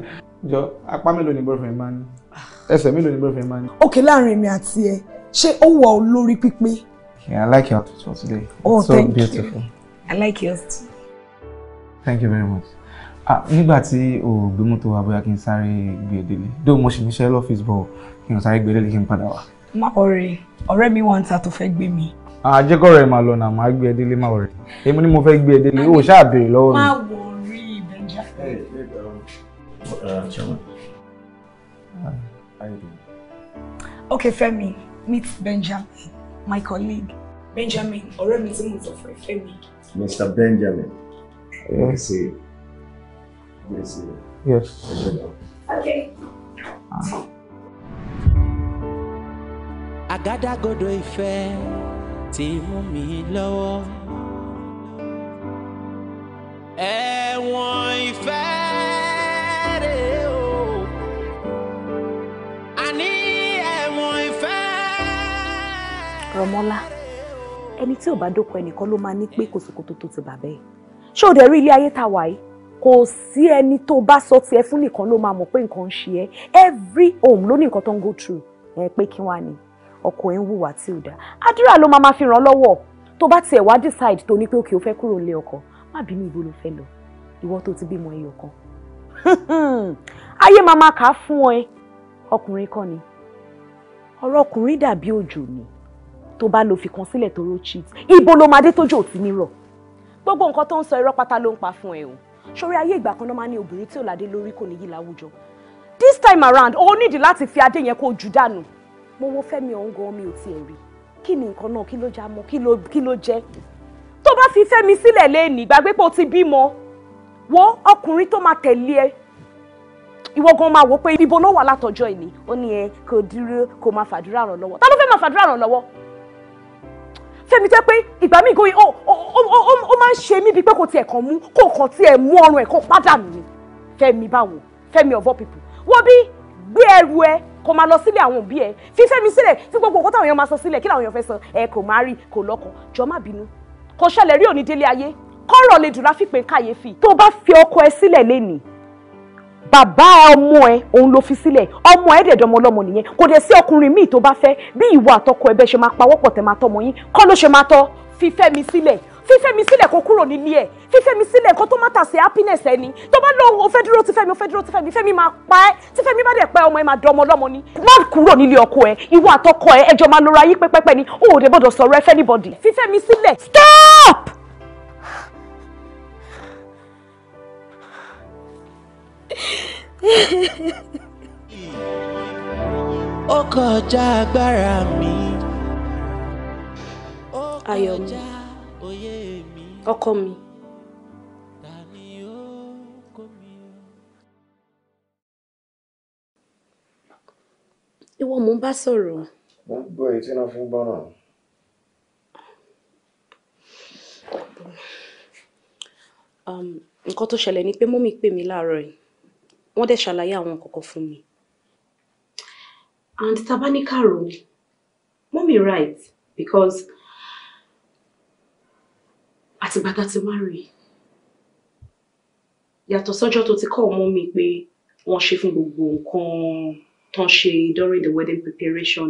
Speaker 6: jọ apá mélòó ni boyfriend máa ń ní ah. ẹsẹ̀ mélòó ni boyfriend máa ń ní.
Speaker 2: okay láàrin èmi àti ẹ ṣé ó wà olórí pípé.
Speaker 6: Yeah, I like your outfit for today. Oh, so thank beautiful. you.
Speaker 2: I like yours too.
Speaker 6: Thank you very much. Ah, nígbà tí o gbé mọ́tò wa bóyá kí n sáré gbé e délé. Dó mo ṣì níṣẹ́ lọ́fíìsì bọ̀ kí n sáré gbé e délé kí n padà wá.
Speaker 2: Má ọ̀rẹ́ ọ̀rẹ́ mi wà ń ta tó fẹ́ gbé mi.
Speaker 6: Àjẹkọ̀ ah, rẹ̀ máa lọ náà máa gbé e délé má ọ̀rẹ́. Èmi ni mo fẹ́ gbé e délé, o ṣáà béèrè lọ́wọ́ mi. Má
Speaker 3: wọ orí ìbẹ̀jà.
Speaker 2: Okay, Fẹ́mi meet Benjamin, my colleague. Benjamin, ọ̀rẹ́
Speaker 5: meeting tí mo sọ fún ẹ̀fẹ́ mi.
Speaker 3: Mr. Benjamin, I see you.
Speaker 5: I see Yes. Okay.
Speaker 7: Àgádágodo ìfẹ́ ti mú mi lọ́wọ́. Ẹ̀wọ̀n
Speaker 2: Rọmọlá ẹni tí ò bá dóko ẹnìkan ló máa ní pé kò sòkòtò tó ti bàbá ẹ ṣé ò dẹ̀ rí ilé ayé tá a wà yìí kò sí ẹni tó bá sọ tiẹ̀ fún nìkan ló máa mọ̀ pé nǹkan ń ṣe ẹ every home ló ní nǹkan tó ń go through ẹ pé kí wàá ní ọkọ ẹ ń hùwà tí ò dáa àdúrà ló máa máa fi ràn lọ́wọ́ tó bá tiẹ̀ wá decide tó ní pé òkè ó fẹ́ kúrò nílé ọkọ má bínú ibo ló fẹ́ lọ ìwọ tó ti bímọ ẹyọ kan ayé máa máa kà á fún ọ ẹ ọkùnrin kọ́ ni ọ̀rọ̀ ọkùnrin dàbí òjò ni tó bá lo fìkan sílẹ̀ tó ro cheat ibo ló máa dé tójú òtí nírọ̀ gbogbo nǹkan tó ń sọ irọ́ pátá ló ń pa fún ẹ o sórí ayé ìgbà kan náà máa ní obìnrin tí ò lórí kò ní láwùjọ this time around ó nídìí láti fi adé yẹn kó jù dànù mo wo fẹ́mi ọ̀hún mi ò tiẹ̀ rí kí ni nǹkan náà kí ló já mọ́ kí ló jẹ́ tó bá fi fẹ́mi sílẹ̀ léènì gbàgbé pé o ti bímọ wo ọkùnrin tó máa tẹ̀lé ẹ ìwọ gan máa wò pé ibo náà wà látọjọ́ ìní ó ní ẹ kò dúró kò máa fàdúrà ràn lọ́wọ́ ta ló fẹ́ máa fàdúrà ràn lọ́wọ́ fẹ́mi jẹ́ pé ìgbà míì gan ó máa ń ṣe mí bíi pé kò tiẹ̀ kàn mú kò kàn tiẹ̀ mú ọrùn ẹ̀ kó pádànù ni fẹ́mi báwo fẹ́mi of all people wọ́n bí gbé ẹrù ẹ kò máa lọ sílé àwọn òbí ẹ fi fẹ́mi sílẹ̀ fi gbogbo nǹkan táwọn èèyàn máa sọ sílẹ̀ kí làwọn èèyàn fẹ́ sọ ẹ kò má rí kò lọ́kọ jọ má bínú kò ṣẹlẹ̀ rí òní délé ayé kọ́rọ̀ lè dùn láfipè káyéfì tó bá fi ọkọ ẹ sílẹ̀ lénìí bàbá ọmọ ẹ òun ló fi sílẹ̀ ọmọ ẹ dẹ̀dọ̀mọ ọlọ́mọ nìyẹn kò dé sí ọkùnrin míì tó bá fẹ́ bí ìwà àtọkọ ẹbẹ ṣe máa pawọ́pọ̀ tẹ̀ máa tọmọ yín kọ́ ló ṣe máa tọ́ fífẹ́ mi sílẹ̀ fífẹ́ mi sílẹ̀ kó kúrò nílé ẹ̀ fífẹ́ mi sílẹ̀ kó tó má tà sí happiness ẹni tó bá lọ o fẹ́ dúró tí fẹ́mi o dúró tí fẹ́mi fẹ́mi máa pa ẹ́ tí fẹ́mi bá dẹ̀ pẹ́ ọmọ ẹ máa dán lọ́mọ ni. má kúrò nílé ọkọ ẹ ìwọ àtọkọ ẹ ẹjọ máa lora yí pẹ́pẹ́pẹ́ ni o ò dé gbọ́dọ̀ sọ̀rọ̀ ẹ fẹ́ anybody fífẹ́ mi sílẹ̀
Speaker 5: stop.
Speaker 7: ó kọjá agbára mi.
Speaker 2: ayọ̀ mi ọkọ mi. ìwọ mò ń bá sọ̀rọ̀.
Speaker 3: mo ń gbọ́ èyí tí wọ́n fi
Speaker 2: nǹkan tó ṣẹlẹ̀ ni pé mọ́mì pè mí láàárọ̀ yìí wọ́n dẹ̀ ṣàlàyé àwọn kọ̀ọ̀kan fún mi. and tabanika ro mọ́mí right because àtìgbà tá ti marry yàtọ̀ sọ́jọ́ tó ti kọ́ ọmọ mi pé wọ́n ṣe fún gbogbo nǹkan tán ṣe during the wedding preparation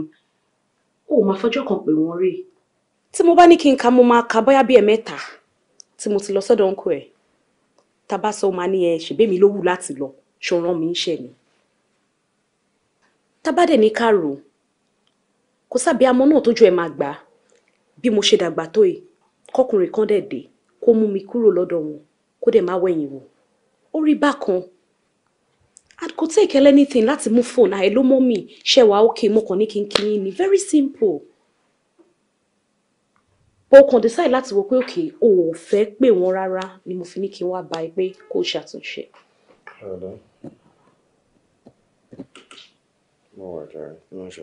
Speaker 2: ó máa fọjọ́ kan pé wọ́n rí. tí mo bá ní kí n ka mo máa ka bóyá bíi ẹ̀mẹ́ta tí mo ti lọ sọ́dọ̀ ọ̀nkù ẹ̀ tá a bá sọ ọ́ ní ẹ ṣèbémi ló wù láti lọ ṣòran mi ń ni tábàdẹ̀ ní ká rò kò sábẹ́ amọ́ náà tójú ẹ̀ máa gbà á bí mo ṣe dàgbà tó yìí kọkùnrin kan dẹ̀ dé kó mú mi kúrò lọ́dọ̀ wọn kó dẹ̀ má wẹ̀yìn wò ó rí bákan i go take anything láti mú phone àì ló mọ́ mi ṣẹ̀wá ókè mo kàn ní kínkín ni very simple bó o kàn decide láti wo pé òkè ò fẹ́ pè wọ́n rárá ni mo fi ní kí n wá bá ẹ pé kó o ṣàtúnṣe.
Speaker 7: Hello.
Speaker 3: No worry, Jerry. No up.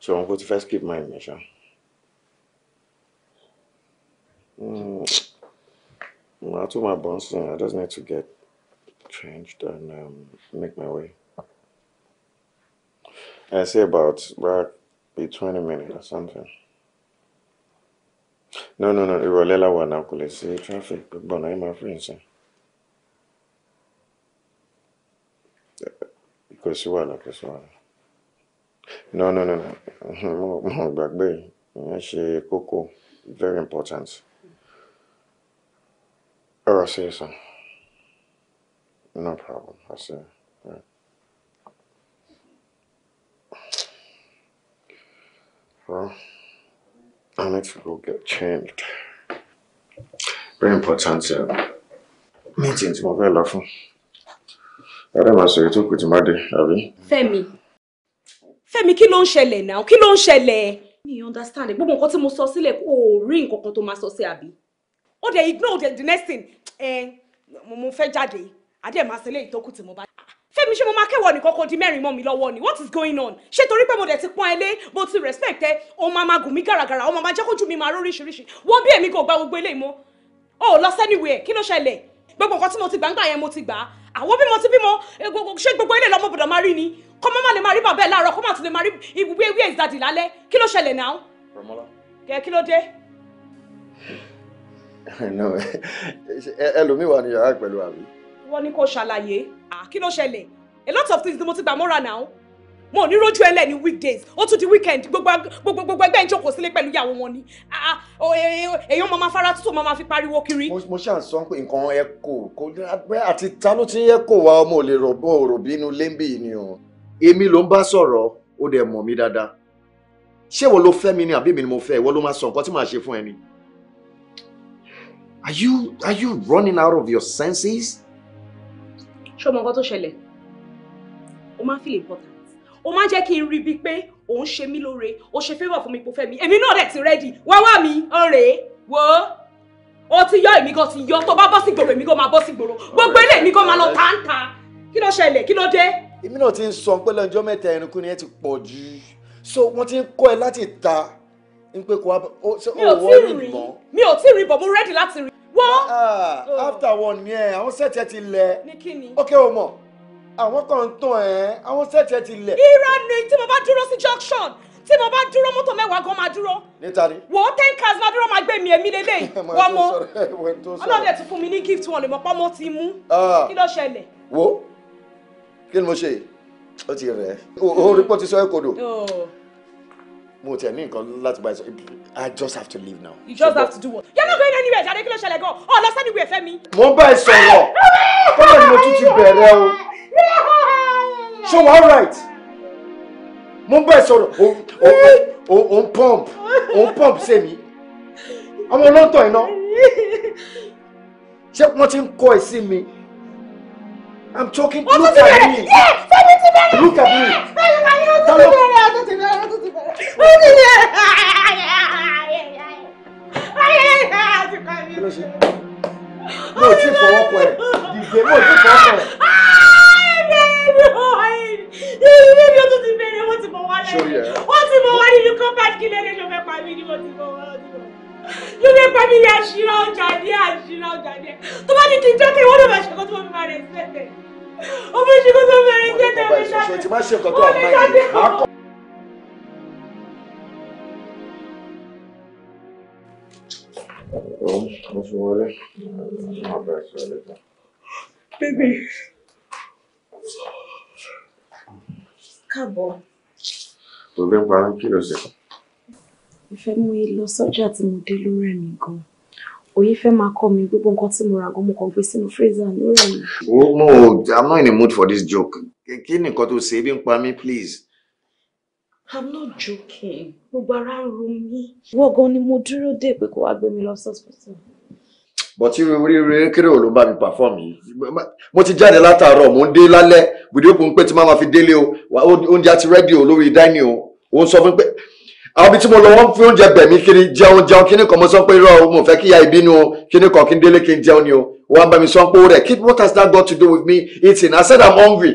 Speaker 3: So I'm going to first keep my measure. Mm. I told my boss I just need to get changed and um, make my way. I say about right, be 20 minutes or something. No, no, no. It was let one now. Traffic, but I'm my friends. Eh? kò sí wàhálà kò sí wàhálà no no no mo mo gbàgbé ìyẹn ṣe kókó very important ọ̀rọ̀ sí sọ no problem I see. Yeah. I need to go get changed. Very important uh, meetings, mo fẹ́ lọ fún ọ̀rẹ́ màá sọ èyí tó kù tí má dé àbí.
Speaker 2: Fẹ́mi Fẹ́mi kí ló ń ṣẹlẹ̀ náà kí ló ń ṣẹlẹ̀ mi understand gbogbo nǹkan tí mo sọ sílẹ̀ kó o rí nǹkan kan tó máa sọ sí àbí ó dẹ̀ ignore the, the next thing ẹ mo fẹ́ jáde adé màá sọ eléyìí tó kù tí mo bá fẹ́mi ṣé mo máa kẹ́wọ̀ nìkan kò di mẹ́rin mọ́ mi lọ́wọ́ ni what is going on ṣé torí pé mo dẹ̀ ti pọ́n ẹ lé mo ti respect ẹ o máa ma gùn mí gàràgàrà o máa ma jẹ́ kójú mi máa róríṣiríṣi wọ́n bí èmi kò gba gbogbo eléyìí mọ́ o lọ sẹ́niwẹ̀ẹ́ kí ló ṣẹlẹ̀ gbogbo nǹkan tí mo ti gbà ń gbà yẹn mo ti gbà á àwọn bímọ ti bímọ eh, ṣé gbogbo ilé lọmọ bọ̀dọ̀ máa rí ni kọ́ mọ́ má lè máa rí bàbá ẹ̀ láàárọ̀ kọ́ má tún lè máa rí ibùgbé ewé ìzadì lálẹ́ kí ló ṣẹlẹ̀ náà. Rọmọlá. kẹ kí ló dé.
Speaker 3: ẹlòmíì wà ní yàrá pẹ̀lú àbí.
Speaker 2: wọ́n ní kó ṣàlàyé kí ló ṣẹlẹ̀ a lot of things ni mo ti gbà mọ́ra náà wọn ò ní rójú ẹlẹ́ ní weekdays ó tún di weekend gbogbo gbogbo ẹgbẹ́ ìjókòó sílé pẹ̀lú ìyàwó wọn ni e, e, èèyàn máa fara tútù máa fi pariwo kiri. mo
Speaker 3: ṣáà sọ pé nǹkan ẹ kò kò àti ta ló ti ń yẹ kó wa ọmọ ò lè rọ̀bọ òrò bínú lẹ́ńbì ni o èmi ló ń bá sọ̀rọ̀ ó dẹ̀ mọ̀ mí dáadáa ṣé ìwọ ló fẹ́ mi ni àbí mi ni mo fẹ́ ìwọ ló máa sọ nǹkan tí màá ṣe fún ẹ ni. Are you are you running out of your senses?
Speaker 2: ṣọmọ nǹkan tó ṣẹlẹ̀ o máa ń feel important o máa ń jẹ́ kí n rí bíi pé òun ṣe mí lóore o ṣe favour fún mi kò fẹ́ mi èmi náà dẹ̀ ti rẹ́dì wá wá mi ọ̀rẹ́ wo o ti yọ èmi gan ti yọ tó bá bọ́ sí gbòòrò èmi gan máa bọ́ sí gbòòrò gbogbo ilé èmi gan máa lọ tàǹtà
Speaker 3: kí ló ṣẹlẹ̀ kí ló dé. èmi náà ti ń sọ pé lọ́jọ́ mẹ́ta ẹ̀rìnkú ni ẹ ti pọ̀ jù so wọ́n ti ń kọ́ ẹ láti ta pé kò wá owó rí bọ́. mi ò tí ì rí bọ̀ mo rẹ́dì láti rí. wọ́n. Ah, after one yẹn àwọn sẹ́ẹ̀tì ẹ ti lẹ̀. ní ok o mọ̀ àwọn kan ń tàn ẹ́ àwọn sẹ́ẹ̀tì ẹ ti lẹ̀. irọ́ ni tí mo bá dúró sí junction tí mo bá dúró mọ́tò mẹ́wàá gan máa dúró. níta ni.
Speaker 2: wò ó ten cars máa dúró máa gbé mi èmi lélẹ̀ wọ́n mo
Speaker 3: ọlọ́run ẹ̀
Speaker 2: tún fún mi ní gift wọn lè mọ̀ pọ́n mo ti mú ah. kí ló ṣẹlẹ̀.
Speaker 3: wo kí ni mo ṣe o ti rẹ̀ o rí pọ́ ti sọ ẹ́ kodò. Oh mo tiẹ̀ ní nǹkan láti bá ẹ sọ i just have to leave now. you just have to
Speaker 2: do what. you're not going anywhere jàdé kí ló ṣẹlẹ̀ gan ọ oh, lọ sẹ́ni ìwé ẹ̀fẹ́ mi.
Speaker 3: mo bá ẹ sọ̀rọ̀ kọ́lá ni mo tún ti bẹ̀rẹ̀ o so all right mo bá ẹ sọ̀rọ̀ o n pump o n pump ṣe mi ọmọ olóńtọ̀ iná ṣé wọ́n ti ń kọ́ ẹ sí mi. I'm talking. Oh, look at me. Yes, I need to marry. Look at me. Mo ti fọwọ́ pọ̀ ẹ̀, ìgbé mo ti fọwọ́
Speaker 7: pọ̀ ẹ̀.
Speaker 2: Ilé mi ò tún ti bẹ̀rẹ̀, wọ́n ti bọ̀ wá lẹ́yìn. Wọ́n ti bọ̀ wá nínú compound kí lẹ́rẹ́ ló fẹ́ pa mí ni wọ́n ti bọ̀ wá lọ́dún ló fẹ́ pẹ́ mi ní àṣírà ọjà ní àṣírà ọjà ní ẹ̀ tó bá ní kí n jẹ́ kí ìwọ́n ló máa ṣe kó tó bá mi máa rẹ̀ sílẹ̀ o fẹ́ ṣe kókó mẹ́rin jẹ́ tẹ̀lé ṣáṣẹ́ o ní
Speaker 3: ṣáṣẹ́ o.
Speaker 5: Hm, mo fi wọlé máa bá ẹ sọ̀rọ̀ lẹ́tà. bébè
Speaker 2: káàbọ̀.
Speaker 4: òbí ń parọ́ kí ló ṣe. ìfẹ́ mú
Speaker 2: yín lọ sọ́jà tí mo dé ló rẹ̀ mí gan-an òye fẹ́ máa kọ́ mi gbogbo nǹkan tí mo rà gan mo kàn gbé sínú freezer ní rẹ̀ mi.
Speaker 3: o i'm not in the mood for this joke kí ni nǹkan tó ṣe ebi ń pa mí please.
Speaker 2: i'm not joking gbogbo ara ń ro mí. wọ́gán ni mo dúró dé pé kó wá gbé mi lọ sọ́sìpítì.
Speaker 3: bọ̀tí rere kéré ò ló bá mi pàfọ́ọ̀mù yìí mo ti jáde látàárọ̀ mo ń dé lálẹ́ bùdókùn pé tí máa ma fi délé o oúnjẹ àti rẹ́díò lórí dáínì o ò ń sọ fún pé àwọn ibi tí mo lọ wọ́n fi oúnjẹ bẹ̀ kiri jẹun jẹun kíní kan mo sọ pé irọ́ mo fẹ́ kíya ìbínú kíní kan kí n délé kí n jẹun ni o wọ́n bá mi sọ pé ó rẹ̀ kí what has that got to do with me eating I said I'm hungry.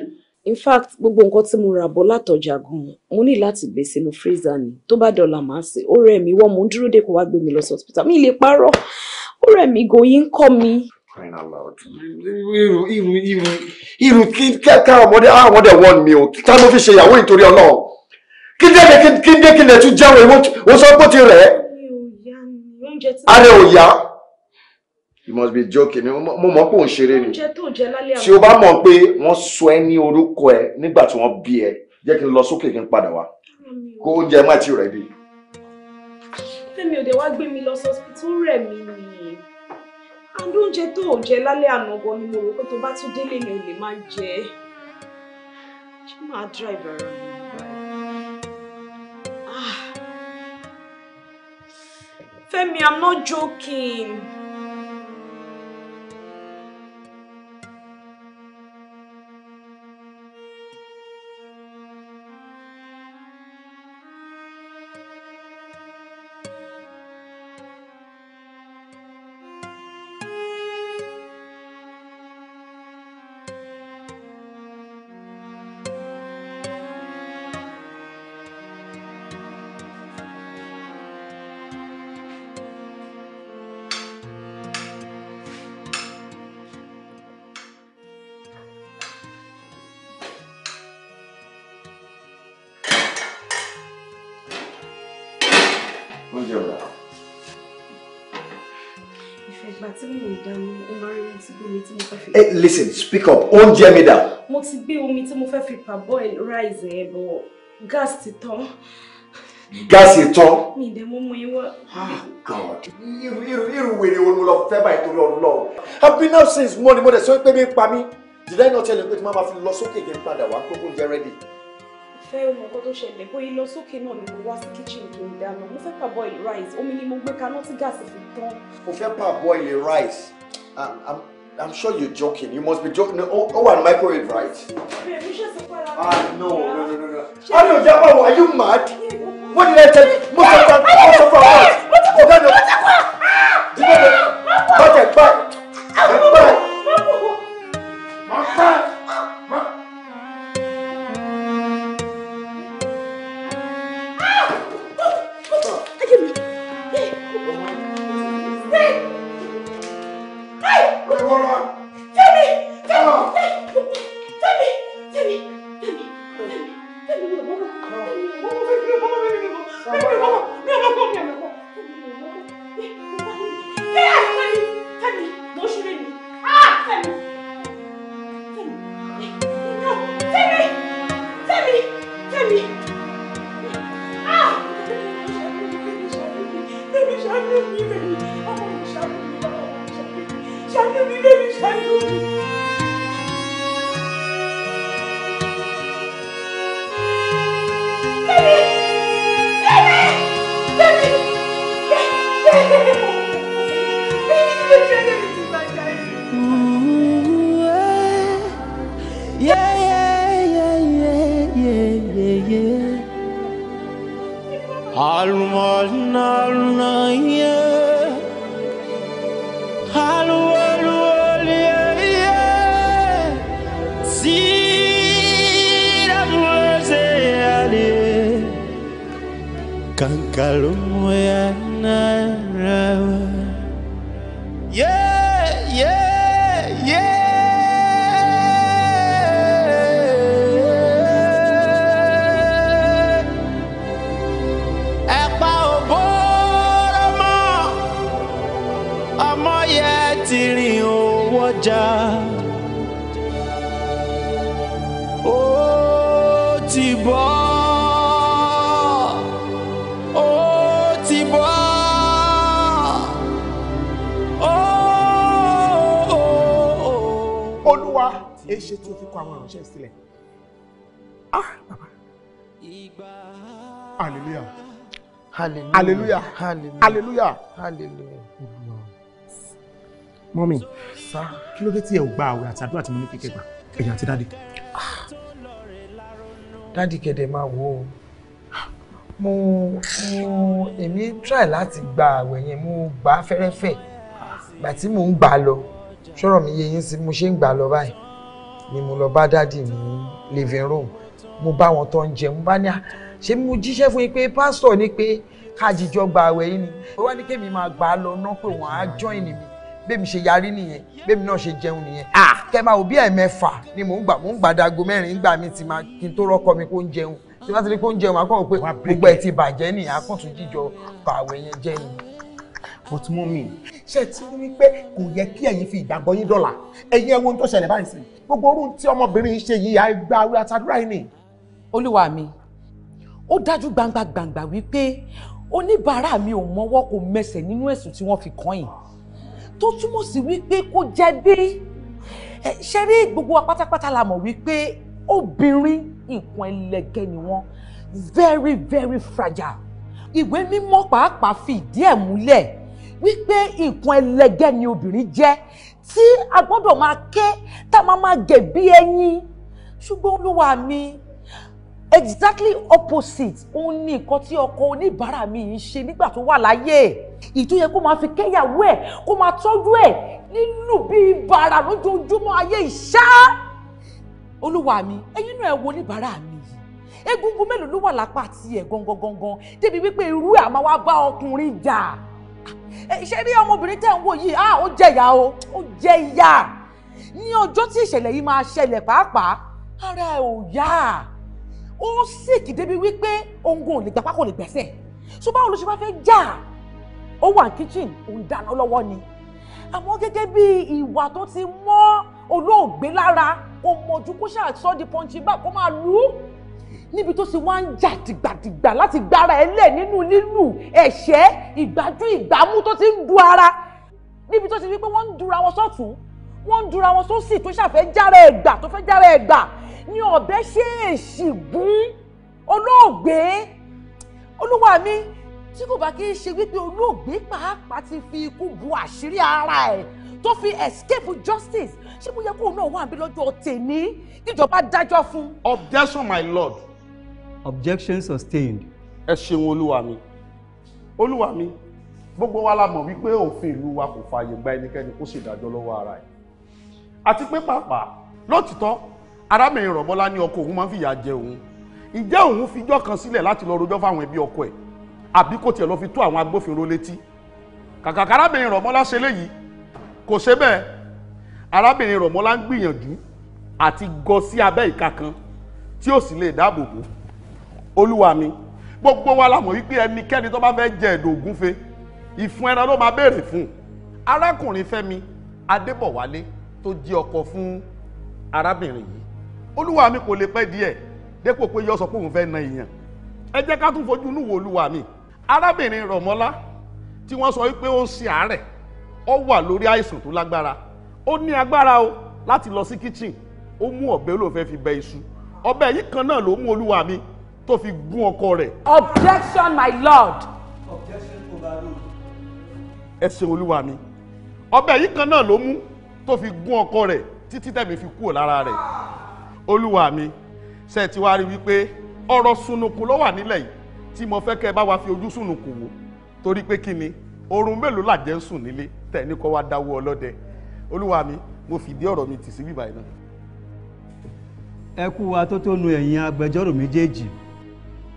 Speaker 2: in fact gbogbo nǹkan tí mo rà bọ̀ látọjà gan-an mo ní láti gbé sínú freezer ni tó bá dọ̀là màá sè ó rẹ̀ mí wọ́n mo ń dúró dé kó wá gbé mi lọ sí hospital mi lè parọ́ ó rẹ̀ mí gòyí kọ́ mi crying out
Speaker 3: loud. Irú irú irú irú kí kẹ́kẹ́ ọmọdé àwọn ọmọdé wọ́n mi o. Ta ló fi ṣe ìyàwó nítorí Ọlọ́run? kí dé kí dé kí lè tún jẹun èwo o sọ pé ó ti rẹ̀ ẹ́. ara ò yá you must be joking mo mọ̀ pé ò ṣeré ni
Speaker 2: tí o bá mọ̀ pé
Speaker 3: wọ́n sọ ẹ́ ní orúkọ ẹ nígbà tí wọ́n bí ẹ jẹ́ kí n lọ sókè kí n padà wá kó oúnjẹ má ti rẹ̀ bí.
Speaker 2: fẹ́mi òde wá gbé mi lọ sọ́sìpítù rẹ̀ mi ni àdó oúnjẹ tó ò jẹ lálẹ́ àná gan ni mo rò pé tó bá tún délé mi ò lè máa jẹ ṣé máa drive ara mi. Ah. Femi, I'm not joking.
Speaker 5: hey, eh, listen speak up oúnjẹ mi
Speaker 3: down.
Speaker 2: mo ti gbé omi tí mo fẹ́ fi parboil rice ẹ̀ bọ̀ gas ti tán.
Speaker 3: gas ti tán.
Speaker 2: mi ìdẹ̀ mo mú iwọ.
Speaker 3: Ah, god irú irú irú wèrè wo ni mo lọ fẹ́ báyìí torí ọlọ́run i've been up since morning mo dẹ̀ sọ pé mi ń pa mí did i not tell you pé tí màá ma fi lọ sókè kí n padà wá pé kó ready
Speaker 2: fẹ́ mọ nǹkan tó ṣẹlẹ̀ bóyá lọ sókè náà ni mo wá sí kitchen tó ń dáná mo fẹ́ parboil rice omi ni mo gbé kaná tí gáàsì fi tán.
Speaker 3: mo fẹ́ parboil rice ah, I'm sure you're joking. You must be joking. Oh, oh and microwave, right? Ah, no, no, no, no, no. Oh, are you mad? What did I tell you? hallelujah hallelujah. mọ́mí kí ló dé tí ẹ ò gba àwẹ̀ àti àdúrà tí mo ní kíkẹ́ gbà ẹ̀yìn àti dáàdì. dáàdì kẹ̀dẹ̀ máa wò ó mo mo èmi try láti gba àwẹ̀ yẹn mo gbà á fẹ́rẹ́fẹ́ gbà tí mò ń gbà lọ ṣọ́rọ̀ mi yé yín sí mo ṣe ń gbà lọ báyìí ni mo lọ bá dáàdì ní living room mo bá wọn tó jẹun bá ní à ṣé mo jíṣẹ́ fún yín pé pásítọ̀ ni pé kájíjọ gba àwẹ̀ yìí ni ó wá ní kémi máa gbà á lọ ná pé wọ́n á join mi bẹ́ẹ̀ mi ṣe yarí nìyẹn bẹ́ẹ̀ mi náà ṣe jẹun nìyẹn. kẹ́ máa wò bí ẹ̀mẹ́fà ni mò ń gbà mò ń gbà dago mẹ́rin gbà mí ti máa kí n tó rọ́kọ mi kó ń jẹun tí bá ti rí kó ń jẹun máa pé gbogbo ẹ̀ ti bàjẹ́ nìyẹn a jíjọ gba àwẹ̀ yẹn jẹ́ ni. but mọ́mì ṣe ti rí i pé kò yẹ kí ẹ̀yin fi ìgbàgbọ́ yín dọ̀là ẹ̀yin ẹ wo ohun tó ṣẹlẹ̀ báyìí sí gbogbo oníbàárà mi ò
Speaker 2: mọwọ́ kò mẹsẹ̀ nínú ẹ̀sùn tí wọ́n fi kàn yín tó túmọ̀ sí wípé kó jẹ̀bi ṣe rí gbogbo wa pátápátá la mọ̀ wípé obìnrin nǹkan ẹlẹgẹ́ ni wọ́n very very fragile ìwé mímọ́ pàápàá fi ìdí ẹ̀ múlẹ̀ wípé nǹkan ẹlẹgẹ́ ni obìnrin jẹ́ tí a gbọ́dọ̀ máa ké tá a máa máa gẹ̀ bí ẹyin ṣùgbọ́n olúwa mi exactly opposite òun ni nǹkan tí ọkọ oníbàárà mi ń ṣe nígbà tó wà láyé ìtúyẹ kó máa fi kẹ́yàwó ẹ̀ kó máa tọ́jú ẹ̀ nínú bíi bàrà lójoojúmọ́ ayé ìṣá olúwa mi ẹ̀yin náà ẹ wo oníbàárà mi yìí egungun mélòó ló wà lápá tiẹ̀ gangan gangan débi wípé irú ẹ̀ àmọ́ wá bá ọkùnrin jà ṣe rí ọmọbìnrin tẹ̀ ń wò yìí ah, ó jẹ̀yà o ó jẹ̀yà ní ọjọ́ tí ìṣẹ̀lẹ̀ yìí máa ṣẹlẹ̀ pàápàá ara ẹ̀ ò yá ó ń sìkì débi wípé òǹgò ò lè gbapá kò lè gbẹ̀sẹ̀ so báwo ló ṣe máa fẹ́ jà ó wà ní òun dáná lọ́wọ́ ni àmọ́ gẹ́gẹ́ bí ìwà tó ti mọ́ olóògbé lára kò mọ̀jú kó ṣàṣọ́ di pọ́ńchì bá kó máa lù ú níbi tó ti wá ń jà dìgbàdìgbà láti gbára ẹ lẹ̀ nínú lílù ẹ̀ṣẹ́ ìgbájú ìgbámú tó ti ń du ara níbi tó ti wípé wọ́n ń dura wọn sọ́tún wọ́n ń dura wọn sósì tó ṣàfẹ́ jára ẹ̀gbà tó fẹ́ jára ẹ̀gbà ni ọ̀bẹ ṣèèṣì gún olóògbé olúwa mi tí kò bá kí n ṣe wípé olóògbé pàápàá ti fi ikú bu àṣírí ara ẹ̀ tó fi escape justice ṣé mo yẹ kóun náà wà bí lọ́jọ́ tèmi kíjọba dájọ́ fún. objection my lord.
Speaker 4: objection sustained.
Speaker 3: ẹ ṣeun olúwa mi olúwa mi gbogbo wa la mọ̀ wípé òfin ìlú wa kò fààyè gba ẹnikẹ́ni kó ṣèdájọ́ lọ́wọ́ ara ẹ̀ àti pé pàápàá lótìtọ́ arábìnrin rọ̀bọ́lá ní ọkọ òun máa ń fìyà jẹ òun ìjẹ́ òun fijọ́ kan sílẹ̀ láti lọ rojọ́ fáwọn ẹbí ọkọ ẹ̀ àbí kò tiẹ̀ lọ fi tó àwọn agbófinró létí kàkà arábìnrin rọ̀mọ́lá ṣe léyìí kò ṣe bẹ́ẹ̀ arábìnrin rọ̀mọ́lá ń gbìyànjú àti gọ sí abẹ́ ìka kan tí ó sì lè dáàbò bò olúwa mi gbogbo wa la mọ̀ wípé ẹnikẹ́ni tó bá fẹ́ jẹ ẹ̀dọ̀ ògúnfe ìfun ẹran ló máa béèrè fún arákùnrin fẹ́mi adébọ̀wálé tó jẹ́ ọkọ fún arábìnrin yìí olúwa mi kò lè pẹ́ díẹ̀ dépò pé yọ sọ pé òun fẹ́ na èèyàn ẹ jẹ́ ká tún fojú inú wo olúwa mi arábìnrin rọ̀mọ́lá tí wọ́n sọ wípé ó ń ṣe àárẹ̀ ó wà lórí àìsàn tó lágbára ó ní agbára o láti lọ sí kitchen ó mú ọ̀bẹ olóòfẹ́ fi bẹ iṣu ọ̀bẹ yìí kan náà ló mú
Speaker 1: olúwa mi tó fi gún ọkọ rẹ̀.
Speaker 3: objection my lord.
Speaker 4: objection
Speaker 2: overruled.
Speaker 1: ẹ ṣe olúwa mi ọ̀bẹ yìí kan náà ló mú tó fi gún
Speaker 3: ọkọ rẹ̀ títí tẹ̀mí fi kúrò lára rẹ̀ olúwa mi ṣe ti wá rí wípé ọ̀rọ̀ sunukun ló wà nílẹ̀ yìí tí mo fẹ́ kẹ́ bá wa fi ojú sunukun wò torí pé kí ni oorun mélòó làjẹ́ ń sùn nílé tẹ̀ ní kó wá dáwọ́ ọlọ́dẹ olúwa mi mo fìdí ọ̀rọ̀ mi tì sí bíbá iná.
Speaker 4: ẹ kú atótónu ẹ̀yin agbẹjọ́rò méjèèjì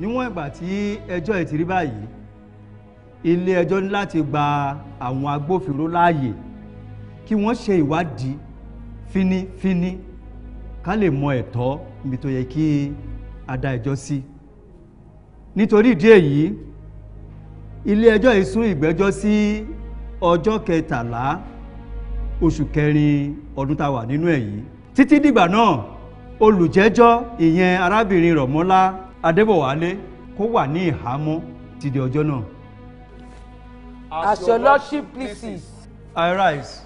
Speaker 4: níwọ̀n ìgbà tí ẹjọ́ ẹ̀ ti rí báyìí ilé ẹjọ́ ní láti gba àwọn agbófinró láàyè kí wọ́n ṣe ìwádìí fínífíní. Fini, fini ká lè mọ ẹ̀tọ́ ibi tó yẹ kí a dá ẹjọ́ sí nítorí ìdí èyí ilé ẹjọ́ yìí sún ìgbẹ́jọ́ sí ọjọ́ kẹtàlá oṣù kẹrin ọdún tá a wà nínú ẹ̀ yìí títí dìgbà náà olùjẹ́jọ́ ìyẹn arábìnrin rọ̀mọ́lá adébọ̀wálé kó wà ní ìhámọ́ ti di ọjọ́ náà.
Speaker 5: as your lordship pleases.
Speaker 4: I rise.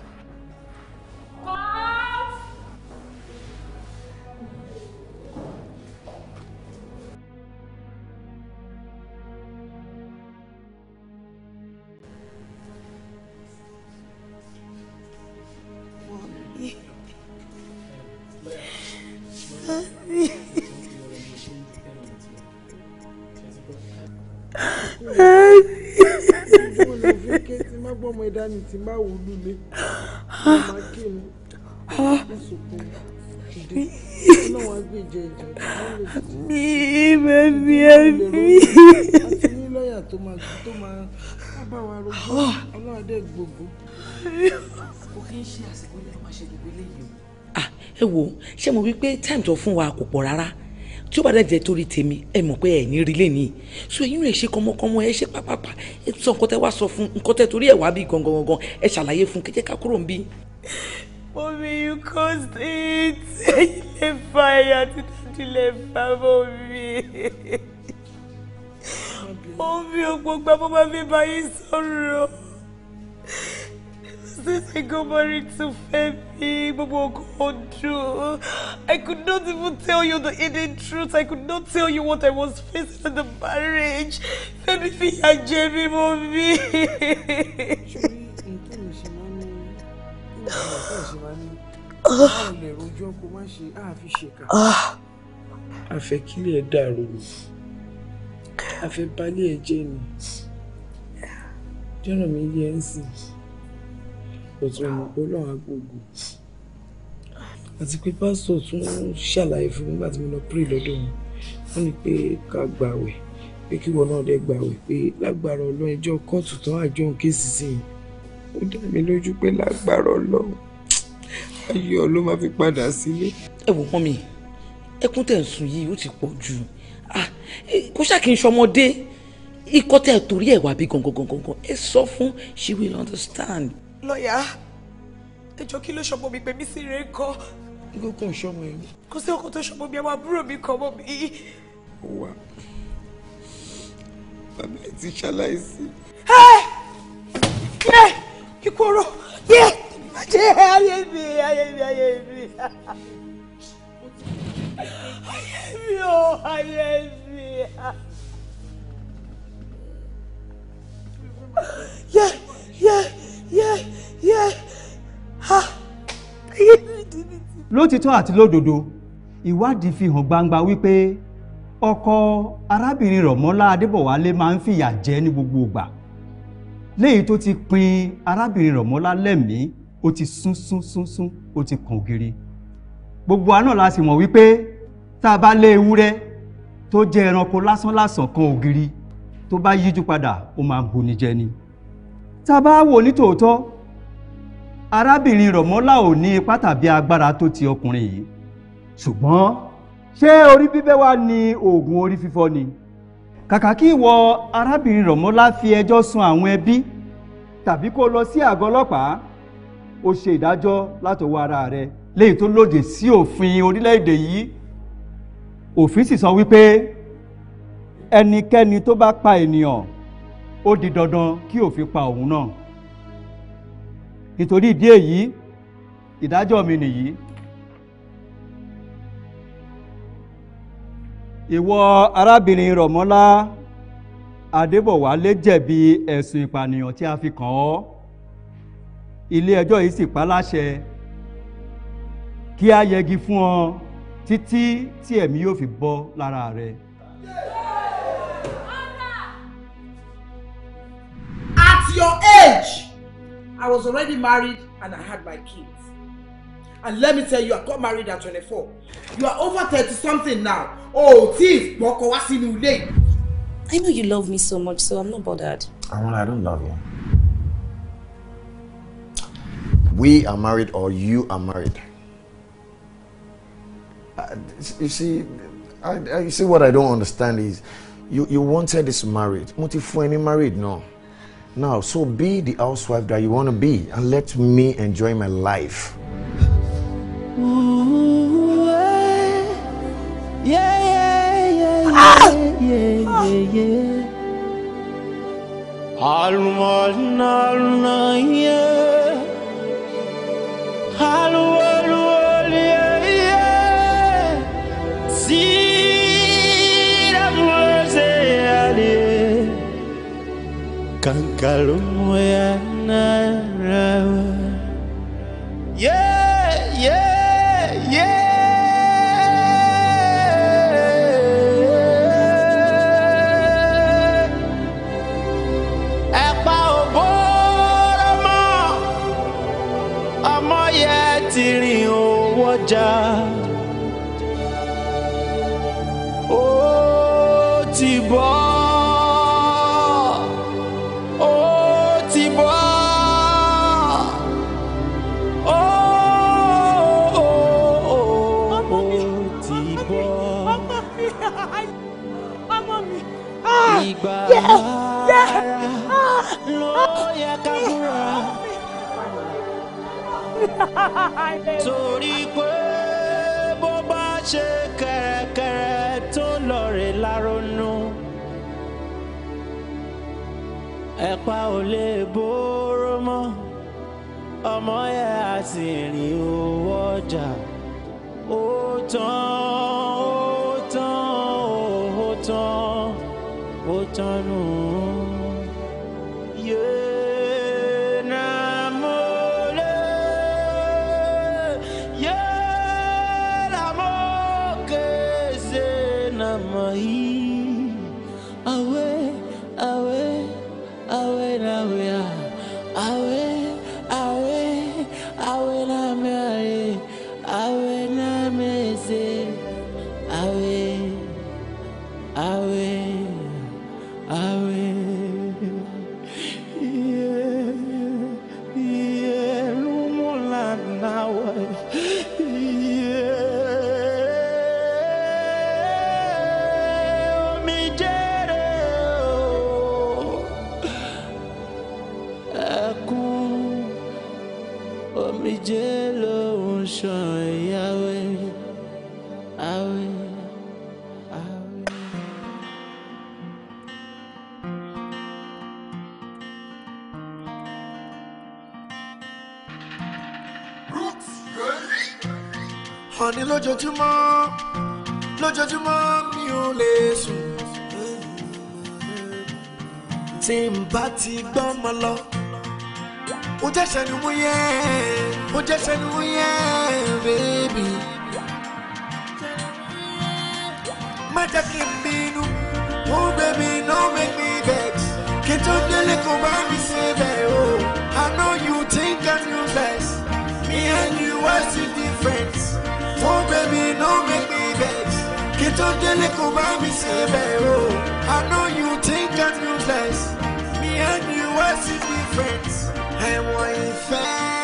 Speaker 3: Ah, ẹ dání tí má wò lulẹ má kí
Speaker 7: mi ẹbí àti tó máa tó máa bá wa rojọ́ Ọlọ́run gbogbo. o kì í ṣe àsìkò ilé ìwà ṣe gbogbo
Speaker 5: eléyìí
Speaker 2: o. ẹ wo ṣé mo wí pé time tó fún wa kò pọ̀ rárá tí ó bá dẹ̀ torí tèmi ẹ mọ̀ pé ẹ̀ ní rí lé so ẹ̀yin rẹ̀ ṣe kọmọkọmọ ẹ ṣe pápápá ẹ sọ nǹkan tẹ wá sọ fún nǹkan tẹ torí ẹ̀ wá bí gangan ẹ ṣàlàyé fún kẹjẹ ká kúrò ń bí.
Speaker 7: Mommy, you caused it ẹ̀yin lè fa ẹ̀yà títí lè fa Mommy. Mommy, ògbógbá bó bá fi sọ̀rọ̀ since I got married to Femi,
Speaker 2: Momogodu, I could not even tell you the hidden truth. I could not tell you what I was facing in the marriage. Femi fi ya jẹ mí mọ́ mi.
Speaker 3: Àfẹ́ kílẹ̀ ẹ̀ dàrú ni, àfẹ́ balẹ̀ ẹ̀ jẹ́ ni, jọ́nà mi yẹ ń sìn pọ̀ tó mọ̀ pé ọlọ́run á gbogbo àti pé pásítọ̀ tún ṣàlàyé fún mi nígbà tí mo lọ pray lọ́dọ̀ wọn wọ́n ní pé ká gbàwẹ̀ pé kí wọn náà dẹ̀ gbàwẹ̀ pé lágbára ọlọ́run ẹjọ́ kóòtù tán àjọ kéèsì sí i ó dá mi lójú pé lágbára ọlọ́run ayọ̀ ló máa fi padà sílé. ẹ wò pọ́n mi ẹkún tẹ̀ ń sun yìí ó ti pọ̀ jù kó ṣáà kí n ṣọmọdé ikọ́ tẹ̀ torí ẹ̀ wá bí gangan
Speaker 2: ẹ sọ fún she will understand lọ́ọ̀yà ẹjọ́ kí ló ṣọmọ mi pé mí sí rẹ̀ kọ́. gbogbo ìṣọmọ yìí. kò sí ọkọ tó ṣọmọ mi àwọn àbúrò mi kọ ọmọ mi.
Speaker 3: ó wà bàbá ẹ ti ṣaláìsí. ẹ
Speaker 7: ẹ yẹ
Speaker 5: ajé ayé
Speaker 7: mi ayé mi ayé mi ayé mi o ayé mi.
Speaker 5: Yeah, yeah
Speaker 4: lótìtọ́ àti lódodo ìwádìí fi hàn gbangba wípé ọkọ arábìnrin rọ̀mọ́lá adébọ̀wálé máa ń fìyà jẹ ní gbogbo ìgbà léyìí tó ti pin arábìnrin rọ̀mọ́lá lẹ́mìí ó ti sún sún sún sún ó ti kàn ògiri gbogbo àná la sì mọ̀ wípé tá a bá lé ewúrẹ́ tó jẹ́ ẹranko lásán lásán kan ògiri tó bá yíjú padà ó máa boni jẹ ni tá a bá wò ní tòótọ́ arábìnrin rọ̀mọ́lá ò ní ipá tàbí agbára tó ti ọkùnrin yìí ṣùgbọ́n ṣé orí bíbẹ́ wá ní oògùn orí fífọ́ ni kàkà kí ìwọ arábìnrin rọ̀mọ́lá fi ẹjọ́ sun àwọn ẹbí tàbí kó lọ sí àgọ́ ọlọ́pàá ó ṣe ìdájọ́ látọwọ́ ara rẹ léyìí tó lòdì sí òfin orílẹ̀-èdè yìí òfin sì sọ wípé ẹnikẹ́ni tó bá pa ènìyàn ó di dandan kí òfin pa òun náà nítorí ìdí èyí ìdájọ́ mi nìyí ìwọ arábìnrin rọ̀mọ́lá adébọ̀wálé jẹ̀bi ẹ̀sùn ìpànìyàn tí a fi kàn ọ́ ilé ẹjọ́ yìí sì pa láṣẹ kí a yẹgi fún ọ títí tí ẹ̀mí yóò fi bọ́ lára rẹ. Yeah.
Speaker 3: your age, I was already married and I had my kids. And let me tell you, I got married at 24. You are over 30 something now. Oh, thief, boko wá I know you love me so much, so I'm not bothered. Arun, I don't love you. We are married or you are married. Uh, you see, I, I, you see what I don't understand is you, you wanted this married. Mo ti married No. Now, so be the housewife that you want to be and let me enjoy my life.
Speaker 7: yeah, ah! calomoué torí pé bó bá ṣe kẹ̀rẹ̀kẹ̀rẹ̀ tó lọ́ọ̀rẹ́ láronú ẹ̀pà ò lè bóró mọ́ ọmọ yẹ àti rìn owó ọjà ó tán ó tán ó tán ó tán nù.
Speaker 3: bá ti gbọ́mọ lọ ó jẹ́sẹ̀ ni mo yẹ ó jẹ́sẹ̀ ni mo yẹ bébì má jẹ́ kí n bínú ó bẹ̀bí no make me vex kí n tó délé kó bá mi ṣe bẹ́ẹ̀ o I know you think I'm useless me and you are still different ó bẹ̀bí no make me vex kí n tó délé kó bá mi
Speaker 7: ṣe bẹ́ẹ̀ o I know you think I'm useless. what's the
Speaker 5: difference and what you think?